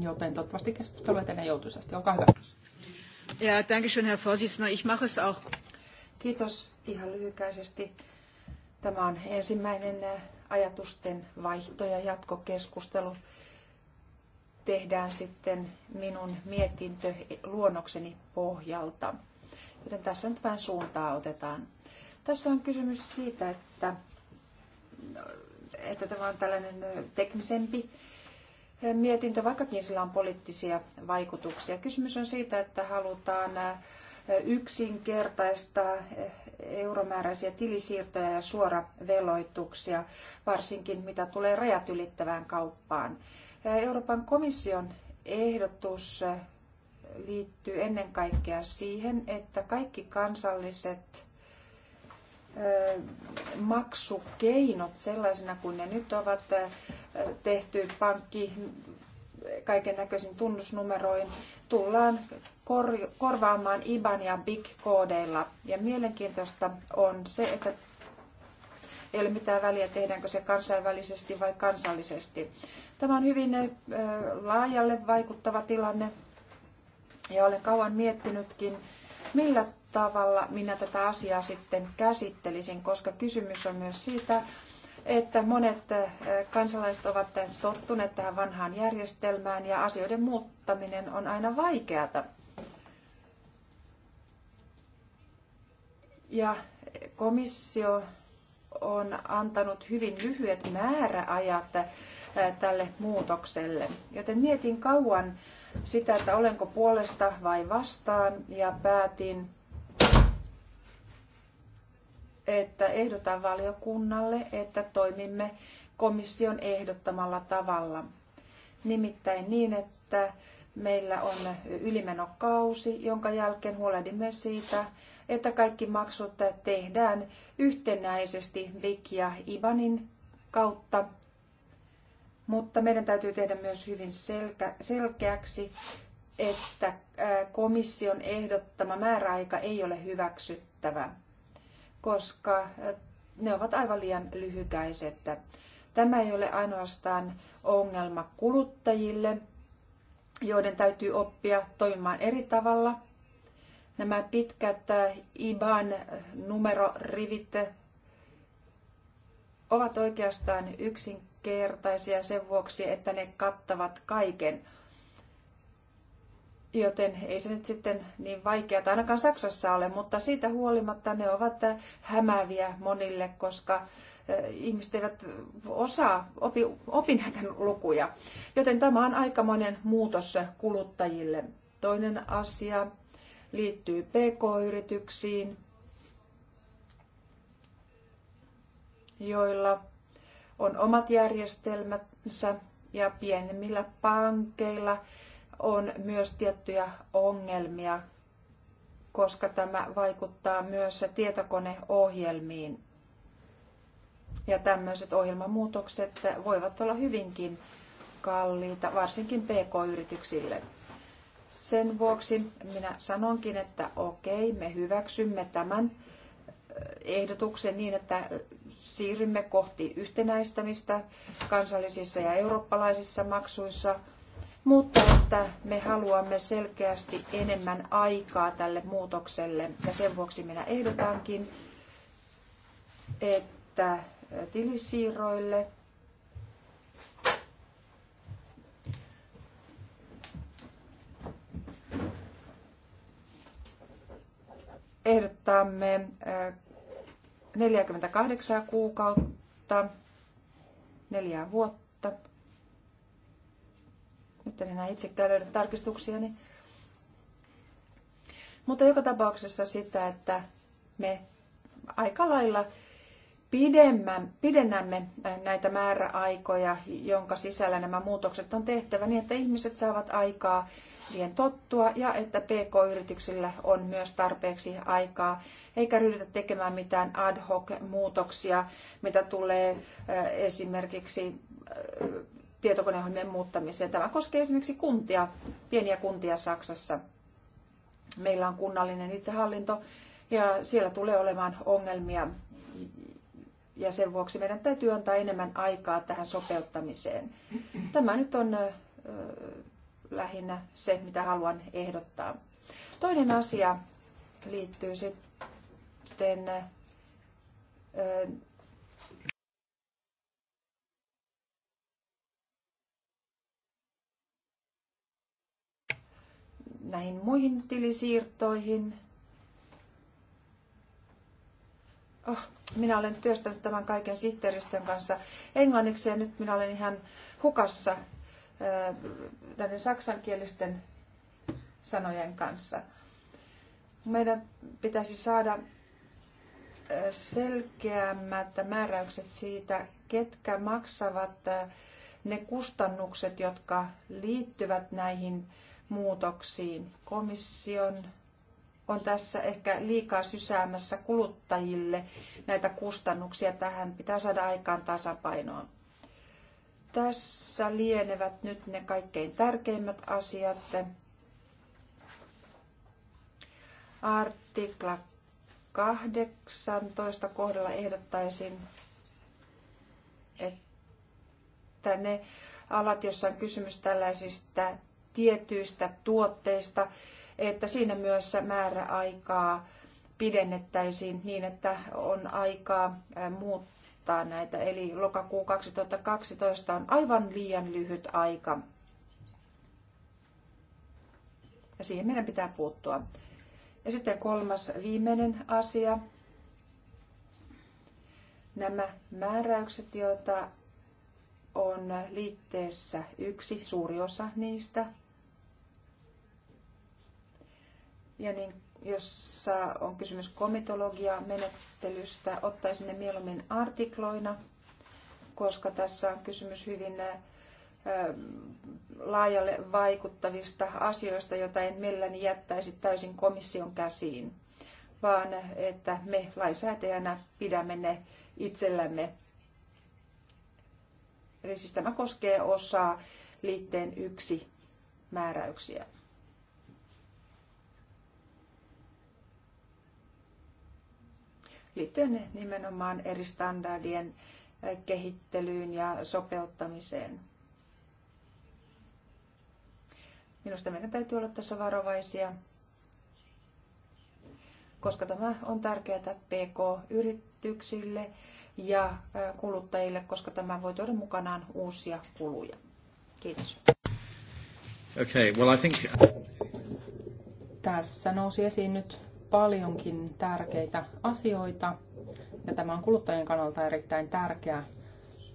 joten toivottavasti keskustelu etenee joutuisasti. Olkaa hyvä. Ja, danke schön, Herr Vorsitzender. Ich mache es auch. Kiitos ihan lyhykäisesti. Tämä on ensimmäinen äh, ajatusten vaihto ja jatkokeskustelu tehdään sitten minun mietintöluonnokseni pohjalta. Joten tässä nyt vähän suuntaa otetaan. Tässä on kysymys siitä, että, että tämä on tällainen teknisempi mietintö, vaikkakin sillä on poliittisia vaikutuksia. Kysymys on siitä, että halutaan yksinkertaistaa euromääräisiä tilisiirtoja ja suoraveloituksia, varsinkin mitä tulee rajat ylittävään kauppaan. Euroopan komission ehdotus liittyy ennen kaikkea siihen, että kaikki kansalliset maksukeinot sellaisena kuin ne nyt ovat tehty pankki, kaiken näköisin tunnusnumeroin tullaan kor- korvaamaan IBAN ja BIC-koodeilla. Ja mielenkiintoista on se, että ei ole mitään väliä, tehdäänkö se kansainvälisesti vai kansallisesti. Tämä on hyvin laajalle vaikuttava tilanne ja olen kauan miettinytkin, millä tavalla minä tätä asiaa sitten käsittelisin, koska kysymys on myös siitä, että monet eh, kansalaiset ovat tottuneet tähän vanhaan järjestelmään ja asioiden muuttaminen on aina vaikeata. Ja komissio on antanut hyvin lyhyet määräajat eh, tälle muutokselle. Joten mietin kauan sitä, että olenko puolesta vai vastaan ja päätin että ehdotan valiokunnalle, että toimimme komission ehdottamalla tavalla. Nimittäin niin, että meillä on ylimenokausi, jonka jälkeen huolehdimme siitä, että kaikki maksut tehdään yhtenäisesti BIC ja IBANin kautta. Mutta meidän täytyy tehdä myös hyvin selkä, selkeäksi, että komission ehdottama määräaika ei ole hyväksyttävä koska eh, ne ovat aivan liian lyhykäiset. Tämä ei ole ainoastaan ongelma kuluttajille, joiden täytyy oppia toimimaan eri tavalla. Nämä pitkät eh, IBAN-numerorivit ovat oikeastaan yksinkertaisia sen vuoksi, että ne kattavat kaiken – joten ei se nyt sitten niin vaikeaa ainakaan Saksassa ole, mutta siitä huolimatta ne ovat hämäviä monille, koska ihmiset eivät osaa, opi, opi näitä lukuja. Joten tämä on aikamoinen muutos kuluttajille. Toinen asia liittyy pk-yrityksiin, joilla on omat järjestelmänsä ja pienemmillä pankeilla on myös tiettyjä ongelmia, koska tämä vaikuttaa myös tietokoneohjelmiin. Ja tämmöiset ohjelmamuutokset voivat olla hyvinkin kalliita, varsinkin pk-yrityksille. Sen vuoksi minä sanonkin, että okei, me hyväksymme tämän ehdotuksen niin, että siirrymme kohti yhtenäistämistä kansallisissa ja eurooppalaisissa maksuissa – mutta että me haluamme selkeästi enemmän aikaa tälle muutokselle. Ja sen vuoksi minä ehdotankin, että tilisiirroille ehdottamme äh, 48 kuukautta, neljää vuotta enää itsekään löydä tarkistuksiani. Niin- Mutta joka tapauksessa sitä, että me aika lailla pidemmän, pidennämme näitä määräaikoja, jonka sisällä nämä muutokset on tehtävä niin, että ihmiset saavat aikaa siihen tottua ja että PK-yrityksillä on myös tarpeeksi aikaa, eikä ryhdytä tekemään mitään ad hoc muutoksia, mitä tulee esimerkiksi tietokoneohjelmien muuttamiseen. Tämä koskee esimerkiksi kuntia, pieniä kuntia Saksassa. Meillä on kunnallinen itsehallinto ja siellä tulee olemaan ongelmia ja sen vuoksi meidän täytyy antaa enemmän aikaa tähän sopeuttamiseen. Tämä nyt on ö, lähinnä se, mitä haluan ehdottaa. Toinen asia liittyy sitten ö, näihin muihin tilisiirtoihin. Oh, minä olen työstänyt tämän kaiken sihteeristön kanssa englanniksi ja nyt minä olen ihan hukassa äh, näiden saksankielisten sanojen kanssa. Meidän pitäisi saada äh, selkeämmät määräykset siitä, ketkä maksavat äh, ne kustannukset, jotka liittyvät näihin muutoksiin. Komission on tässä ehkä liikaa sysäämässä kuluttajille näitä kustannuksia. Tähän pitää saada aikaan tasapainoa. Tässä lienevät nyt ne kaikkein tärkeimmät asiat. Artikla 18 kohdalla ehdottaisin, että ne alat, joissa on kysymys tällaisista tietyistä tuotteista, että siinä myös määräaikaa pidennettäisiin niin, että on aikaa muuttaa näitä. Eli lokakuu 2012 on aivan liian lyhyt aika. Ja siihen meidän pitää puuttua. Ja sitten kolmas viimeinen asia. Nämä määräykset, joita on liitteessä yksi, suuri osa niistä, ja niin, jossa on kysymys komitologia-menettelystä, ottaisin ne mieluummin artikloina, koska tässä on kysymys hyvin laajalle vaikuttavista asioista, joita en mielelläni jättäisi täysin komission käsiin, vaan että me lainsäätäjänä pidämme ne itsellämme. Eli siis tämä koskee osaa liitteen yksi määräyksiä. liittyen nimenomaan eri standardien kehittelyyn ja sopeuttamiseen. Minusta meidän täytyy olla tässä varovaisia, koska tämä on tärkeää PK-yrityksille ja kuluttajille, koska tämä voi tuoda mukanaan uusia kuluja. Kiitos. Okay, well I think... Tässä nousi esiin nyt paljonkin tärkeitä asioita ja tämä on kuluttajien kannalta erittäin tärkeä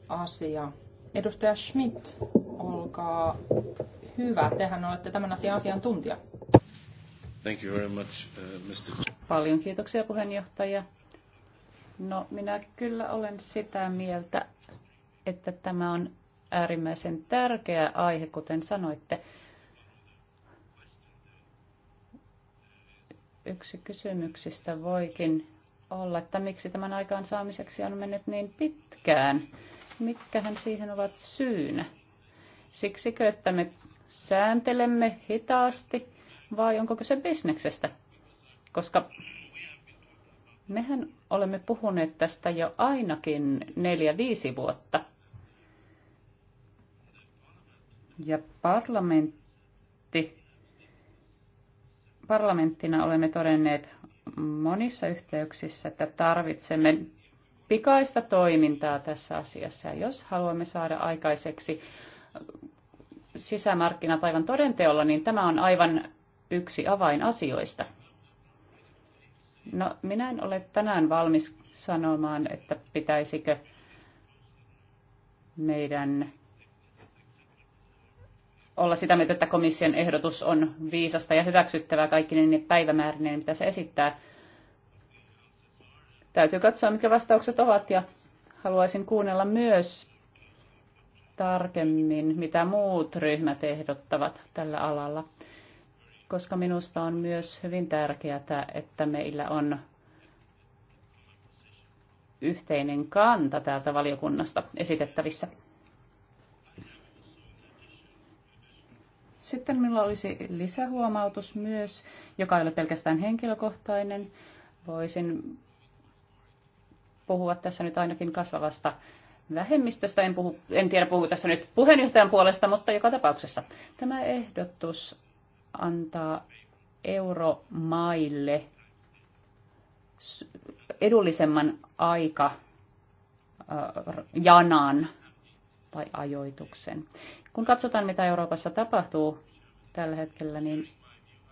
asia. Edustaja Schmidt, olkaa hyvä. Tehän olette tämän asian asiantuntija. Thank you very much, uh, Mr. Paljon kiitoksia puheenjohtaja. No minä kyllä olen sitä mieltä, että tämä on äärimmäisen tärkeä aihe, kuten sanoitte. yksi kysymyksistä voikin olla, että miksi tämän aikaan saamiseksi on mennyt niin pitkään. Mitkähän siihen ovat syynä? Siksikö, että me sääntelemme hitaasti vai onko kyse bisneksestä? Koska mehän olemme puhuneet tästä jo ainakin neljä viisi vuotta. Ja parlamentti parlamenttina olemme todenneet monissa yhteyksissä, että tarvitsemme pikaista toimintaa tässä asiassa. Ja jos haluamme saada aikaiseksi sisämarkkinat aivan todenteolla, niin tämä on aivan yksi avainasioista. No, minä en ole tänään valmis sanomaan, että pitäisikö meidän olla sitä mieltä, että komission ehdotus on viisasta ja hyväksyttävää kaikki ne päivämäärineen, niin mitä se esittää. Täytyy katsoa, mitkä vastaukset ovat ja haluaisin kuunnella myös tarkemmin, mitä muut ryhmät ehdottavat tällä alalla, koska minusta on myös hyvin tärkeää, että meillä on yhteinen kanta täältä valiokunnasta esitettävissä. Sitten minulla olisi lisähuomautus myös, joka ei ole pelkästään henkilökohtainen. Voisin puhua tässä nyt ainakin kasvavasta vähemmistöstä. En, puhu, en tiedä, puhu tässä nyt puheenjohtajan puolesta, mutta joka tapauksessa. Tämä ehdotus antaa euromaille edullisemman aika janan tai ajoituksen. Kun katsotaan, mitä Euroopassa tapahtuu tällä hetkellä, niin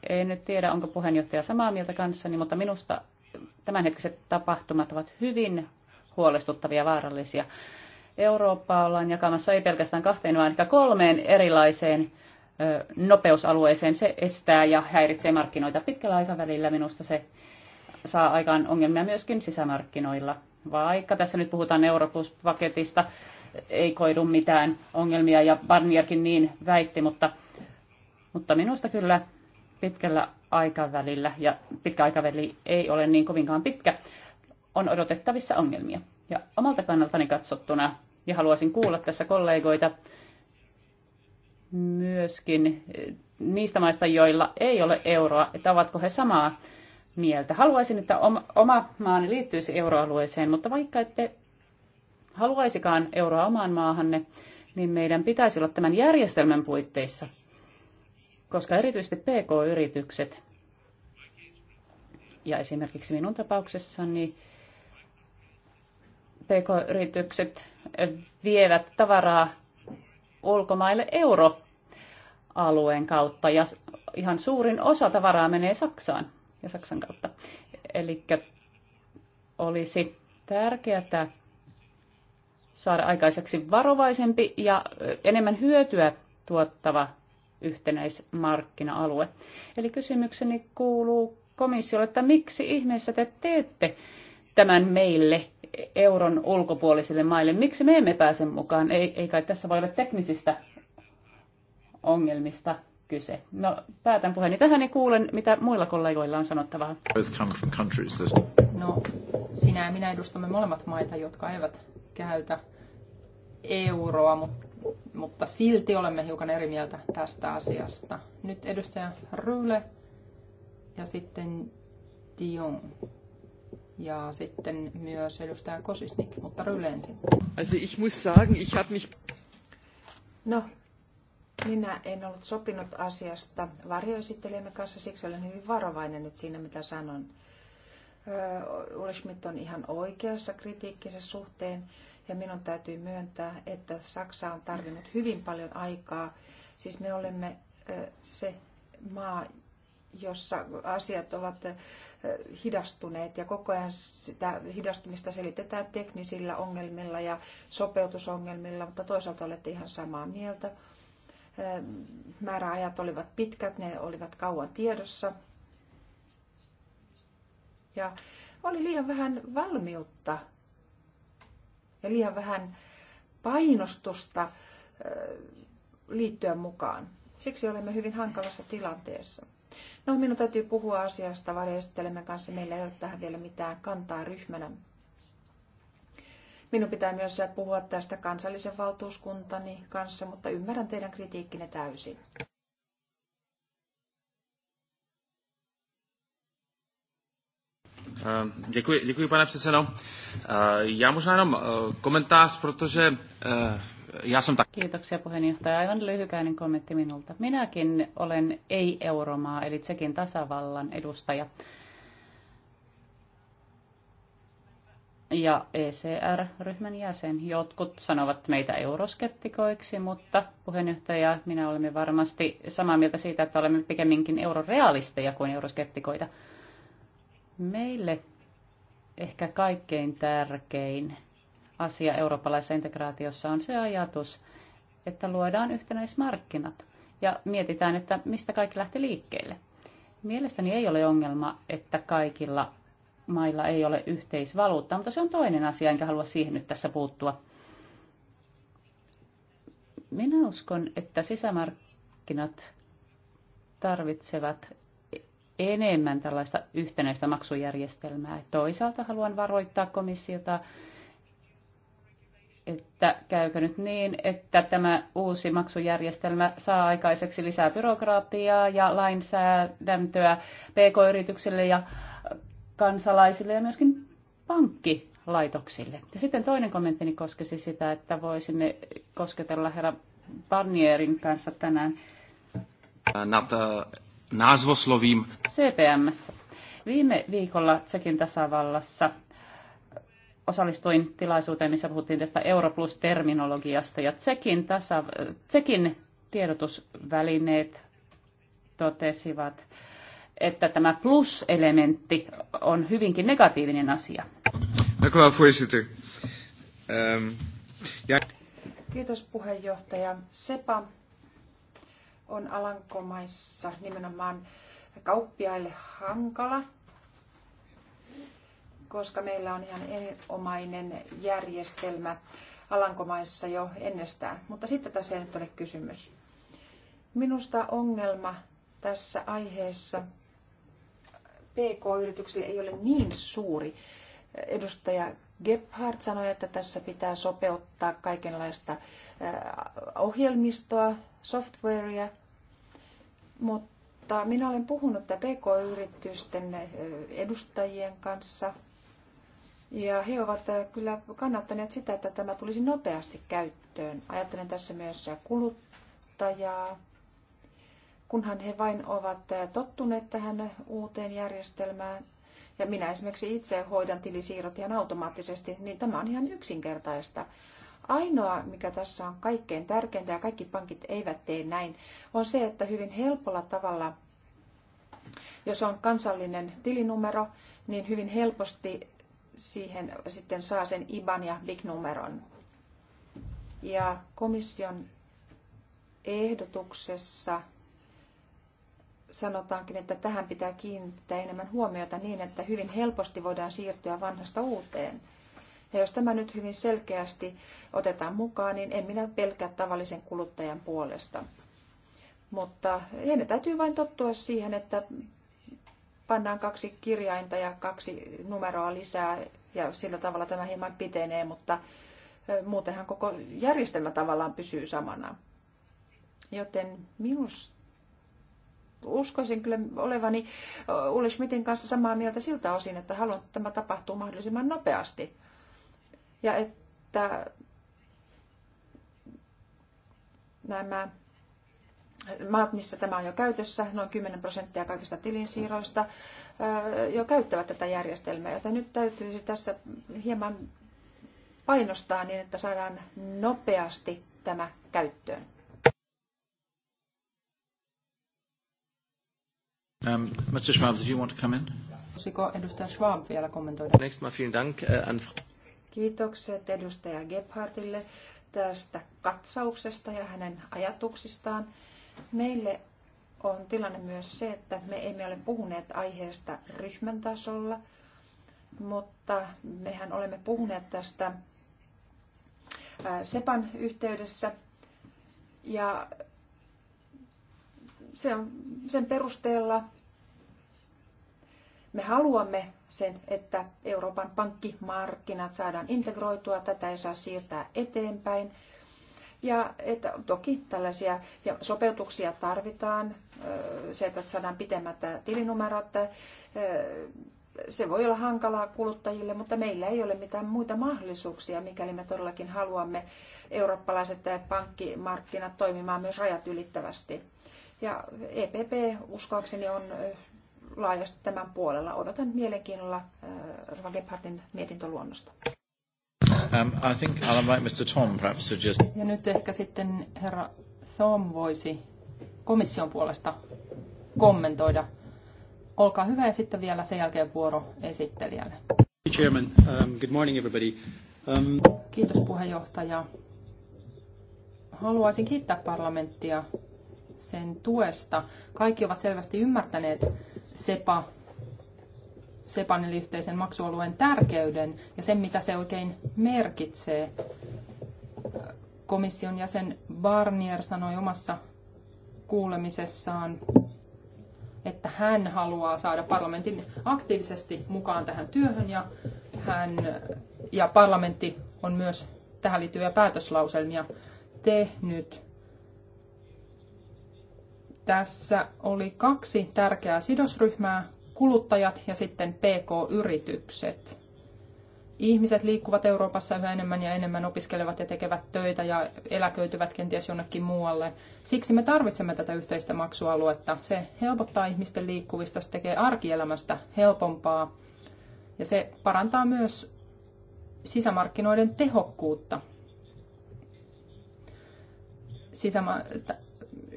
en nyt tiedä, onko puheenjohtaja samaa mieltä kanssani, mutta minusta tämänhetkiset tapahtumat ovat hyvin huolestuttavia ja vaarallisia. Eurooppaa ollaan jakamassa ei pelkästään kahteen, vaan ehkä kolmeen erilaiseen nopeusalueeseen. Se estää ja häiritsee markkinoita pitkällä aikavälillä. Minusta se saa aikaan ongelmia myöskin sisämarkkinoilla. Vaikka tässä nyt puhutaan Euroopan paketista ei koidu mitään ongelmia ja Barniakin niin väitti, mutta, mutta minusta kyllä pitkällä aikavälillä, ja pitkä aikaväli ei ole niin kovinkaan pitkä, on odotettavissa ongelmia. Ja omalta kannaltani katsottuna, ja haluaisin kuulla tässä kollegoita myöskin eh, niistä maista, joilla ei ole euroa, että ovatko he samaa mieltä. Haluaisin, että oma maani liittyisi euroalueeseen, mutta vaikka ette haluaisikaan euroa omaan maahanne, niin meidän pitäisi olla tämän järjestelmän puitteissa, koska erityisesti PK-yritykset ja esimerkiksi minun tapauksessani PK-yritykset vievät tavaraa ulkomaille euroalueen kautta ja ihan suurin osa tavaraa menee Saksaan ja Saksan kautta. Eli olisi tärkeää saada aikaiseksi varovaisempi ja enemmän hyötyä tuottava yhtenäismarkkina-alue. Eli kysymykseni kuuluu komissiolle, että miksi ihmeessä te teette tämän meille euron ulkopuolisille maille? Miksi me emme pääse mukaan? Ei, ei kai tässä voi olla teknisistä ongelmista kyse. No, päätän puheeni tähän ja kuulen, mitä muilla kollegoilla on sanottavaa. No, sinä ja minä edustamme molemmat maita, jotka eivät käytä euroa, mutta silti olemme hiukan eri mieltä tästä asiasta. Nyt edustaja Ryle ja sitten Dion. Ja sitten myös edustaja Kosisnik, mutta Ryle ensin. Also ich muss sagen, ich habe mich... No, minä en ollut sopinut asiasta varjoesittelijämme kanssa, siksi olen hyvin varovainen nyt siinä, mitä sanon. Öö, Ulle Schmidt on ihan oikeassa kritiikkisessä suhteen ja minun täytyy myöntää, että Saksa on tarvinnut hyvin paljon aikaa. Siis me olemme se maa, jossa asiat ovat hidastuneet ja koko ajan sitä hidastumista selitetään teknisillä ongelmilla ja sopeutusongelmilla, mutta toisaalta olette ihan samaa mieltä. Määräajat olivat pitkät, ne olivat kauan tiedossa. Ja oli liian vähän valmiutta ja liian vähän painostusta liittyä mukaan. Siksi olemme hyvin hankalassa tilanteessa. No, minun täytyy puhua asiasta varjoesittelemme kanssa. Meillä ei ole tähän vielä mitään kantaa ryhmänä. Minun pitää myös puhua tästä kansallisen valtuuskuntani kanssa, mutta ymmärrän teidän kritiikkinne täysin. Eh, děkuji, děkuji pane předsedo. Eh, já možná jenom eh, komentář, protože ja sen takia. Kiitoksia puheenjohtaja. Aivan lyhykäinen kommentti minulta. Minäkin olen ei-euromaa, eli Tsekin tasavallan edustaja. Ja ECR-ryhmän jäsen. Jotkut sanovat meitä euroskeptikoiksi, mutta puheenjohtaja, minä olemme varmasti samaa mieltä siitä, että olemme pikemminkin eurorealisteja kuin euroskeptikoita. Meille ehkä kaikkein tärkein asia eurooppalaisessa integraatiossa on se ajatus, että luodaan yhtenäismarkkinat ja mietitään, että mistä kaikki lähti liikkeelle. Mielestäni ei ole ongelma, että kaikilla mailla ei ole yhteisvaluutta, mutta se on toinen asia, enkä halua siihen nyt tässä puuttua. Minä uskon, että sisämarkkinat tarvitsevat enemmän tällaista yhtenäistä maksujärjestelmää. Toisaalta haluan varoittaa komissiota, että käykö nyt niin, että tämä uusi maksujärjestelmä saa aikaiseksi lisää byrokratiaa ja lainsäädäntöä pk-yrityksille ja kansalaisille ja myöskin pankkilaitoksille. Ja sitten toinen kommenttini koskisi sitä, että voisimme kosketella herra Barnierin kanssa tänään. Not, uh názvoslovím. CPM. Viime viikolla Tsekin tasavallassa osallistuin tilaisuuteen, missä puhuttiin tästä Europlus-terminologiasta. Ja Tsekin, tasa, Tsekin tiedotusvälineet totesivat, että tämä plus-elementti on hyvinkin negatiivinen asia. Ehm, Kiitos puheenjohtaja. Sepa on Alankomaissa nimenomaan kauppiaille hankala, koska meillä on ihan erinomainen järjestelmä Alankomaissa jo ennestään. Mutta sitten tässä ei nyt ole kysymys. Minusta ongelma tässä aiheessa PK-yrityksille ei ole niin suuri. Edustaja Gebhardt sanoi, että tässä pitää sopeuttaa kaikenlaista ohjelmistoa, softwarea, mutta minä olen puhunut PK-yritysten edustajien kanssa ja he ovat kyllä kannattaneet sitä, että tämä tulisi nopeasti käyttöön. Ajattelen tässä myös kuluttajaa, kunhan he vain ovat tottuneet tähän uuteen järjestelmään. Ja minä esimerkiksi itse hoidan tilisiirrot ihan automaattisesti, niin tämä on ihan yksinkertaista. Ainoa, mikä tässä on kaikkein tärkeintä, ja kaikki pankit eivät tee näin, on se, että hyvin helpolla tavalla, jos on kansallinen tilinumero, niin hyvin helposti siihen sitten saa sen IBAN ja BIG-numeron. Ja komission ehdotuksessa sanotaankin, että tähän pitää kiinnittää enemmän huomiota niin, että hyvin helposti voidaan siirtyä vanhasta uuteen – ja jos tämä nyt hyvin selkeästi otetaan mukaan, niin en minä pelkää tavallisen kuluttajan puolesta. Mutta heidän täytyy vain tottua siihen, että pannaan kaksi kirjainta ja kaksi numeroa lisää ja sillä tavalla tämä hieman pitenee, mutta muutenhan koko järjestelmä tavallaan pysyy samana. Joten minusta uskoisin kyllä olevani Ulle Schmidtin kanssa samaa mieltä siltä osin, että haluan, että tämä tapahtuu mahdollisimman nopeasti ja että nämä maat, missä tämä on jo käytössä, noin 10 prosenttia kaikista tilinsiirroista, jo käyttävät tätä järjestelmää, joten nyt täytyisi tässä hieman painostaa niin, että saadaan nopeasti tämä käyttöön. Um, Mr. Schwab, did you want to come in? Voisiko edustaja Schwab vielä kommentoida? Next my vielen Dank äh, an kiitokset edustaja Gebhardille tästä katsauksesta ja hänen ajatuksistaan. Meille on tilanne myös se, että me emme ole puhuneet aiheesta ryhmän tasolla, mutta mehän olemme puhuneet tästä SEPAN yhteydessä ja se on, sen perusteella me haluamme sen, että Euroopan pankkimarkkinat saadaan integroitua, tätä ei saa siirtää eteenpäin. Ja että toki tällaisia sopeutuksia tarvitaan, se, että saadaan pitemmät tilinumerot, se voi olla hankalaa kuluttajille, mutta meillä ei ole mitään muita mahdollisuuksia, mikäli me todellakin haluamme eurooppalaiset pankkimarkkinat toimimaan myös rajat ylittävästi. Ja EPP uskoakseni on laajasti tämän puolella. Odotan mielenkiinnolla uh, äh, Rakepartin mietintöluonnosta. Um, I think I'll invite Mr. Tom perhaps to just... Ja nyt ehkä sitten herra Thom voisi komission puolesta kommentoida. Olkaa hyvä ja sitten vielä sen jälkeen vuoro esittelijälle. Chairman, um, good morning everybody. Um... Kiitos puheenjohtaja. Haluaisin kiittää parlamenttia sen tuesta. Kaikki ovat selvästi ymmärtäneet SEPA, SEPAN eli yhteisen maksualueen tärkeyden ja sen, mitä se oikein merkitsee. Komission jäsen Barnier sanoi omassa kuulemisessaan, että hän haluaa saada parlamentin aktiivisesti mukaan tähän työhön ja, hän, ja parlamentti on myös tähän liittyviä päätöslauselmia tehnyt. Tässä oli kaksi tärkeää sidosryhmää, kuluttajat ja sitten PK-yritykset. Ihmiset liikkuvat Euroopassa yhä enemmän ja enemmän, opiskelevat ja tekevät töitä ja eläköityvät kenties jonnekin muualle. Siksi me tarvitsemme tätä yhteistä maksualuetta. Se helpottaa ihmisten liikkuvista, se tekee arkielämästä helpompaa ja se parantaa myös sisämarkkinoiden tehokkuutta. Sisäma-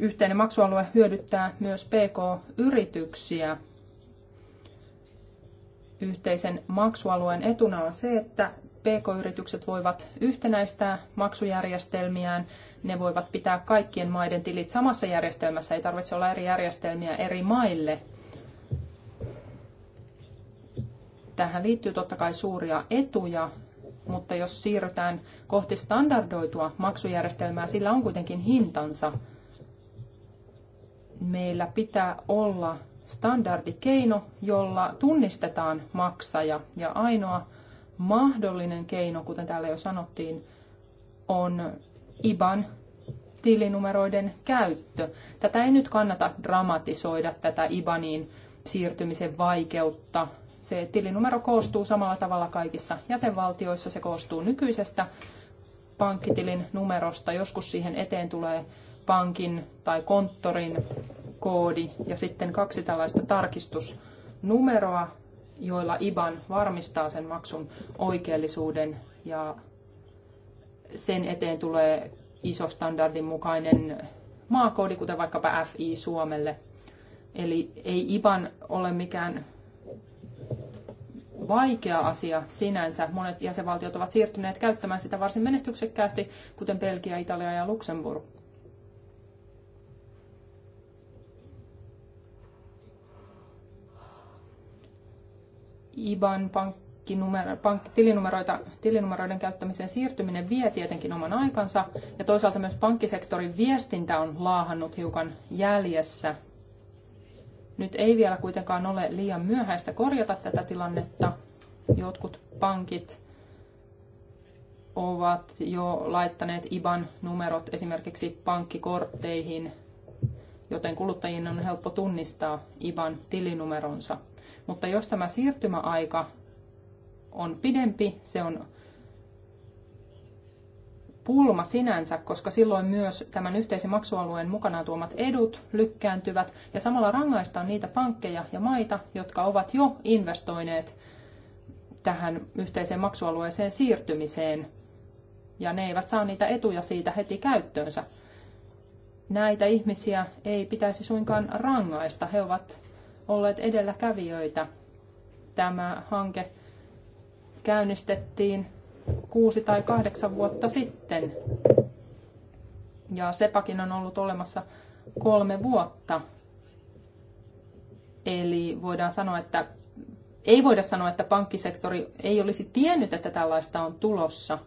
yhteinen maksualue hyödyttää myös PK-yrityksiä. Yhteisen maksualueen etuna on se, että PK-yritykset voivat yhtenäistää maksujärjestelmiään, ne voivat pitää kaikkien maiden tilit samassa järjestelmässä, ei tarvitse olla eri järjestelmiä eri maille. Tähän liittyy totta kai suuria etuja, mutta jos siirrytään kohti standardoitua maksujärjestelmää, sillä on kuitenkin hintansa meillä pitää olla standardikeino, jolla tunnistetaan maksaja. Ja ainoa mahdollinen keino, kuten täällä jo sanottiin, on IBAN tilinumeroiden käyttö. Tätä ei nyt kannata dramatisoida, tätä IBANiin siirtymisen vaikeutta. Se tilinumero koostuu samalla tavalla kaikissa jäsenvaltioissa. Se koostuu nykyisestä pankkitilin numerosta. Joskus siihen eteen tulee pankin tai konttorin koodi ja sitten kaksi tällaista tarkistusnumeroa, joilla IBAN varmistaa sen maksun oikeellisuuden ja sen eteen tulee iso standardin mukainen maakoodi, kuten vaikkapa FI Suomelle. Eli ei IBAN ole mikään vaikea asia sinänsä. Monet jäsenvaltiot ovat siirtyneet käyttämään sitä varsin menestyksekkäästi, kuten Belgia, Italia ja Luxemburg. IBAN pankkitilinumeroita, tilinumeroiden käyttämiseen siirtyminen vie tietenkin oman aikansa ja toisaalta myös pankkisektorin viestintä on laahannut hiukan jäljessä. Nyt ei vielä kuitenkaan ole liian myöhäistä korjata tätä tilannetta. Jotkut pankit ovat jo laittaneet IBAN-numerot esimerkiksi pankkikortteihin, joten kuluttajien on helppo tunnistaa IBAN-tilinumeronsa. Mutta jos tämä siirtymäaika on pidempi, se on pulma sinänsä, koska silloin myös tämän yhteisen maksualueen mukanaan tuomat edut lykkääntyvät ja samalla rangaistaan niitä pankkeja ja maita, jotka ovat jo investoineet tähän yhteiseen maksualueeseen siirtymiseen ja ne eivät saa niitä etuja siitä heti käyttöönsä. Näitä ihmisiä ei pitäisi suinkaan rangaista. He ovat olleet edelläkävijöitä. Tämä hanke käynnistettiin kuusi tai kahdeksan vuotta sitten. Ja sepakin on ollut olemassa kolme vuotta. Eli voidaan sanoa, että ei voida sanoa, että pankkisektori ei olisi tiennyt, että tällaista on tulossa.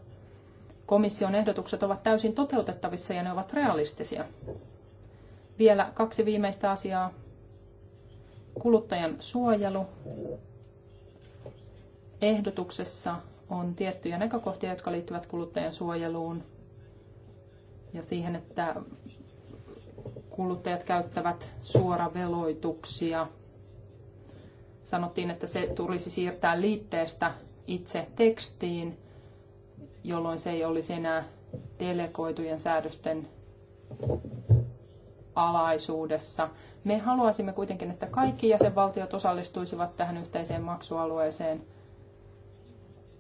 Komission ehdotukset ovat täysin toteutettavissa ja ne ovat realistisia. Vielä kaksi viimeistä asiaa kuluttajan suojelu. Ehdotuksessa on tiettyjä näkökohtia, jotka liittyvät kuluttajan suojeluun ja siihen, että kuluttajat käyttävät suoraveloituksia. Sanottiin, että se tulisi siirtää liitteestä itse tekstiin, jolloin se ei olisi enää delegoitujen säädösten alaisuudessa. Me haluaisimme kuitenkin, että kaikki jäsenvaltiot osallistuisivat tähän yhteiseen maksualueeseen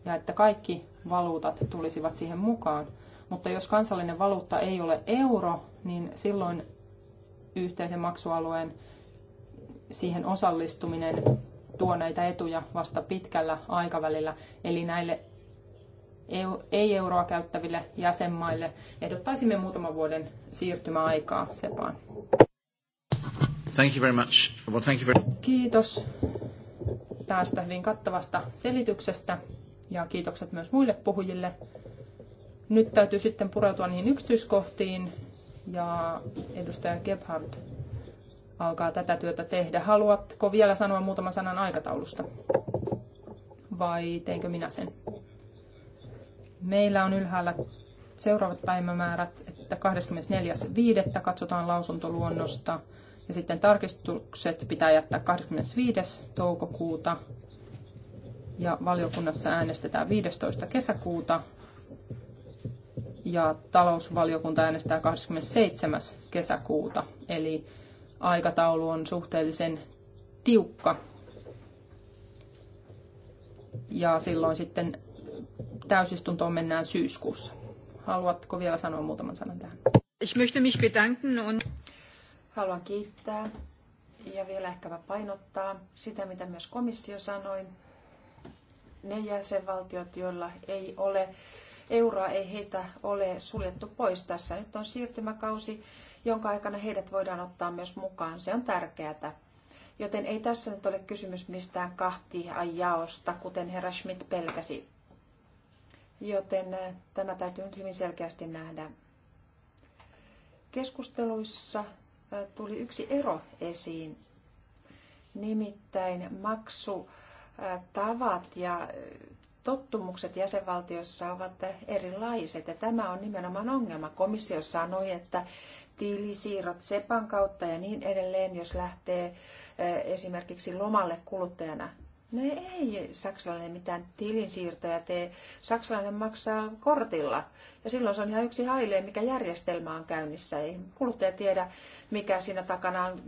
ja että kaikki valuutat tulisivat siihen mukaan. Mutta jos kansallinen valuutta ei ole euro, niin silloin yhteisen maksualueen siihen osallistuminen tuo näitä etuja vasta pitkällä aikavälillä. Eli näille ei-euroa käyttäville jäsenmaille. Ehdottaisimme muutaman vuoden siirtymäaikaa SEPAan. Thank you very much. Well, thank you very... Kiitos tästä hyvin kattavasta selityksestä ja kiitokset myös muille puhujille. Nyt täytyy sitten pureutua niihin yksityiskohtiin ja edustaja Gebhardt alkaa tätä työtä tehdä. Haluatko vielä sanoa muutaman sanan aikataulusta vai teinkö minä sen? Meillä on ylhäällä seuraavat päivämäärät, että 24.5. katsotaan lausuntoluonnosta ja sitten tarkistukset pitää jättää 25. toukokuuta ja valiokunnassa äänestetään 15. kesäkuuta ja talousvaliokunta äänestää 27. kesäkuuta. Eli aikataulu on suhteellisen tiukka. Ja silloin sitten täysistuntoon mennään syyskuussa. Haluatko vielä sanoa muutaman sanan tähän? Ich möchte mich bedanken und... Haluan kiittää ja vielä ehkä painottaa sitä, mitä myös komissio sanoi. Ne jäsenvaltiot, joilla ei ole euroa, ei heitä ole suljettu pois tässä. Nyt on siirtymäkausi, jonka aikana heidät voidaan ottaa myös mukaan. Se on tärkeää. Joten ei tässä nyt ole kysymys mistään kahtia jaosta, kuten herra Schmidt pelkäsi joten tämä täytyy nyt hyvin selkeästi nähdä. Keskusteluissa tuli yksi ero esiin, nimittäin maksutavat ja tottumukset jäsenvaltiossa ovat erilaiset. Ja tämä on nimenomaan ongelma. Komissio sanoi, että tilisiirrot SEPAn kautta ja niin edelleen, jos lähtee esimerkiksi lomalle kuluttajana. No ei saksalainen mitään tilinsiirtoja tee. Saksalainen maksaa kortilla. Ja silloin se on ihan yksi haile, mikä järjestelmä on käynnissä. Ei kuluttaja tiedä, mikä siinä takana on.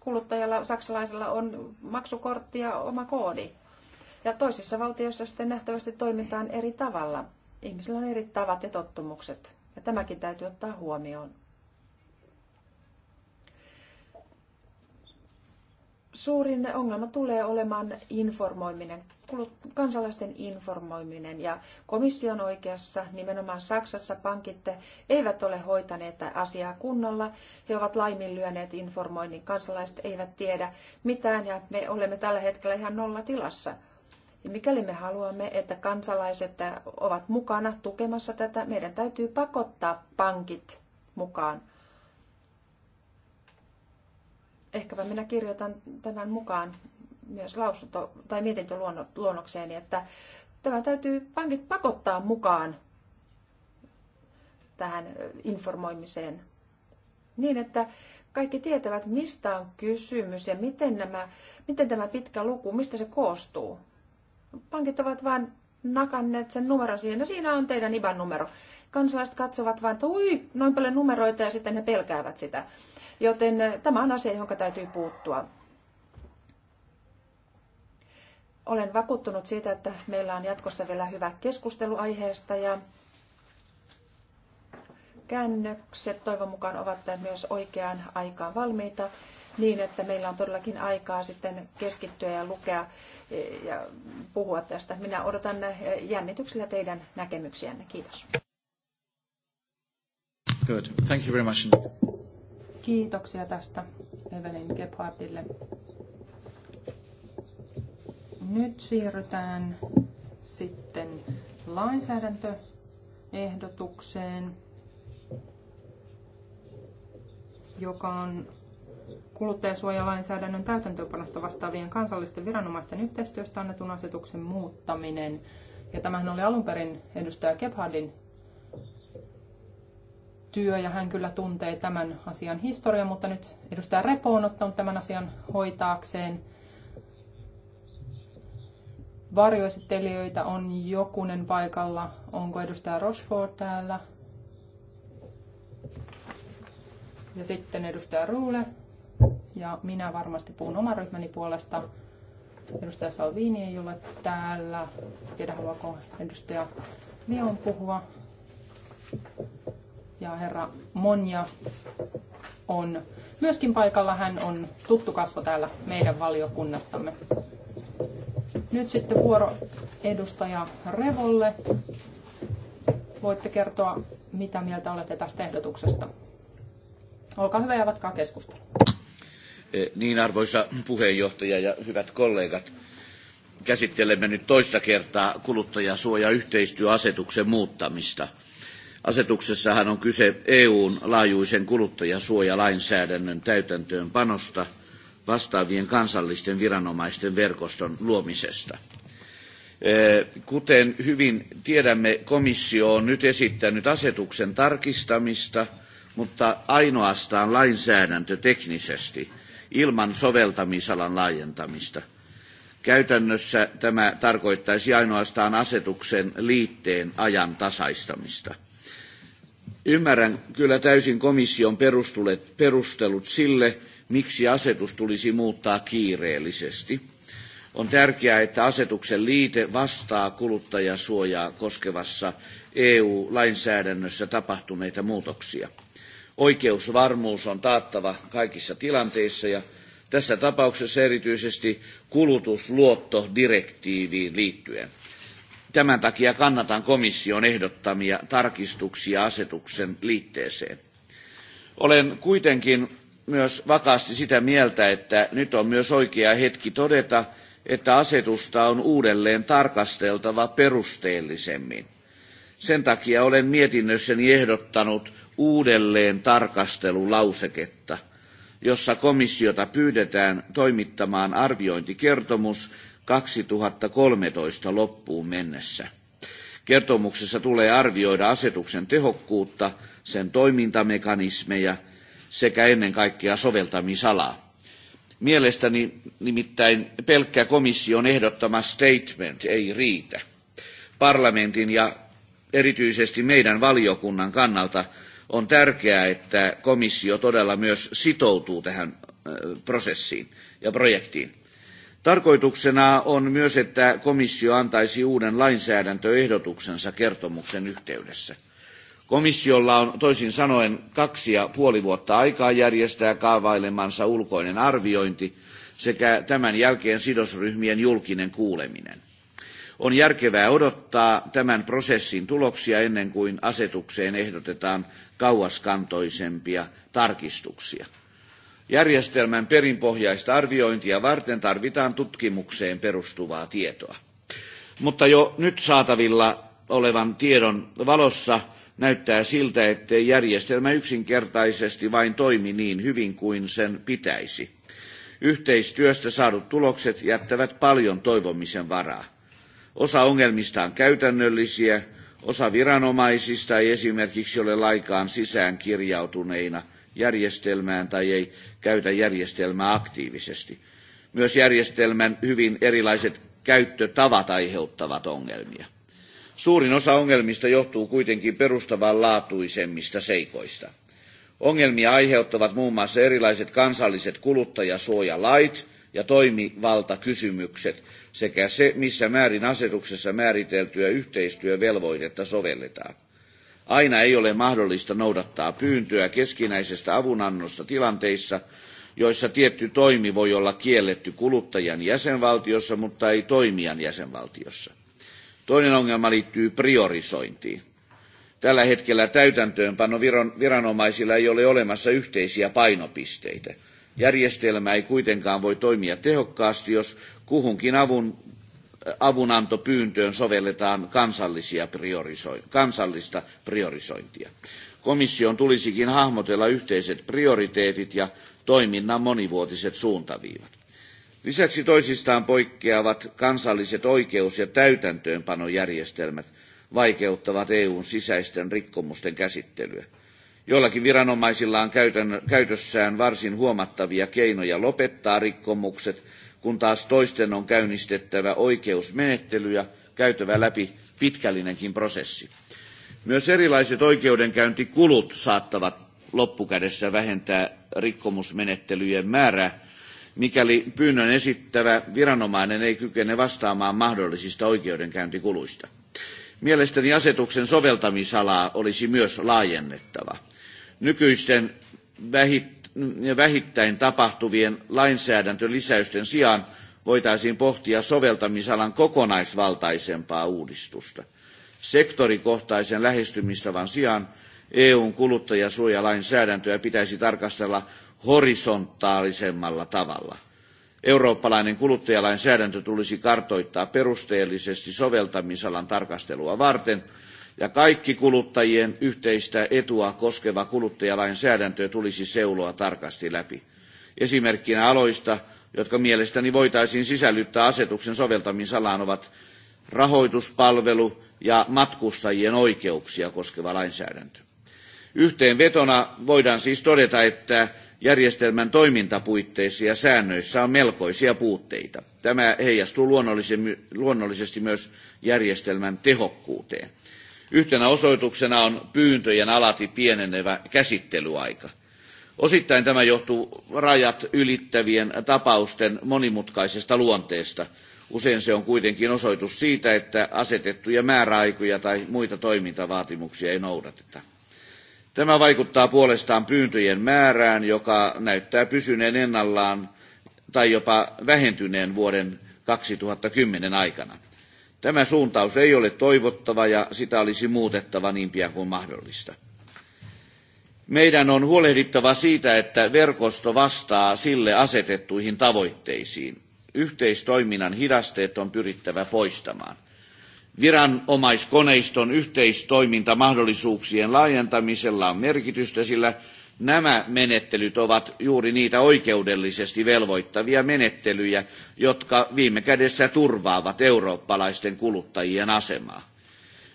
Kuluttajalla, saksalaisella on maksukortti ja oma koodi. Ja toisissa valtioissa sitten nähtävästi toimitaan eri tavalla. Ihmisillä on eri tavat ja tottumukset. Ja tämäkin täytyy ottaa huomioon. suurin ongelma tulee olemaan informoiminen, kansalaisten informoiminen. Ja komission oikeassa, nimenomaan Saksassa, pankit eivät ole hoitaneet asiaa kunnolla. He ovat laiminlyöneet informoinnin. Kansalaiset eivät tiedä mitään ja me olemme tällä hetkellä ihan nollatilassa. mikäli me haluamme, että kansalaiset ovat mukana tukemassa tätä, meidän täytyy pakottaa pankit mukaan – ehkäpä minä kirjoitan tämän mukaan myös lausunto- tai mietintöluonnokseeni, että tämä täytyy pankit pakottaa mukaan tähän informoimiseen niin, että kaikki tietävät, mistä on kysymys ja miten, nämä, miten tämä pitkä luku, mistä se koostuu. Pankit ovat vain nakanneet sen numeron siihen, no siinä on teidän IBAN-numero. Kansalaiset katsovat vain, että ui, noin paljon numeroita ja sitten he pelkäävät sitä. Joten eh, tämä on asia, johon täytyy puuttua. Olen vakuuttunut siitä, että meillä on jatkossa vielä hyvä keskustelu aiheesta ja käännökset toivon mukaan ovat myös oikeaan aikaan valmiita niin, että meillä on todellakin aikaa sitten keskittyä ja lukea eh, ja puhua tästä. Minä odotan eh, jännityksellä teidän näkemyksiänne. Kiitos. Good. Thank you very much. Kiitoksia tästä Evelyn Gebhardille. Nyt siirrytään sitten lainsäädäntöehdotukseen, joka on kuluttajasuojalainsäädännön täytäntöönpanosta vastaavien kansallisten viranomaisten yhteistyöstä annetun asetuksen muuttaminen. Ja tämähän oli alun perin edustaja Gebhardin työ ja hän kyllä tuntee tämän asian historian, mutta nyt edustaja Repo on ottanut tämän asian hoitaakseen. Varjoesittelijöitä on jokunen paikalla. Onko edustaja Rochefort täällä? Ja sitten edustaja Ruule. Ja minä varmasti puhun oman ryhmäni puolesta. Edustaja Salvini ei ole täällä. Tiedä, haluaako edustaja Leon puhua ja herra Monja on myöskin paikalla. Hän on tuttu kasvo täällä meidän valiokunnassamme. Nyt sitten vuoro edustaja Revolle. Voitte kertoa, mitä mieltä olette tästä ehdotuksesta. Olkaa hyvä ja vatkaa keskustelua. E, niin arvoisa puheenjohtaja ja hyvät kollegat, käsittelemme nyt toista kertaa kuluttajasuojayhteistyöasetuksen muuttamista – Asetuksessahan on kyse EUn laajuisen kuluttajasuojalainsäädännön täytäntöönpanosta vastaavien kansallisten viranomaisten verkoston luomisesta. Kuten hyvin tiedämme, komissio on nyt esittänyt asetuksen tarkistamista, mutta ainoastaan lainsäädäntöteknisesti, ilman soveltamisalan laajentamista. Käytännössä tämä tarkoittaisi ainoastaan asetuksen liitteen ajan tasaistamista. Ymmärrän kyllä täysin komission perustelut sille, miksi asetus tulisi muuttaa kiireellisesti. On tärkeää, että asetuksen liite vastaa kuluttajasuojaa koskevassa EU-lainsäädännössä tapahtuneita muutoksia. Oikeusvarmuus on taattava kaikissa tilanteissa ja tässä tapauksessa erityisesti kulutusluottodirektiiviin liittyen. Tämän takia kannatan komission ehdottamia tarkistuksia asetuksen liitteeseen. Olen kuitenkin myös vakaasti sitä mieltä, että nyt on myös oikea hetki todeta, että asetusta on uudelleen tarkasteltava perusteellisemmin. Sen takia olen mietinnössäni ehdottanut uudelleen tarkastelulauseketta, jossa komissiota pyydetään toimittamaan arviointikertomus 2013 loppuun mennessä. Kertomuksessa tulee arvioida asetuksen tehokkuutta, sen toimintamekanismeja sekä ennen kaikkea soveltamisalaa. Mielestäni nimittäin pelkkä komission ehdottama statement ei riitä. Parlamentin ja erityisesti meidän valiokunnan kannalta on tärkeää, että komissio todella myös sitoutuu tähän prosessiin ja projektiin. Tarkoituksena on myös, että komissio antaisi uuden lainsäädäntöehdotuksensa kertomuksen yhteydessä. Komissiolla on toisin sanoen kaksi ja puoli vuotta aikaa järjestää kaavailemansa ulkoinen arviointi sekä tämän jälkeen sidosryhmien julkinen kuuleminen. On järkevää odottaa tämän prosessin tuloksia ennen kuin asetukseen ehdotetaan kauaskantoisempia tarkistuksia. Järjestelmän perinpohjaista arviointia varten tarvitaan tutkimukseen perustuvaa tietoa. Mutta jo nyt saatavilla olevan tiedon valossa näyttää siltä, ettei järjestelmä yksinkertaisesti vain toimi niin hyvin kuin sen pitäisi. Yhteistyöstä saadut tulokset jättävät paljon toivomisen varaa. Osa ongelmista on käytännöllisiä, osa viranomaisista ei esimerkiksi ole lainkaan sisään kirjautuneina järjestelmään tai ei käytä järjestelmää aktiivisesti. Myös järjestelmän hyvin erilaiset käyttötavat aiheuttavat ongelmia. Suurin osa ongelmista johtuu kuitenkin perustavanlaatuisemmista seikoista. Ongelmia aiheuttavat muun muassa erilaiset kansalliset kuluttajasuojalait ja toimivaltakysymykset sekä se, missä määrin asetuksessa määriteltyä yhteistyövelvoitetta sovelletaan. Aina ei ole mahdollista noudattaa pyyntöä keskinäisestä avunannosta tilanteissa, joissa tietty toimi voi olla kielletty kuluttajan jäsenvaltiossa, mutta ei toimijan jäsenvaltiossa. Toinen ongelma liittyy priorisointiin. Tällä hetkellä täytäntöönpano viranomaisilla ei ole olemassa yhteisiä painopisteitä. Järjestelmä ei kuitenkaan voi toimia tehokkaasti, jos kuhunkin avun avunantopyyntöön sovelletaan kansallisia kansallista priorisointia. Komission tulisikin hahmotella yhteiset prioriteetit ja toiminnan monivuotiset suuntaviivat. Lisäksi toisistaan poikkeavat kansalliset oikeus- ja täytäntöönpanojärjestelmät vaikeuttavat EUn sisäisten rikkomusten käsittelyä. Joillakin viranomaisilla on käytössään varsin huomattavia keinoja lopettaa rikkomukset – kun taas toisten on käynnistettävä oikeusmenettely ja käytävä läpi pitkällinenkin prosessi. Myös erilaiset oikeudenkäyntikulut saattavat loppukädessä vähentää rikkomusmenettelyjen määrää, mikäli pyynnön esittävä viranomainen ei kykene vastaamaan mahdollisista oikeudenkäyntikuluista. Mielestäni asetuksen soveltamisalaa olisi myös laajennettava. Nykyisten vähittäisten vähittäin tapahtuvien lainsäädäntölisäysten sijaan voitaisiin pohtia soveltamisalan kokonaisvaltaisempaa uudistusta. Sektorikohtaisen lähestymistavan sijaan EUn kuluttajasuojalainsäädäntöä pitäisi tarkastella horisontaalisemmalla tavalla. Eurooppalainen kuluttajalainsäädäntö tulisi kartoittaa perusteellisesti soveltamisalan tarkastelua varten – ja kaikki kuluttajien yhteistä etua koskeva kuluttajalainsäädäntö tulisi seuloa tarkasti läpi. Esimerkkinä aloista, jotka mielestäni voitaisiin sisällyttää asetuksen soveltamisalaan, ovat rahoituspalvelu ja matkustajien oikeuksia koskeva lainsäädäntö. Yhteenvetona voidaan siis todeta, että järjestelmän toimintapuitteissa ja säännöissä on melkoisia puutteita. Tämä heijastuu luonnollisesti myös järjestelmän tehokkuuteen. Yhtenä osoituksena on pyyntöjen alati pienenevä käsittelyaika. Osittain tämä johtuu rajat ylittävien tapausten monimutkaisesta luonteesta. Usein se on kuitenkin osoitus siitä, että asetettuja määräaikoja tai muita toimintavaatimuksia ei noudateta. Tämä vaikuttaa puolestaan pyyntöjen määrään, joka näyttää pysyneen ennallaan tai jopa vähentyneen vuoden 2010 aikana. Tämä suuntaus ei ole toivottava ja sitä olisi muutettava niin pian kuin mahdollista. Meidän on huolehdittava siitä, että verkosto vastaa sille asetettuihin tavoitteisiin. Yhteistoiminnan hidasteet on pyrittävä poistamaan. Viranomaiskoneiston yhteistoimintamahdollisuuksien laajentamisella on merkitystä, sillä Nämä menettelyt ovat juuri niitä oikeudellisesti velvoittavia menettelyjä, jotka viime kädessä turvaavat eurooppalaisten kuluttajien asemaa.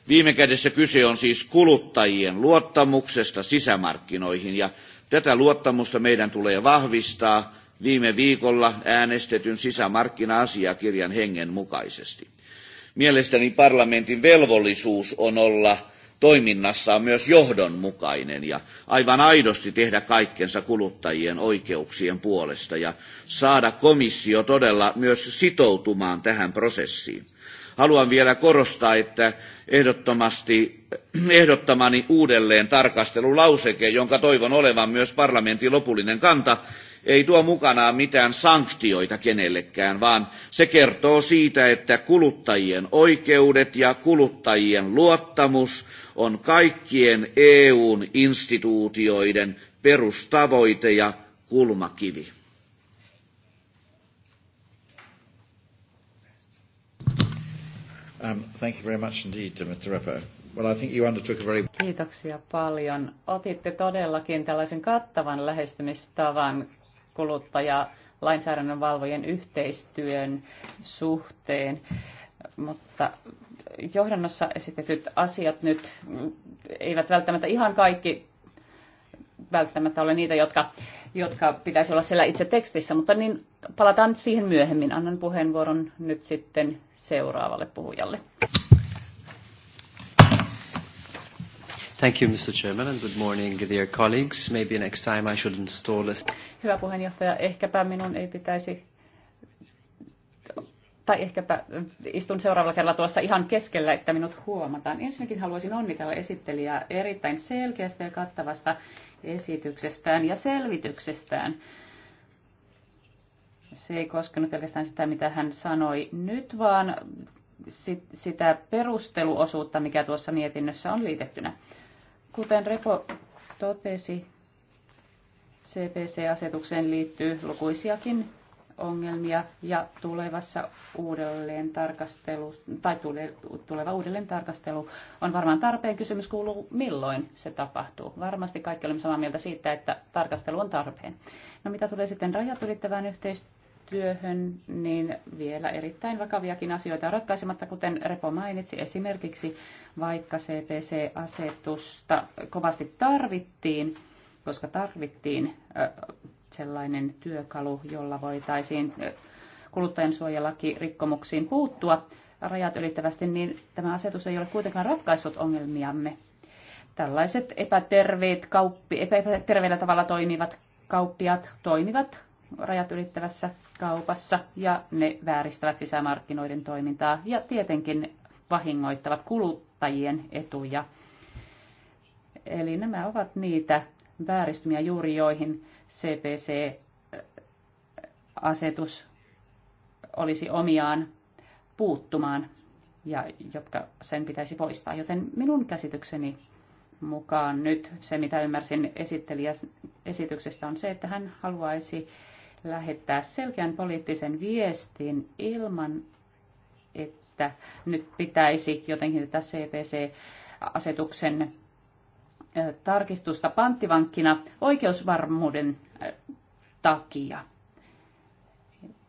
Viime kädessä kyse on siis kuluttajien luottamuksesta sisämarkkinoihin ja tätä luottamusta meidän tulee vahvistaa viime viikolla äänestetyn sisämarkkina-asiakirjan hengen mukaisesti. Mielestäni parlamentin velvollisuus on olla toiminnassa on myös johdonmukainen ja aivan aidosti tehdä kaikkensa kuluttajien oikeuksien puolesta ja saada komissio todella myös sitoutumaan tähän prosessiin. Haluan vielä korostaa, että ehdottomasti (clears throat) ehdottamani uudelleen tarkastelulauseke, jonka toivon olevan myös parlamentin lopullinen kanta, ei tuo mukanaan mitään sanktioita kenellekään, vaan se kertoo siitä, että kuluttajien oikeudet ja kuluttajien luottamus – on kaikkien EUn instituutioiden perustavoite ja kulmakivi. Um, thank you very much indeed to uh, Mr. Repo. Well, I think you undertook a very... Kiitoksia paljon. Otitte todellakin tällaisen kattavan lähestymistavan kuluttaja lainsäädännön valvojen yhteistyön suhteen, mutta johdannossa esitetyt asiat nyt eivät välttämättä ihan kaikki välttämättä ole niitä, jotka, jotka pitäisi olla siellä itse tekstissä, mutta niin palataan nyt siihen myöhemmin. Annan puheenvuoron nyt sitten seuraavalle puhujalle. Thank you, Mr. Chairman, and good morning, dear colleagues. Maybe next time I should install this. Hyvä puheenjohtaja, ehkäpä minun ei pitäisi tai ehkäpä äh, istun seuraavalla kerralla tuossa ihan keskellä, että minut huomataan. Ensinnäkin haluaisin onnitella esittelijää erittäin selkeästä ja kattavasta esityksestään ja selvityksestään. Se ei koskenut pelkästään sitä, mitä hän sanoi nyt, vaan sit, sitä perusteluosuutta, mikä tuossa mietinnössä on liitettynä. Kuten Repo totesi, CPC-asetukseen liittyy lukuisiakin ongelmia ja tulevassa uudelleen tarkastelu, tai tuleva uudelleen tarkastelu on varmaan tarpeen. Kysymys kuuluu, milloin se tapahtuu. Varmasti kaikki olemme samaa mieltä siitä, että tarkastelu on tarpeen. No mitä tulee sitten rajat ylittävään yhteistyöhön, niin vielä erittäin vakaviakin asioita on ratkaisematta, kuten Repo mainitsi. Esimerkiksi vaikka CPC-asetusta kovasti tarvittiin, koska tarvittiin sellainen työkalu, jolla voitaisiin kuluttajansuojalaki rikkomuksiin puuttua rajat ylittävästi, niin tämä asetus ei ole kuitenkaan ratkaissut ongelmiamme. Tällaiset epäterveet kauppi, epäterveellä tavalla toimivat kauppiat toimivat rajat ylittävässä kaupassa ja ne vääristävät sisämarkkinoiden toimintaa ja tietenkin vahingoittavat kuluttajien etuja. Eli nämä ovat niitä vääristymiä juuri joihin CPC-asetus olisi omiaan puuttumaan ja jotka sen pitäisi poistaa. Joten minun käsitykseni mukaan nyt se, mitä ymmärsin esittelijä esityksestä, on se, että hän haluaisi lähettää selkeän poliittisen viestin ilman, että nyt pitäisi jotenkin tätä CPC-asetuksen tarkistusta panttivankkina oikeusvarmuuden takia.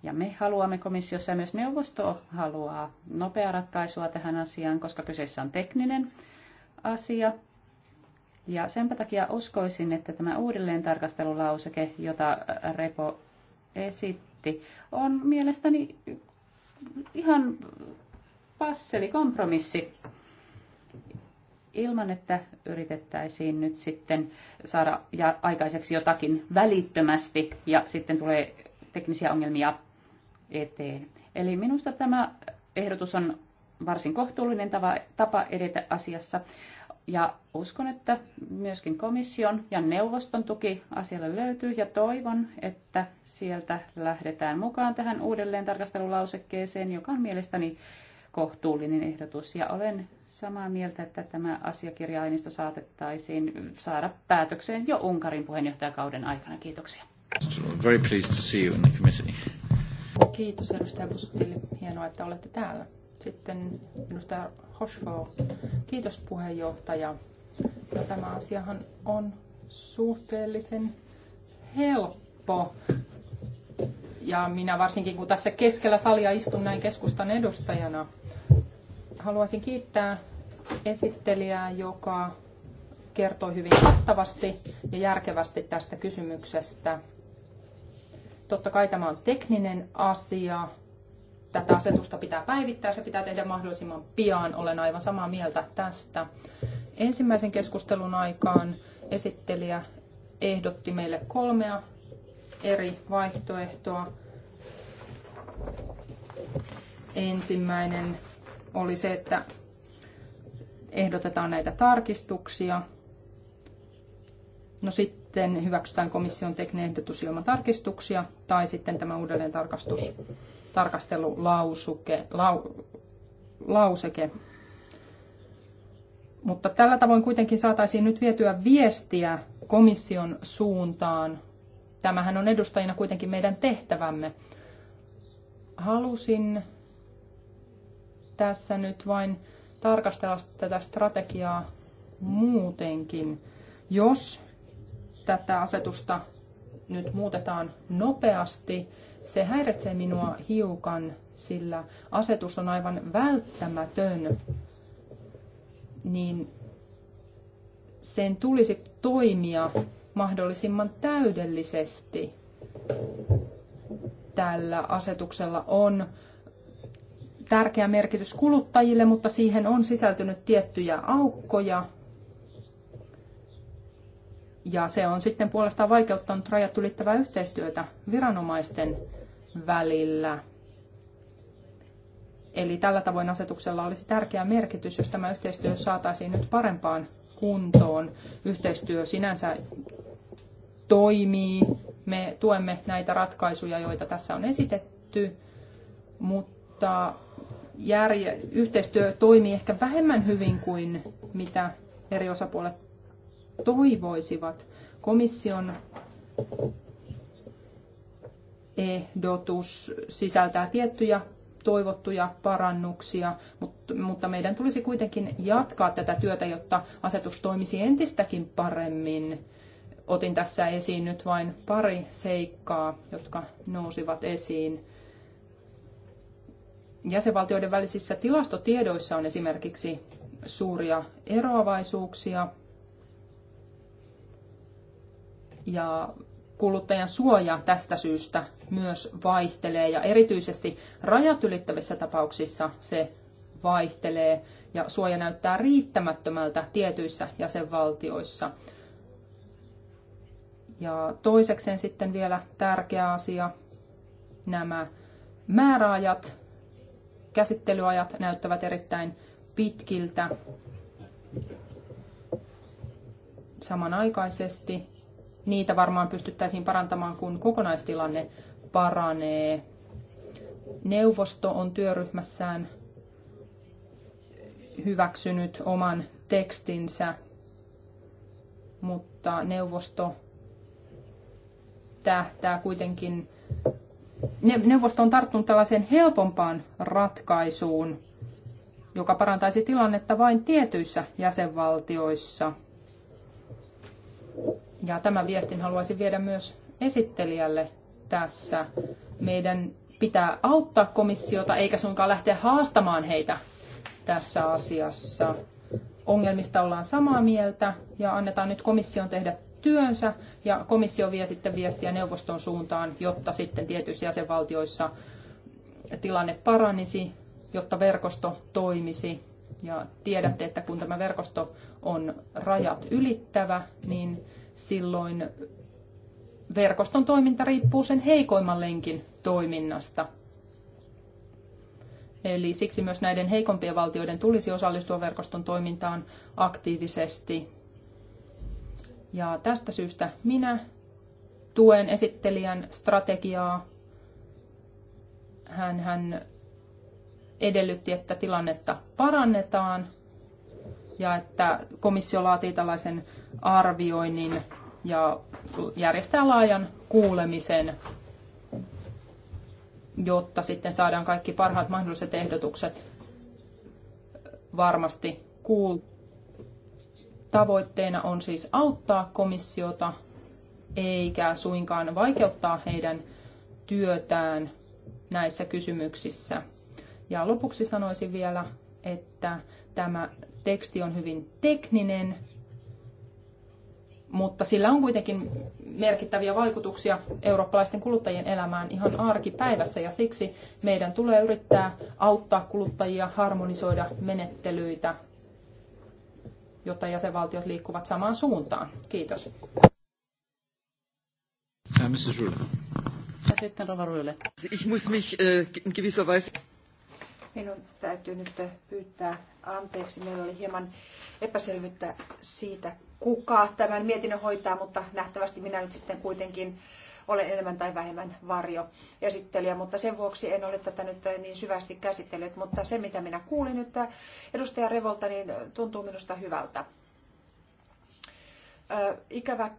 Ja me haluamme komissiossa ja myös neuvosto haluaa nopeaa ratkaisua tähän asiaan, koska kyseessä on tekninen asia. Ja senpä takia uskoisin, että tämä uudelleen tarkastelulauseke, jota Repo esitti, on mielestäni ihan passeli kompromissi ilman, että yritettäisiin nyt sitten saada aikaiseksi jotakin välittömästi ja sitten tulee teknisiä ongelmia eteen. Eli minusta tämä ehdotus on varsin kohtuullinen tapa edetä asiassa. Ja uskon, että myöskin komission ja neuvoston tuki asialle löytyy ja toivon, että sieltä lähdetään mukaan tähän uudelleen tarkastelulausekkeeseen, joka on mielestäni kohtuullinen ehdotus. Ja olen samaa mieltä, että tämä asiakirja-aineisto saatettaisiin saada päätökseen jo Unkarin puheenjohtajakauden aikana. Kiitoksia. Very pleased to see you in the committee. Kiitos edustaja Busuttil. Hienoa, että olette täällä. Sitten edustaja Hosfo. Kiitos puheenjohtaja. Ja tämä asiahan on suhteellisen helppo ja minä varsinkin kun tässä keskellä salia istun näin keskustan edustajana, haluaisin kiittää esittelijää, joka kertoi hyvin kattavasti ja järkevästi tästä kysymyksestä. Totta kai tämä on tekninen asia. Tätä asetusta pitää päivittää, se pitää tehdä mahdollisimman pian. Olen aivan samaa mieltä tästä. Ensimmäisen keskustelun aikaan esittelijä ehdotti meille kolmea eri vaihtoehtoa. Ensimmäinen oli se, että ehdotetaan näitä tarkistuksia. No sitten hyväksytään komission tekninen ehdotus ilman tarkistuksia tai sitten tämä uudelleen tarkastus, tarkastelulausuke, lau, lauseke. Mutta tällä tavoin kuitenkin saataisiin nyt vietyä viestiä komission suuntaan Tämähän on edustajina kuitenkin meidän tehtävämme. Halusin tässä nyt vain tarkastella tätä strategiaa muutenkin. Jos tätä asetusta nyt muutetaan nopeasti, se häiritsee minua hiukan, sillä asetus on aivan välttämätön, niin sen tulisi toimia mahdollisimman täydellisesti. Tällä asetuksella on tärkeä merkitys kuluttajille, mutta siihen on sisältynyt tiettyjä aukkoja. Ja se on sitten puolestaan vaikeuttanut rajat ylittävää yhteistyötä viranomaisten välillä. Eli tällä tavoin asetuksella olisi tärkeä merkitys, jos tämä yhteistyö saataisiin nyt parempaan kuntoon. Yhteistyö sinänsä toimii. Me tuemme näitä ratkaisuja, joita tässä on esitetty, mutta järje- yhteistyö toimii ehkä vähemmän hyvin kuin mitä eri osapuolet toivoisivat. Komission ehdotus sisältää tiettyjä toivottuja parannuksia, mutta meidän tulisi kuitenkin jatkaa tätä työtä, jotta asetus toimisi entistäkin paremmin. Otin tässä esiin nyt vain pari seikkaa, jotka nousivat esiin. Jäsenvaltioiden välisissä tilastotiedoissa on esimerkiksi suuria eroavaisuuksia ja kuluttajan suoja tästä syystä myös vaihtelee ja erityisesti rajat ylittävissä tapauksissa se vaihtelee ja suoja näyttää riittämättömältä tietyissä jäsenvaltioissa. Ja toisekseen sitten vielä tärkeä asia, nämä määräajat, käsittelyajat näyttävät erittäin pitkiltä samanaikaisesti niitä varmaan pystyttäisiin parantamaan, kun kokonaistilanne paranee. Neuvosto on työryhmässään hyväksynyt oman tekstinsä, mutta neuvosto tähtää kuitenkin, neuvosto on tarttunut tällaiseen helpompaan ratkaisuun, joka parantaisi tilannetta vain tietyissä jäsenvaltioissa. Ja tämän viestin haluaisin viedä myös esittelijälle tässä. Meidän pitää auttaa komissiota eikä suinkaan lähteä haastamaan heitä tässä asiassa. Ongelmista ollaan samaa mieltä ja annetaan nyt komission tehdä työnsä ja komissio vie sitten viestiä neuvoston suuntaan, jotta sitten tietyissä jäsenvaltioissa tilanne paranisi, jotta verkosto toimisi. Ja tiedätte, että kun tämä verkosto on rajat ylittävä, niin silloin verkoston toiminta riippuu sen heikoimman lenkin toiminnasta. Eli siksi myös näiden heikompien valtioiden tulisi osallistua verkoston toimintaan aktiivisesti. Ja tästä syystä minä tuen esittelijän strategiaa. Hän, hän edellytti, että tilannetta parannetaan – ja että komissio laatii tällaisen arvioinnin ja järjestää laajan kuulemisen, jotta sitten saadaan kaikki parhaat mahdolliset ehdotukset varmasti kuul. Tavoitteena on siis auttaa komissiota eikä suinkaan vaikeuttaa heidän työtään näissä kysymyksissä. Ja lopuksi sanoisin vielä, että tämä Teksti on hyvin tekninen, mutta sillä on kuitenkin merkittäviä vaikutuksia eurooppalaisten kuluttajien elämään ihan arkipäivässä ja siksi meidän tulee yrittää auttaa kuluttajia harmonisoida menettelyitä, jotta jäsenvaltiot liikkuvat samaan suuntaan. Kiitos. Äh, Mrs. Rühle. Ich muss mich äh, in gewisser Weise Minun täytyy nyt pyytää anteeksi. Meillä oli hieman epäselvyyttä siitä, kuka tämän mietinnön hoitaa, mutta nähtävästi minä nyt sitten kuitenkin olen enemmän tai vähemmän varjoesittelijä, mutta sen vuoksi en ole tätä nyt niin syvästi käsitellyt. Mutta se, mitä minä kuulin nyt edustaja Revolta, niin tuntuu minusta hyvältä. Ö, ikävä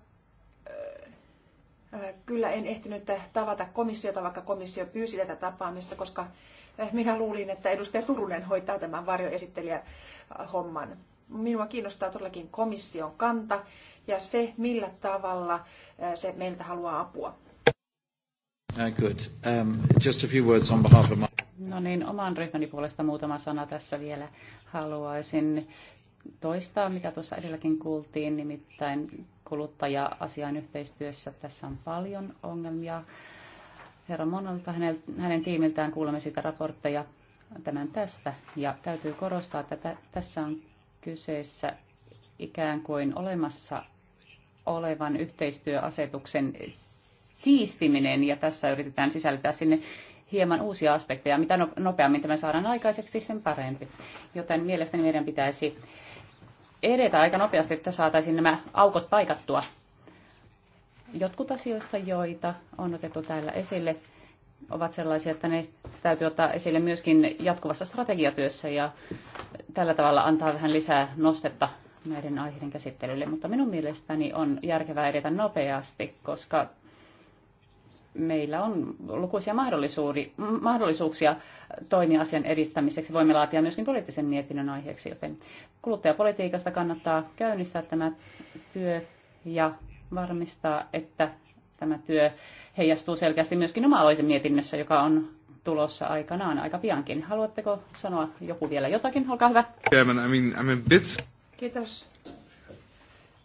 Äh, kyllä en ehtinyt tavata komissiota, vaikka komissio pyysi tätä tapaamista, koska äh, minä luulin, että edustaja Turunen hoitaa tämän äh, homman. Minua kiinnostaa todellakin komission kanta ja se, millä tavalla se meiltä haluaa apua. Good. Um, just a few words on behalf of my... No niin, oman ryhmäni puolesta muutama sana tässä vielä haluaisin toistaa, mitä tuossa edelläkin kuultiin, nimittäin kuluttaja-asian yhteistyössä. Tässä on paljon ongelmia. Herra Monolta, hänen tiimiltään kuulemme sitä raportteja tämän tästä. Ja täytyy korostaa, että tässä on kyseessä ikään kuin olemassa olevan yhteistyöasetuksen siistiminen, ja tässä yritetään sisällyttää sinne hieman uusia aspekteja. Mitä no-, nopeammin tämä saadaan aikaiseksi, sen parempi. Joten mielestäni meidän pitäisi edetä aika nopeasti, että saataisiin nämä aukot paikattua. Jotkut asioista, joita on otettu täällä esille, ovat sellaisia, että ne täytyy ottaa esille myöskin jatkuvassa strategiatyössä ja tällä tavalla antaa vähän lisää nostetta näiden aiheiden käsittelylle. Mutta minun mielestäni on järkevää edetä nopeasti, koska meillä on lukuisia mahdollisuuksia toimia asian edistämiseksi. Voimme laatia myöskin poliittisen mietinnön aiheeksi, joten kuluttajapolitiikasta kannattaa käynnistää tämä työ ja varmistaa, että tämä työ heijastuu selkeästi myöskin oma mietinnössä, joka on tulossa aikanaan aika piankin. Haluatteko sanoa joku vielä jotakin? Olkaa hyvä. Kiitos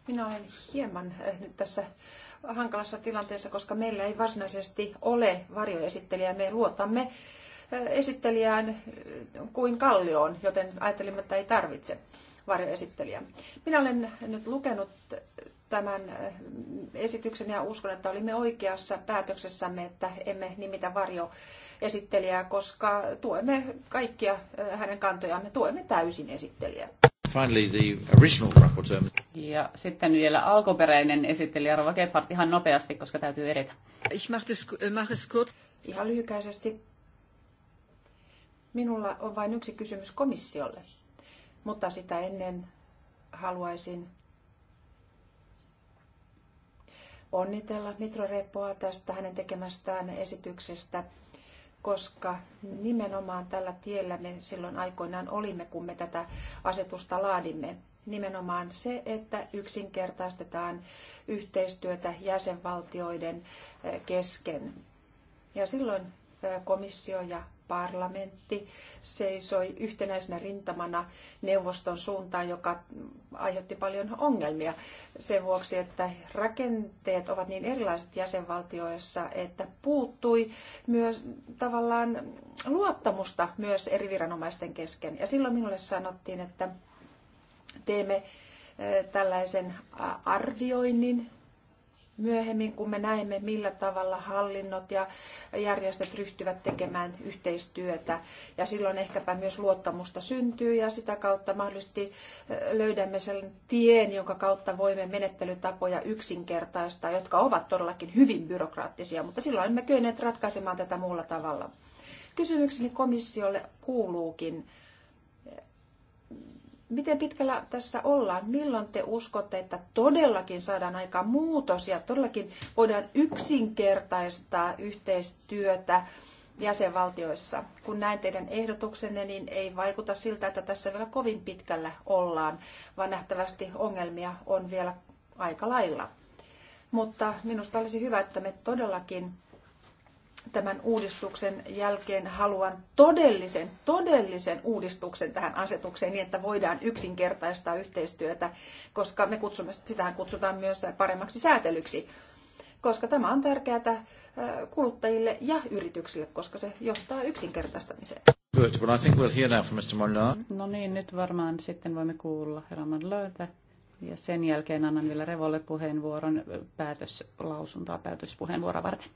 minä olen hieman eh, nyt tässä hankalassa tilanteessa, koska meillä ei varsinaisesti ole varjoesittelijää. Me luotamme eh, esittelijään eh, kuin kallioon, joten ajattelimme, että ei tarvitse varjoesittelijää. Minä olen nyt lukenut tämän esityksen ja uskon, että olimme oikeassa päätöksessämme, että emme nimitä varjoesittelijää, koska tuemme kaikkia hänen kantojaan. Me tuemme täysin esittelijää. Finally, the original rapporteur. Ja sitten vielä alkuperäinen esittelijä Rova Gebhardt ihan nopeasti, koska täytyy edetä. Ich mache es, äh, mach es kurz. Ihan lyhykäisesti. Minulla on vain yksi kysymys komissiolle, mutta sitä ennen haluaisin onnitella Mitro Repoa tästä hänen tekemästään esityksestä – koska nimenomaan tällä tiellä me silloin aikoinaan olimme, kun me tätä asetusta laadimme. Nimenomaan se, että yksinkertaistetaan yhteistyötä jäsenvaltioiden eh, kesken. Ja silloin eh, komissio ja parlamentti seisoi yhtenäisenä rintamana neuvoston suuntaan, joka aiheutti paljon ongelmia sen vuoksi, että rakenteet ovat niin erilaiset jäsenvaltioissa, että puuttui myös tavallaan luottamusta myös eri viranomaisten kesken. Ja silloin minulle sanottiin, että teemme tällaisen arvioinnin myöhemmin, kun me näemme, millä tavalla hallinnot ja järjestöt ryhtyvät tekemään yhteistyötä. Ja silloin ehkäpä myös luottamusta syntyy ja sitä kautta mahdollisesti löydämme sen tien, jonka kautta voimme menettelytapoja yksinkertaistaa, jotka ovat todellakin hyvin byrokraattisia, mutta silloin emme kyenneet ratkaisemaan tätä muulla tavalla. Kysymykseni komissiolle kuuluukin, Miten pitkällä tässä ollaan? Milloin te uskotte, että todellakin saadaan aika muutos ja todellakin voidaan yksinkertaistaa yhteistyötä jäsenvaltioissa? Kun näin teidän ehdotuksenne, niin ei vaikuta siltä, että tässä vielä kovin pitkällä ollaan, vaan nähtävästi ongelmia on vielä aika lailla. Mutta minusta olisi hyvä, että me todellakin tämän uudistuksen jälkeen haluan todellisen, todellisen uudistuksen tähän asetukseen niin, että voidaan yksinkertaistaa yhteistyötä, koska me kutsumme, sitähän kutsutaan myös paremmaksi säätelyksi, koska tämä on tärkeää kuluttajille ja yrityksille, koska se johtaa yksinkertaistamiseen. Good. I think we'll hear now from Mr. No niin, nyt varmaan sitten voimme kuulla herra Monlardta ja sen jälkeen annan vielä Revolle puheenvuoron päätöslausuntaa päätöspuheenvuoroa varten.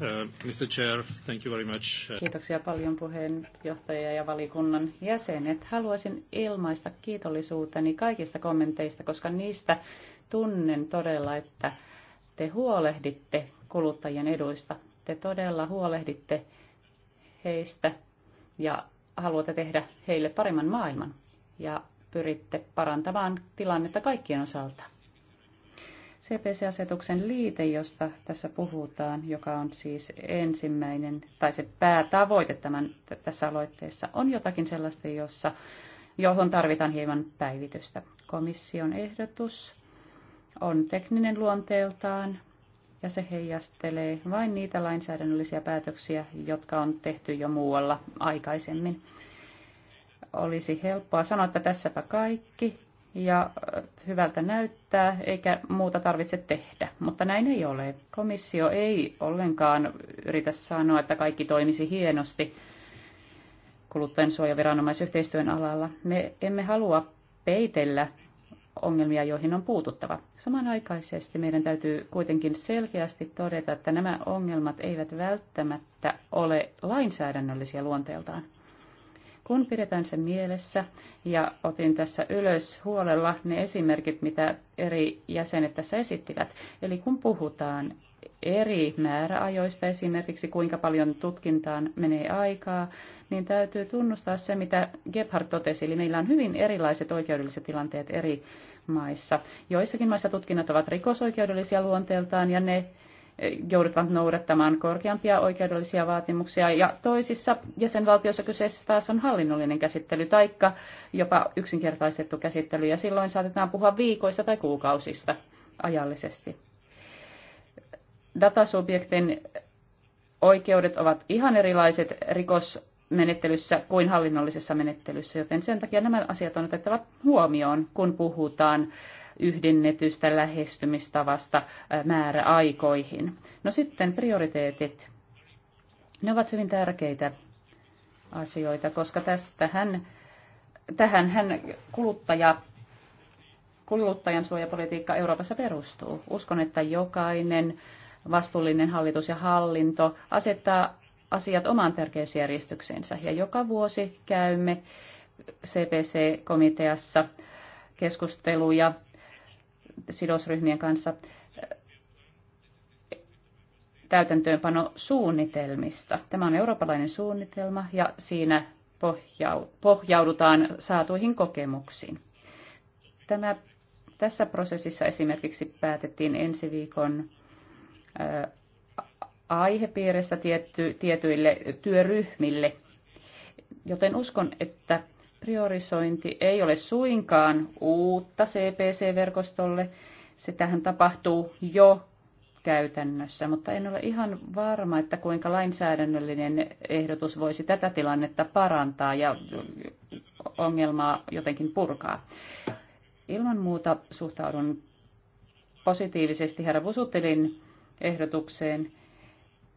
Uh, Mr. Chair, thank you very much. Uh, Kiitoksia paljon puheenjohtaja ja valikunnan jäsenet. Haluaisin ilmaista kiitollisuuteni kaikista kommenteista, koska niistä tunnen todella, että te huolehditte kuluttajien eduista. Te todella huolehditte heistä ja haluatte tehdä heille paremman maailman. Ja pyritte parantamaan tilannetta kaikkien osalta. CPC-asetuksen liite, josta tässä puhutaan, joka on siis ensimmäinen tai se päätavoite tämän, tässä aloitteessa, on jotakin sellaista, jossa, johon tarvitaan hieman päivitystä. Komission ehdotus on tekninen luonteeltaan ja se heijastelee vain niitä lainsäädännöllisiä päätöksiä, jotka on tehty jo muualla aikaisemmin olisi helppoa sanoa, että tässäpä kaikki ja hyvältä näyttää, eikä muuta tarvitse tehdä. Mutta näin ei ole. Komissio ei ollenkaan yritä sanoa, että kaikki toimisi hienosti kuluttajansuojaviranomaisyhteistyön alalla. Me emme halua peitellä ongelmia, joihin on puututtava. Samanaikaisesti meidän täytyy kuitenkin selkeästi todeta, että nämä ongelmat eivät välttämättä ole lainsäädännöllisiä luonteeltaan. Kun pidetään se mielessä, ja otin tässä ylös huolella ne esimerkit, mitä eri jäsenet tässä esittivät, eli kun puhutaan eri määräajoista, esimerkiksi kuinka paljon tutkintaan menee aikaa, niin täytyy tunnustaa se, mitä Gebhardt totesi, eli meillä on hyvin erilaiset oikeudelliset tilanteet eri maissa. Joissakin maissa tutkinnat ovat rikosoikeudellisia luonteeltaan ja ne joudutaan noudattamaan korkeampia oikeudellisia vaatimuksia ja toisissa jäsenvaltioissa kyseessä taas on hallinnollinen käsittely taikka jopa yksinkertaistettu käsittely ja silloin saatetaan puhua viikoista tai kuukausista ajallisesti. Datasubjektin oikeudet ovat ihan erilaiset rikosmenettelyssä kuin hallinnollisessa menettelyssä, joten sen takia nämä asiat on otettava huomioon, kun puhutaan yhdennetystä lähestymistavasta äh, määräaikoihin. No sitten prioriteetit. Ne ovat hyvin tärkeitä asioita, koska tästähän, tähän hän kuluttaja kuluttajan suojapolitiikka Euroopassa perustuu. Uskon, että jokainen vastuullinen hallitus ja hallinto asettaa asiat omaan tärkeysjärjestykseensä. Ja joka vuosi käymme CPC-komiteassa keskusteluja sidosryhmien kanssa äh, täytäntöönpanosuunnitelmista. Tämä on eurooppalainen suunnitelma ja siinä pohjaudutaan saatuihin kokemuksiin. Tämä, tässä prosessissa esimerkiksi päätettiin ensi viikon äh, aihepiiristä tietty, tietyille työryhmille, joten uskon, että Priorisointi ei ole suinkaan uutta CPC-verkostolle. Se tähän tapahtuu jo käytännössä, mutta en ole ihan varma, että kuinka lainsäädännöllinen ehdotus voisi tätä tilannetta parantaa ja ongelmaa jotenkin purkaa. Ilman muuta suhtaudun positiivisesti herra Vusutelin ehdotukseen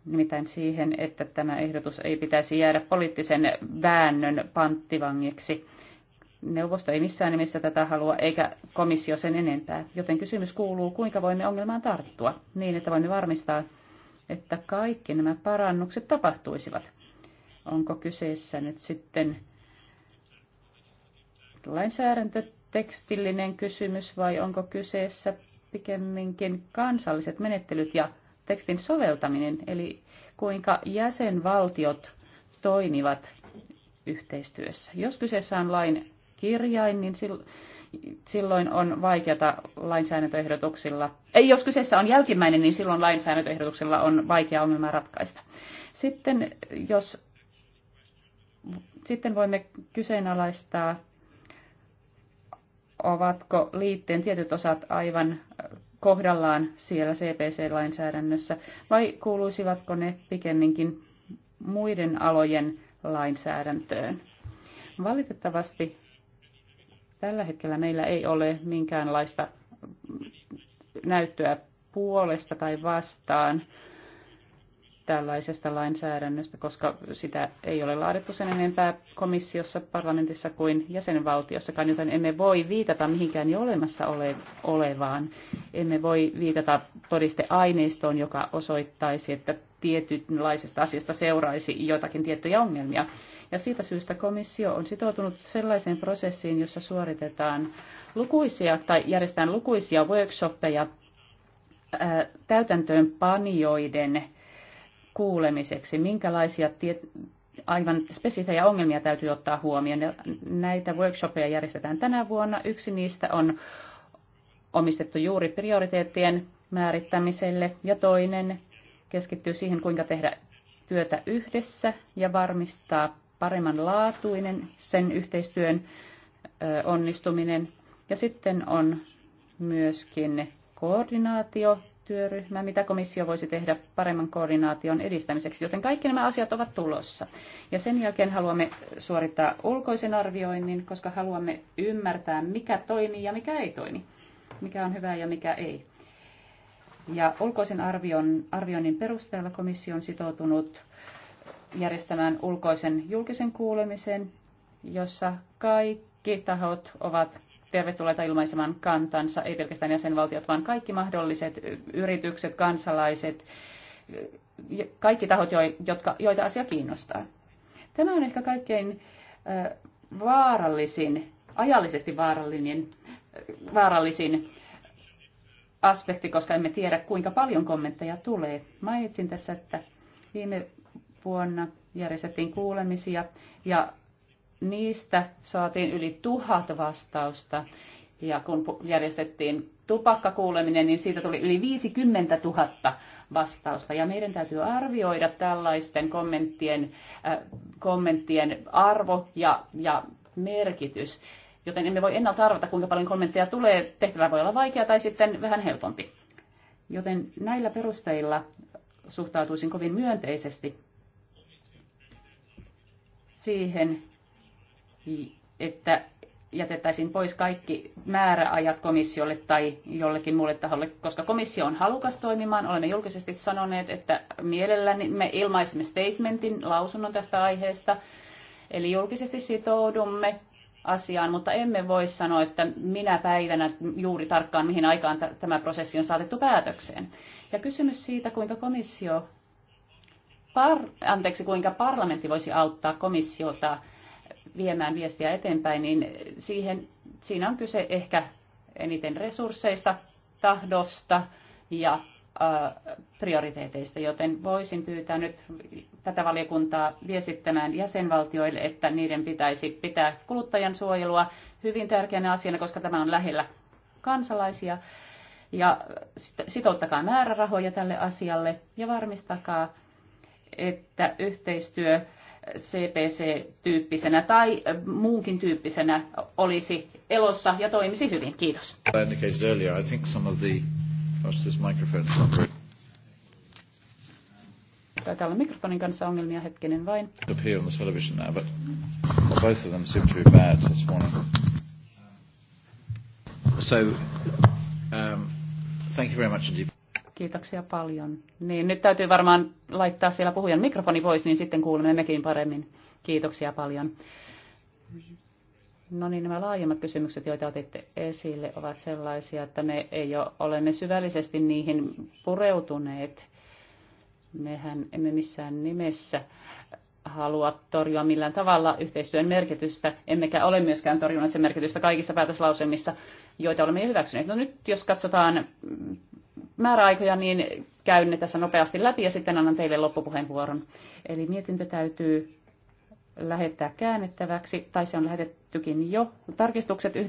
nimittäin siihen, että tämä ehdotus ei pitäisi jäädä poliittisen väännön panttivangiksi. Neuvosto ei missään nimessä tätä halua, eikä komissio sen enempää. Joten kysymys kuuluu, kuinka voimme ongelmaan tarttua niin, että voimme varmistaa, että kaikki nämä parannukset tapahtuisivat. Onko kyseessä nyt sitten lainsäädäntötekstillinen kysymys vai onko kyseessä pikemminkin kansalliset menettelyt ja tekstin soveltaminen, eli kuinka jäsenvaltiot toimivat yhteistyössä. Jos kyseessä on lain kirjain, niin silloin on vaikeata lainsäädäntöehdotuksilla. Ei, jos kyseessä on jälkimmäinen, niin silloin lainsäädäntöehdotuksilla on vaikea ongelma ratkaista. Sitten, jos, sitten voimme kyseenalaistaa, ovatko liitteen tietyt osat aivan kohdallaan siellä CPC-lainsäädännössä vai kuuluisivatko ne pikemminkin muiden alojen lainsäädäntöön? Valitettavasti tällä hetkellä meillä ei ole minkäänlaista näyttöä puolesta tai vastaan tällaisesta lainsäädännöstä, koska sitä ei ole laadittu sen enempää komissiossa, parlamentissa kuin jäsenvaltiossakaan, joten emme voi viitata mihinkään jo olemassa ole, olevaan. Emme voi viitata todisteaineistoon, joka osoittaisi, että tietynlaisesta asiasta seuraisi jotakin tiettyjä ongelmia. Ja siitä syystä komissio on sitoutunut sellaiseen prosessiin, jossa suoritetaan lukuisia tai järjestetään lukuisia workshoppeja täytäntöönpanijoiden kuulemiseksi, minkälaisia tiet, aivan spesifejä ongelmia täytyy ottaa huomioon. Ja näitä workshopeja järjestetään tänä vuonna. Yksi niistä on omistettu juuri prioriteettien määrittämiselle ja toinen keskittyy siihen, kuinka tehdä työtä yhdessä ja varmistaa paremman laatuinen sen yhteistyön onnistuminen. Ja sitten on myöskin koordinaatio työryhmä, mitä komissio voisi tehdä paremman koordinaation edistämiseksi, joten kaikki nämä asiat ovat tulossa. Ja sen jälkeen haluamme suorittaa ulkoisen arvioinnin, koska haluamme ymmärtää, mikä toimii ja mikä ei toimi, mikä on hyvää ja mikä ei. Ja ulkoisen arvion, arvioinnin perusteella komissio on sitoutunut järjestämään ulkoisen julkisen kuulemisen, jossa kaikki tahot ovat tervetulleita ilmaisemaan kantansa, ei pelkästään jäsenvaltiot, vaan kaikki mahdolliset yritykset, kansalaiset, kaikki tahot, jotka, joita asia kiinnostaa. Tämä on ehkä kaikkein vaarallisin, ajallisesti vaarallinen, vaarallisin aspekti, koska emme tiedä, kuinka paljon kommentteja tulee. Mainitsin tässä, että viime vuonna järjestettiin kuulemisia ja Niistä saatiin yli tuhat vastausta. Ja kun järjestettiin tupakkakuuleminen, niin siitä tuli yli 50 000 vastausta. Ja meidän täytyy arvioida tällaisten kommenttien, äh, kommenttien arvo ja, ja merkitys. Joten emme voi ennalta arvata, kuinka paljon kommentteja tulee. Tehtävä voi olla vaikea tai sitten vähän helpompi. Joten näillä perusteilla suhtautuisin kovin myönteisesti siihen, että jätettäisiin pois kaikki määräajat komissiolle tai jollekin muulle taholle, koska komissio on halukas toimimaan. Olemme julkisesti sanoneet, että mielelläni me ilmaisimme statementin, lausunnon tästä aiheesta. Eli julkisesti sitoudumme asiaan, mutta emme voi sanoa, että minä päivänä juuri tarkkaan, mihin aikaan tämä prosessi on saatettu päätökseen. Ja kysymys siitä, kuinka komissio, par, anteeksi, kuinka parlamentti voisi auttaa komissiota viemään viestiä eteenpäin, niin siihen, siinä on kyse ehkä eniten resursseista, tahdosta ja prioriteeteista, joten voisin pyytää nyt tätä valiokuntaa viestittämään jäsenvaltioille, että niiden pitäisi pitää kuluttajan suojelua hyvin tärkeänä asiana, koska tämä on lähellä kansalaisia. Ja sitouttakaa määrärahoja tälle asialle ja varmistakaa, että yhteistyö CPC-tyyppisenä tai muunkin tyyppisenä olisi elossa ja toimisi hyvin. Kiitos. Taitaa olla mikrofonin kanssa ongelmia hetkinen vain. on the television now, but both of them seem to be bad this morning. So, um, thank you very much indeed. Kiitoksia paljon. Niin, nyt täytyy varmaan laittaa siellä puhujan mikrofoni pois, niin sitten kuulemme mekin paremmin. Kiitoksia paljon. No niin, nämä laajemmat kysymykset, joita otitte esille, ovat sellaisia, että me ei ole, olemme syvällisesti niihin pureutuneet. Mehän emme missään nimessä halua torjua millään tavalla yhteistyön merkitystä, emmekä ole myöskään torjunut sen merkitystä kaikissa päätöslausemissa, joita olemme jo hyväksyneet. No nyt jos katsotaan määräaikoja, niin käyn ne tässä nopeasti läpi ja sitten annan teille loppupuheenvuoron. Eli mietintö täytyy lähettää käännettäväksi, tai se on lähetettykin jo. Tarkistukset 19.4.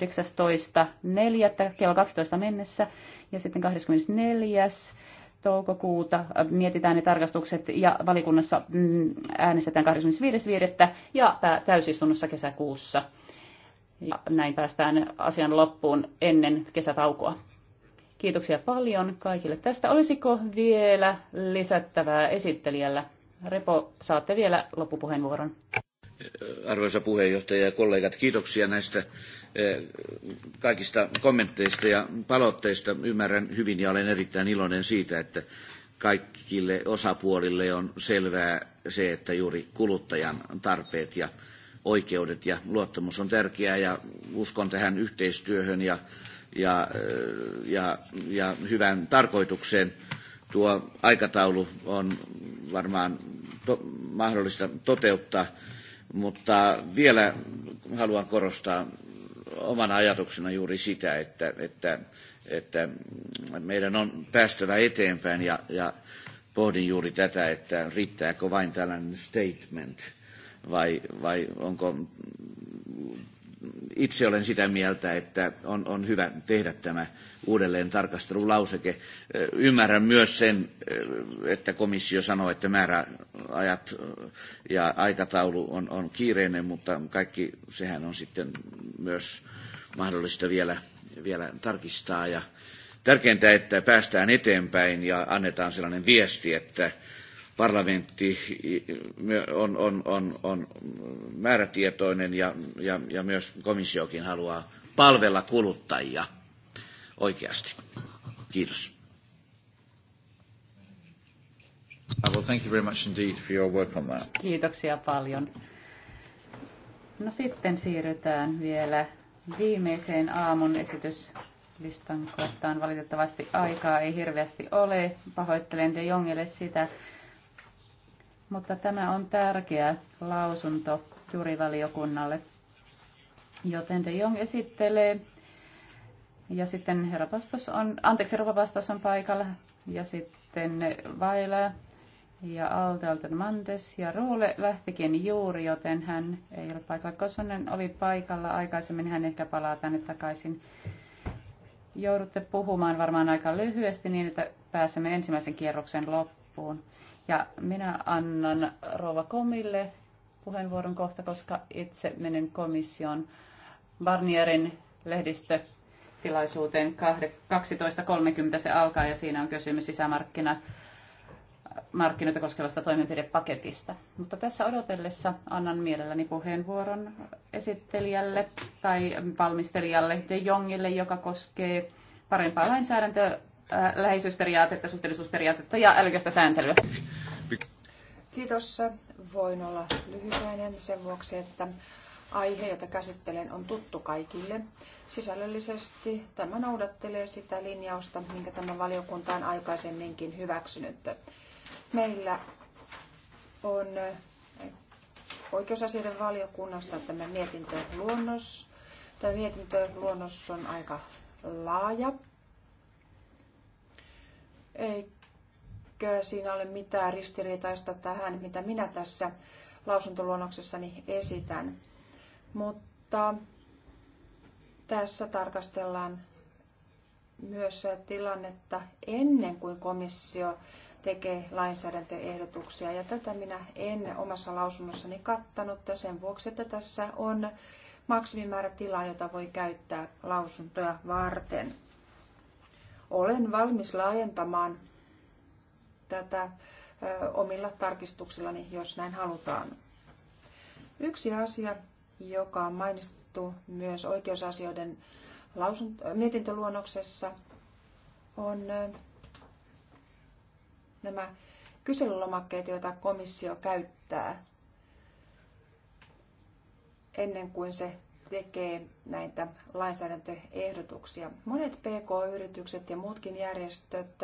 kello 12 mennessä ja sitten 24 toukokuuta mietitään ne tarkastukset ja valikunnassa mm, äänestetään 25.5. ja täysistunnossa kesäkuussa. Ja näin päästään asian loppuun ennen kesätaukoa. Kiitoksia paljon kaikille tästä. Olisiko vielä lisättävää esittelijällä? Repo, saatte vielä loppupuheenvuoron. Arvoisa puheenjohtaja ja kollegat, kiitoksia näistä eh, kaikista kommentteista ja palautteista. Ymmärrän hyvin ja olen erittäin iloinen siitä, että kaikille osapuolille on selvää se, että juuri kuluttajan tarpeet ja oikeudet ja luottamus on tärkeää ja uskon tähän yhteistyöhön ja ja, ja, ja hyvään tarkoitukseen. Tuo aikataulu on varmaan to, mahdollista toteuttaa, mutta vielä haluan korostaa omana ajatuksena juuri sitä, että, että, että meidän on päästävä eteenpäin ja, ja pohdin juuri tätä, että riittääkö vain tällainen statement vai, vai onko itse olen sitä mieltä, että on, on hyvä tehdä tämä uudelleen tarkastelulauseke. Ymmärrän myös sen, että komissio sanoo, että määräajat ja aikataulu on, on kiireinen, mutta kaikki sehän on sitten myös mahdollista vielä, vielä tarkistaa. Ja tärkeintä, että päästään eteenpäin ja annetaan sellainen viesti, että parlamentti on, on, on, on määrätietoinen ja, ja, ja myös komissiokin haluaa palvella kuluttajia oikeasti. Kiitos. Uh, well, thank you very much indeed for your work on that. Kiitoksia paljon. No sitten siirrytään vielä viimeiseen aamun esityslistan kohtaan. Valitettavasti aikaa ei hirveästi ole. Pahoittelen De Jongille sitä mutta tämä on tärkeä lausunto juurivaliokunnalle. Joten De Jong esittelee ja sitten herra vastaus on, anteeksi, rouva vastaus on paikalla ja sitten Vaila ja Altalta Mandes ja Ruule lähtikin juuri, joten hän ei ole paikalla. Kosonen oli paikalla aikaisemmin, hän ehkä palaa tänne takaisin. Joudutte puhumaan varmaan aika lyhyesti niin, että pääsemme ensimmäisen kierroksen loppuun. Ja minä annan Rova Komille puheenvuoron kohta, koska itse menen komission Barnierin lehdistötilaisuuteen 12.30 se alkaa ja siinä on kysymys sisämarkkina markkinoita koskevasta toimenpidepaketista. Mutta tässä odotellessa annan mielelläni puheenvuoron esittelijälle tai valmistelijalle De Jongille, joka koskee parempaa lainsäädäntöä läheisyysperiaatetta, suhteellisuusperiaatetta ja älykästä sääntelyä. Kiitos. Voin olla lyhykäinen sen vuoksi, että aihe, jota käsittelen, on tuttu kaikille. Sisällöllisesti tämä noudattelee sitä linjausta, minkä tämä valiokunta on aikaisemminkin hyväksynyt. Meillä on oikeusasioiden valiokunnasta tämä mietintöluonnos. Tämä mietintöluonnos on aika laaja eikö siinä ole mitään ristiriitaista tähän, mitä minä tässä lausuntoluonnoksessani esitän. Mutta tässä tarkastellaan myös tilannetta ennen kuin komissio tekee lainsäädäntöehdotuksia. Ja tätä minä en omassa lausunnossani kattanut sen vuoksi, että tässä on maksimimäärä tilaa, jota voi käyttää lausuntoja varten olen valmis laajentamaan tätä omilla tarkistuksillani, jos näin halutaan. Yksi asia, joka on mainittu myös oikeusasioiden lausunt- mietintöluonnoksessa, on nämä kyselylomakkeet, joita komissio käyttää ennen kuin se tekee näitä lainsäädäntöehdotuksia. Monet PK-yritykset ja muutkin järjestöt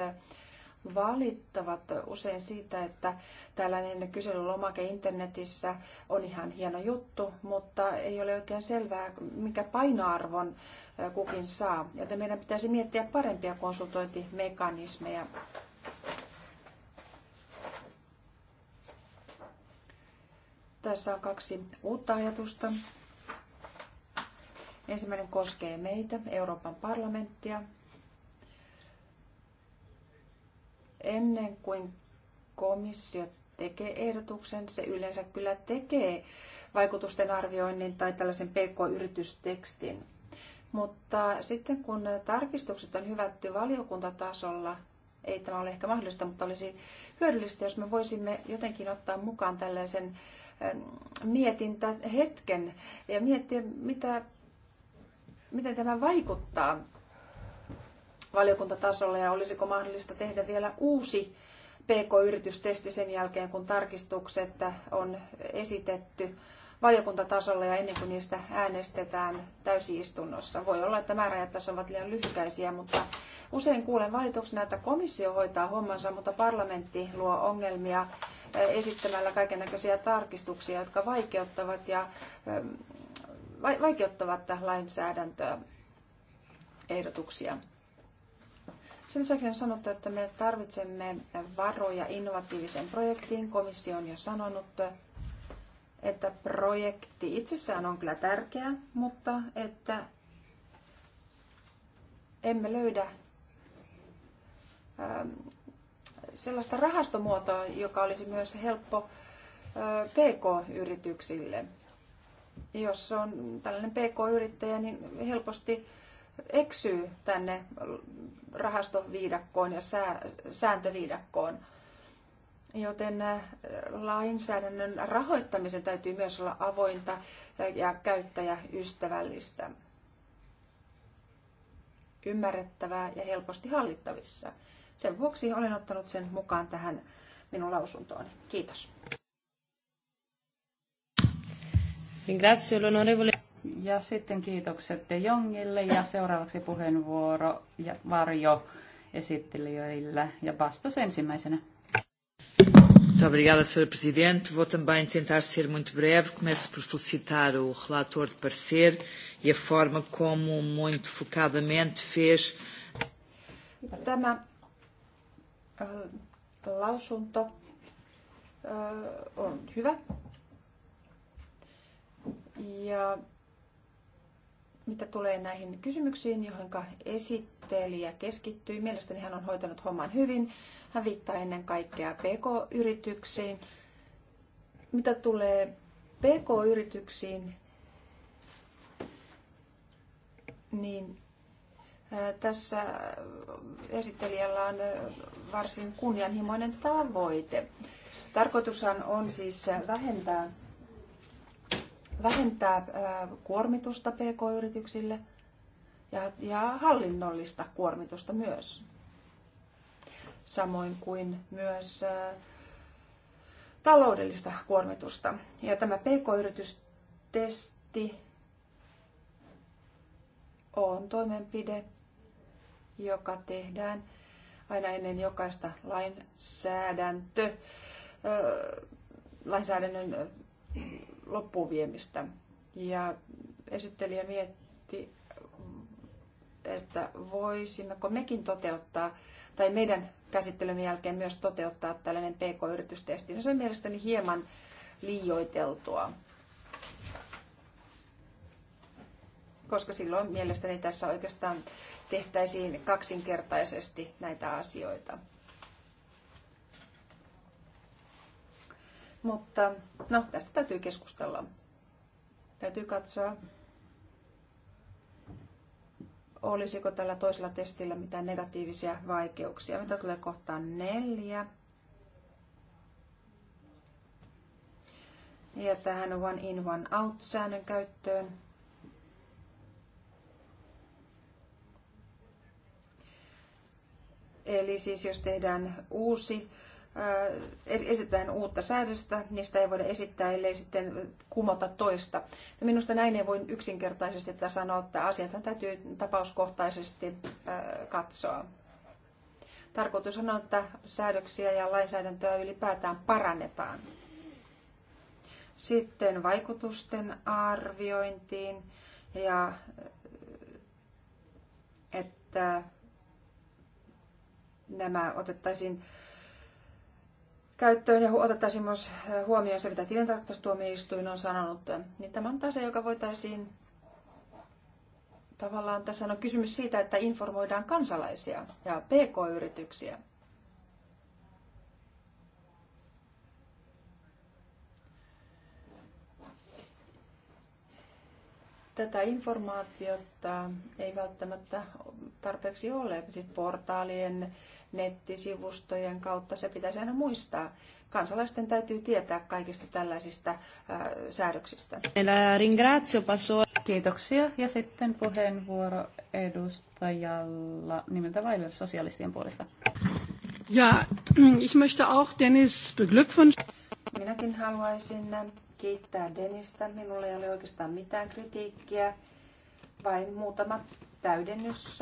valittavat usein siitä, että tällainen kyselylomake internetissä on ihan hieno juttu, mutta ei ole oikein selvää, mikä painoarvon kukin saa. Joten meidän pitäisi miettiä parempia konsultointimekanismeja. Tässä on kaksi uutta ajatusta. Ensimmäinen koskee meitä, Euroopan parlamenttia. Ennen kuin komissio tekee ehdotuksen, se yleensä kyllä tekee vaikutusten arvioinnin tai tällaisen PK-yritystekstin. Mutta sitten kun tarkistukset on hyvätty valiokuntatasolla, ei tämä ole ehkä mahdollista, mutta olisi hyödyllistä, jos me voisimme jotenkin ottaa mukaan tällaisen mietintähetken ja miettiä, mitä miten tämä vaikuttaa valiokuntatasolla ja olisiko mahdollista tehdä vielä uusi PK-yritystesti sen jälkeen, kun tarkistukset on esitetty valiokuntatasolla ja ennen kuin niistä äänestetään täysistunnossa. Voi olla, että määräajat tässä ovat liian lyhykäisiä, mutta usein kuulen valituksena, että komissio hoitaa hommansa, mutta parlamentti luo ongelmia eh, esittämällä kaiken tarkistuksia, jotka vaikeuttavat ja eh, vaikeuttavat lainsäädäntöä ehdotuksia. Sen lisäksi on sanottu, että me tarvitsemme varoja innovatiiviseen projektiin. Komissio on jo sanonut, että projekti itsessään on kyllä tärkeä, mutta että emme löydä ähm, sellaista rahastomuotoa, joka olisi myös helppo äh, PK-yrityksille. Jos on tällainen PK-yrittäjä, niin helposti eksyy tänne rahastoviidakkoon ja sääntöviidakkoon. Joten äh, lainsäädännön rahoittamisen täytyy myös olla avointa ja käyttäjäystävällistä, ymmärrettävää ja helposti hallittavissa. Sen vuoksi olen ottanut sen mukaan tähän minun lausuntooni. Kiitos. Ringrazio l'onorevole. Ja sitten kiitokset De Jongille ja seuraavaksi puheenvuoro ja Varjo esittelijöille ja vastus ensimmäisenä. Muito obrigada, Sra. Presidente. Vou também tentar ser muito breve. Começo por felicitar o relator de parecer e a forma como muito focadamente fez. Tämä äh, lausunto äh, on hyvä ja mitä tulee näihin kysymyksiin, joihin esittelijä keskittyi, mielestäni hän on hoitanut homman hyvin. Hän viittaa ennen kaikkea PK-yrityksiin. Mitä tulee PK-yrityksiin, niin tässä esittelijällä on varsin kunnianhimoinen tavoite. Tarkoitushan on siis vähentää vähentää äh, kuormitusta pk-yrityksille ja, ja hallinnollista kuormitusta myös. Samoin kuin myös äh, taloudellista kuormitusta. Ja tämä pk-yritystesti on toimenpide, joka tehdään aina ennen jokaista lainsäädäntö, äh, lainsäädännön viemistä. Ja esittelijä mietti, että voisimmeko mekin toteuttaa, tai meidän käsittelyn jälkeen myös toteuttaa tällainen PK-yritystesti. se on mielestäni hieman liioiteltua, koska silloin mielestäni tässä oikeastaan tehtäisiin kaksinkertaisesti näitä asioita. Mutta no, tästä täytyy keskustella. Täytyy katsoa, olisiko tällä toisella testillä mitään negatiivisia vaikeuksia. Mitä tulee kohtaan neljä? Ja tähän one in one out säännön käyttöön. Eli siis jos tehdään uusi esitetään uutta säädöstä, niistä ei voida esittää, ellei sitten kumota toista. Ja minusta näin ei voi yksinkertaisesti tätä sanoa, että asiat täytyy tapauskohtaisesti katsoa. Tarkoitus on, että säädöksiä ja lainsäädäntöä ylipäätään parannetaan. Sitten vaikutusten arviointiin ja että nämä otettaisiin käyttöön ja otettaisiin myös huomioon se, mitä tilintarkastustuomioistuin on sanonut, niin tämä on asia, joka voitaisiin tavallaan tässä on kysymys siitä, että informoidaan kansalaisia ja pk-yrityksiä. tätä informaatiota ei välttämättä tarpeeksi ole. Sit siis portaalien, nettisivustojen kautta se pitäisi aina muistaa. Kansalaisten täytyy tietää kaikista tällaisista äh, säädöksistä. Kiitoksia. Ja sitten puheenvuoro edustajalla nimeltä Weiler sosialistien puolesta. Ja, (clears throat) ich möchte auch Dennis beglückwünschen. Minäkin haluaisin kiittää Denistä. Minulla ei ole oikeastaan mitään kritiikkiä, vain muutama täydennys.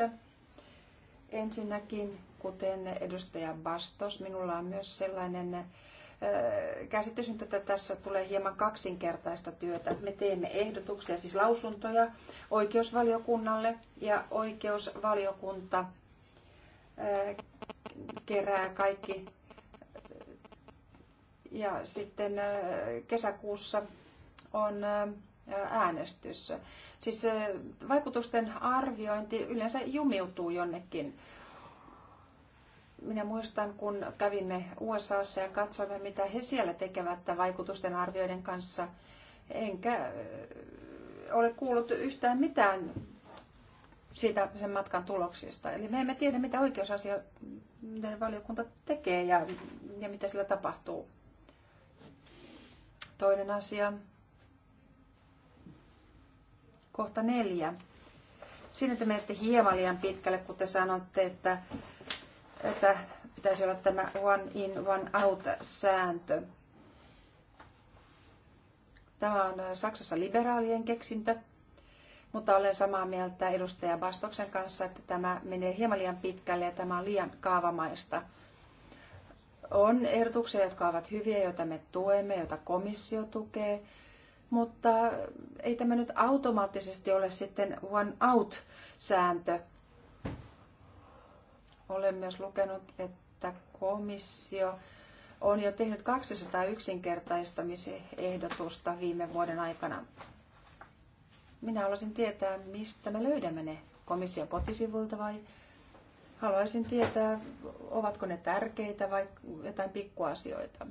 Ensinnäkin, kuten edustaja Bastos, minulla on myös sellainen käsitys, että tässä tulee hieman kaksinkertaista työtä. Me teemme ehdotuksia, siis lausuntoja oikeusvaliokunnalle ja oikeusvaliokunta kerää kaikki ja sitten äh, kesäkuussa on äh, äänestys. Siis äh, vaikutusten arviointi yleensä jumiutuu jonnekin. Minä muistan, kun kävimme USAssa ja katsoimme, mitä he siellä tekevät vaikutusten arvioiden kanssa. Enkä ole kuullut yhtään mitään siitä sen matkan tuloksista. Eli me emme tiedä, mitä oikeusasia valiokunta tekee ja, ja mitä sillä tapahtuu. Toinen asia. Kohta neljä. Siinä te menette hieman liian pitkälle, kun te sanotte, että, että pitäisi olla tämä one in, one out sääntö. Tämä on Saksassa liberaalien keksintö, mutta olen samaa mieltä edustaja Bastoksen kanssa, että tämä menee hieman liian pitkälle ja tämä on liian kaavamaista – on ehdotuksia, jotka ovat hyviä, joita me tuemme, joita komissio tukee, mutta ei tämä nyt automaattisesti ole sitten one out-sääntö. Olen myös lukenut, että komissio on jo tehnyt 200 yksinkertaistamisehdotusta viime vuoden aikana. Minä haluaisin tietää, mistä me löydämme ne komission kotisivuilta vai Haluaisin tietää, ovatko ne tärkeitä vai jotain pikkuasioita.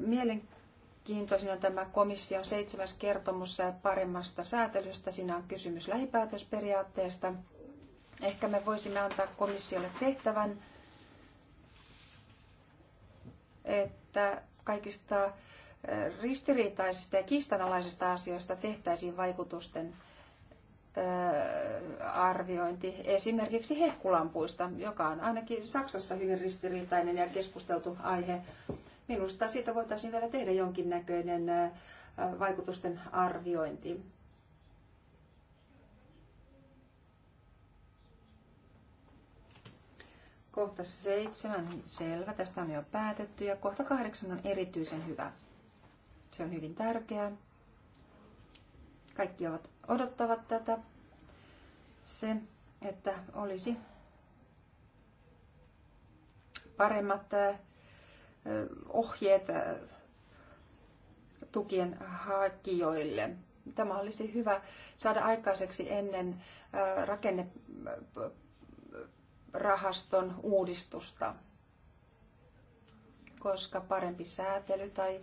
Mielenkiintoisin on tämä komission seitsemäs kertomus paremmasta säätelystä. Siinä on kysymys lähipäätösperiaatteesta. Ehkä me voisimme antaa komissiolle tehtävän, että kaikista ristiriitaisista ja kiistanalaisista asioista tehtäisiin vaikutusten arviointi esimerkiksi hehkulampuista, joka on ainakin Saksassa hyvin ristiriitainen ja keskusteltu aihe. Minusta siitä voitaisiin vielä tehdä jonkinnäköinen vaikutusten arviointi. Kohta seitsemän, selvä, tästä on jo päätetty ja kohta kahdeksan on erityisen hyvä. Se on hyvin tärkeää. Kaikki ovat odottavat tätä. Se, että olisi paremmat ohjeet tukien hakijoille. Tämä olisi hyvä saada aikaiseksi ennen rakennerahaston uudistusta, koska parempi säätely tai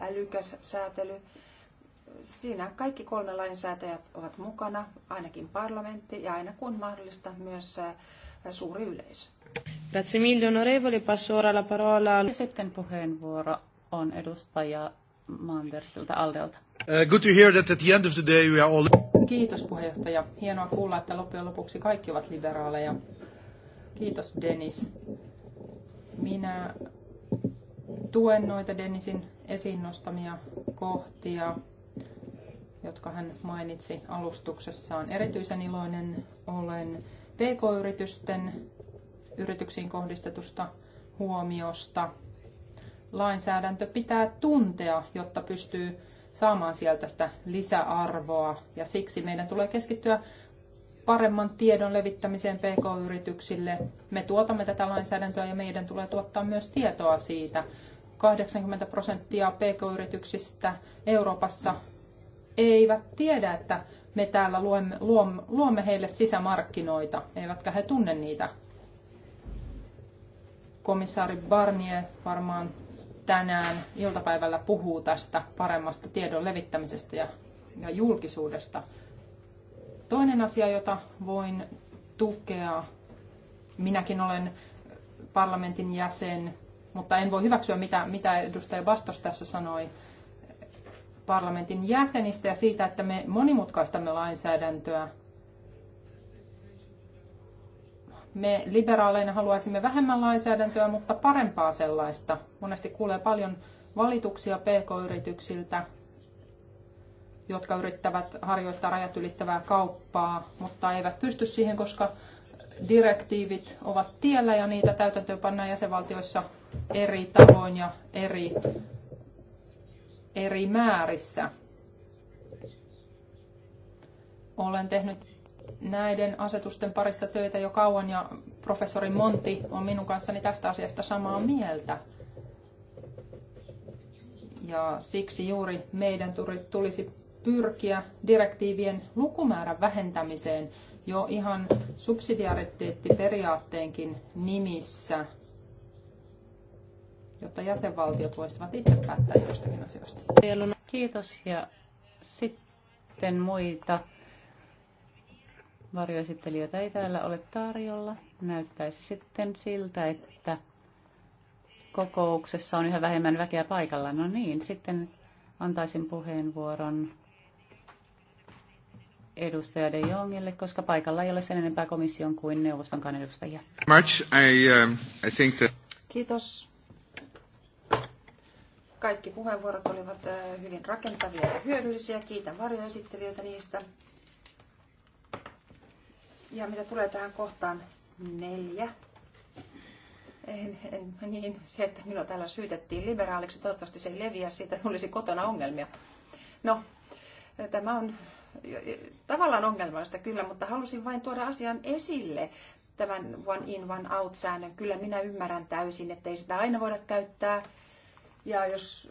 älykäs säätely siinä kaikki kolme lainsäätäjät ovat mukana, ainakin parlamentti ja aina kun mahdollista myös suuri yleisö. Grazie mille onorevole, passo ora la parola. sitten puheenvuoro on edustaja Mandersilta Aldelta. Uh, good to hear that at the end of the day we are all... Kiitos puheenjohtaja. Hienoa kuulla, että loppujen lopuksi kaikki ovat liberaaleja. Kiitos Dennis. Minä tuen noita Dennisin esiin nostamia kohtia jotka hän mainitsi alustuksessaan. Erityisen iloinen olen PK-yritysten yrityksiin kohdistetusta huomiosta. Lainsäädäntö pitää tuntea, jotta pystyy saamaan sieltä sitä lisäarvoa ja siksi meidän tulee keskittyä paremman tiedon levittämiseen PK-yrityksille. Me tuotamme tätä lainsäädäntöä ja meidän tulee tuottaa myös tietoa siitä. 80 prosenttia PK-yrityksistä Euroopassa eivät tiedä, että me täällä luomme, luomme heille sisämarkkinoita, eivätkä he tunne niitä. Komissaari Barnier varmaan tänään iltapäivällä puhuu tästä paremmasta tiedon levittämisestä ja, ja julkisuudesta. Toinen asia, jota voin tukea, minäkin olen parlamentin jäsen, mutta en voi hyväksyä mitä, mitä edustaja Bastos tässä sanoi, parlamentin jäsenistä ja siitä, että me monimutkaistamme lainsäädäntöä. Me liberaaleina haluaisimme vähemmän lainsäädäntöä, mutta parempaa sellaista. Monesti kuulee paljon valituksia pk-yrityksiltä, jotka yrittävät harjoittaa rajat ylittävää kauppaa, mutta eivät pysty siihen, koska direktiivit ovat tiellä ja niitä pannaan jäsenvaltioissa eri tavoin ja eri eri määrissä. Olen tehnyt näiden asetusten parissa töitä jo kauan ja professori Monti on minun kanssani tästä asiasta samaa mieltä. Ja siksi juuri meidän tulisi pyrkiä direktiivien lukumäärän vähentämiseen jo ihan subsidiariteettiperiaatteenkin nimissä – jotta jäsenvaltiot voisivat itse päättää joistakin asioista. Kiitos ja sitten muita varjoesittelijöitä ei täällä ole tarjolla. Näyttäisi sitten siltä, että kokouksessa on yhä vähemmän väkeä paikalla. No niin, sitten antaisin puheenvuoron edustaja De Jongille, koska paikalla ei ole sen enempää komission kuin neuvostonkaan edustajia. Much. I, um, I think that... Kiitos. Kaikki puheenvuorot olivat äh, hyvin rakentavia ja hyödyllisiä. Kiitän varjoesittelijöitä niistä. Ja mitä tulee tähän kohtaan neljä, en, en, niin, se, että minua täällä syytettiin liberaaliksi, toivottavasti se ei leviä, siitä tulisi kotona ongelmia. No, tämä on tavallaan ongelmallista kyllä, mutta halusin vain tuoda asian esille tämän one in, one out säännön. Kyllä minä ymmärrän täysin, että ei sitä aina voida käyttää ja jos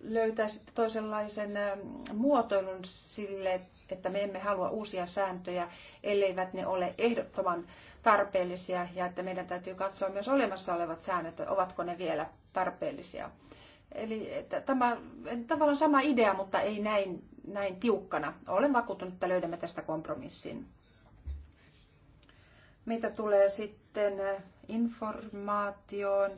löytäisit toisenlaisen ähm, muotoilun sille, että me emme halua uusia sääntöjä, elleivät ne ole ehdottoman tarpeellisia ja että meidän täytyy katsoa myös olemassa olevat säännöt, ovatko ne vielä tarpeellisia. Eli että tämä tavallaan sama idea, mutta ei näin, näin tiukkana. Olen vakuuttunut, että löydämme tästä kompromissin. Mitä tulee sitten äh, informaatioon,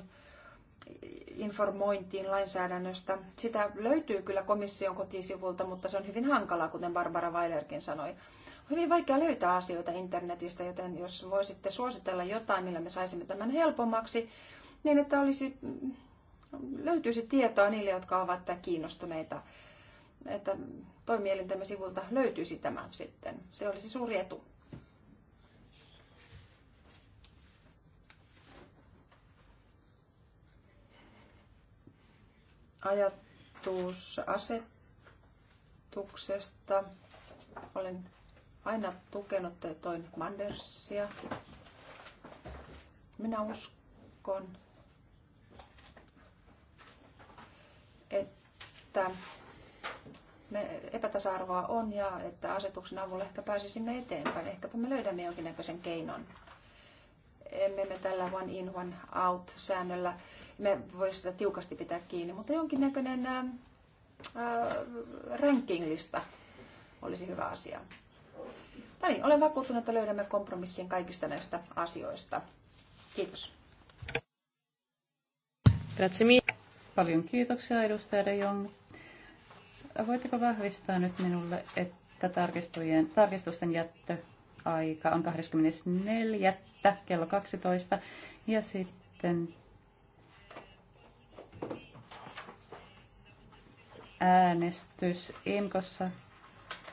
informointiin lainsäädännöstä. Sitä löytyy kyllä komission kotisivulta, mutta se on hyvin hankalaa, kuten Barbara Weilerkin sanoi. On hyvin vaikea löytää asioita internetistä, joten jos voisitte suositella jotain, millä me saisimme tämän helpommaksi, niin että olisi, löytyisi tietoa niille, jotka ovat kiinnostuneita, että toimielintämme sivulta löytyisi tämä sitten. Se olisi suuri etu. ajatus asetuksesta. Olen aina tukenut toin Mandersia. Minä uskon, että me epätasa-arvoa on ja että asetuksen avulla ehkä pääsisimme eteenpäin. Ehkäpä me löydämme jonkinnäköisen keinon emme me tällä one in one out säännöllä, me voisi sitä tiukasti pitää kiinni, mutta jonkinnäköinen äh, rankinglista olisi hyvä asia. No niin, olen vakuuttunut, että löydämme kompromissin kaikista näistä asioista. Kiitos. Grazie Paljon kiitoksia edustaja De Jong. Voitteko vahvistaa nyt minulle, että tarkistusten jättö aika on 24. kello 12. Ja sitten äänestys Imkossa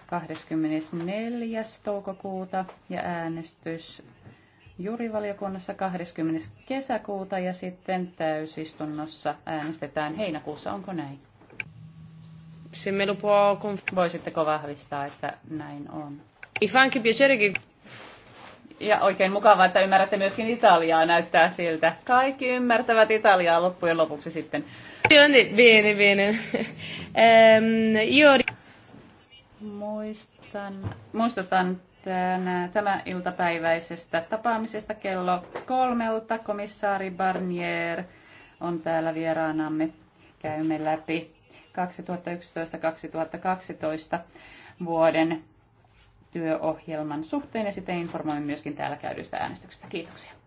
24. toukokuuta ja äänestys jurivaliokunnassa 20. kesäkuuta ja sitten täysistunnossa äänestetään heinäkuussa. Onko näin? Voisitteko vahvistaa, että näin on? Mi fa anche piacere che... Ja oikein mukavaa, että ymmärrätte myöskin Italiaa, näyttää siltä. Kaikki ymmärtävät Italiaa loppujen lopuksi sitten. Bene, bene. Ehm, Muistan, muistutan tänä, tämä iltapäiväisestä tapaamisesta kello kolmelta. Komissaari Barnier on täällä vieraanamme. Käymme läpi 2011-2012 vuoden työohjelman suhteen ja sitten informoimme myöskin täällä käydyistä äänestyksistä. Kiitoksia.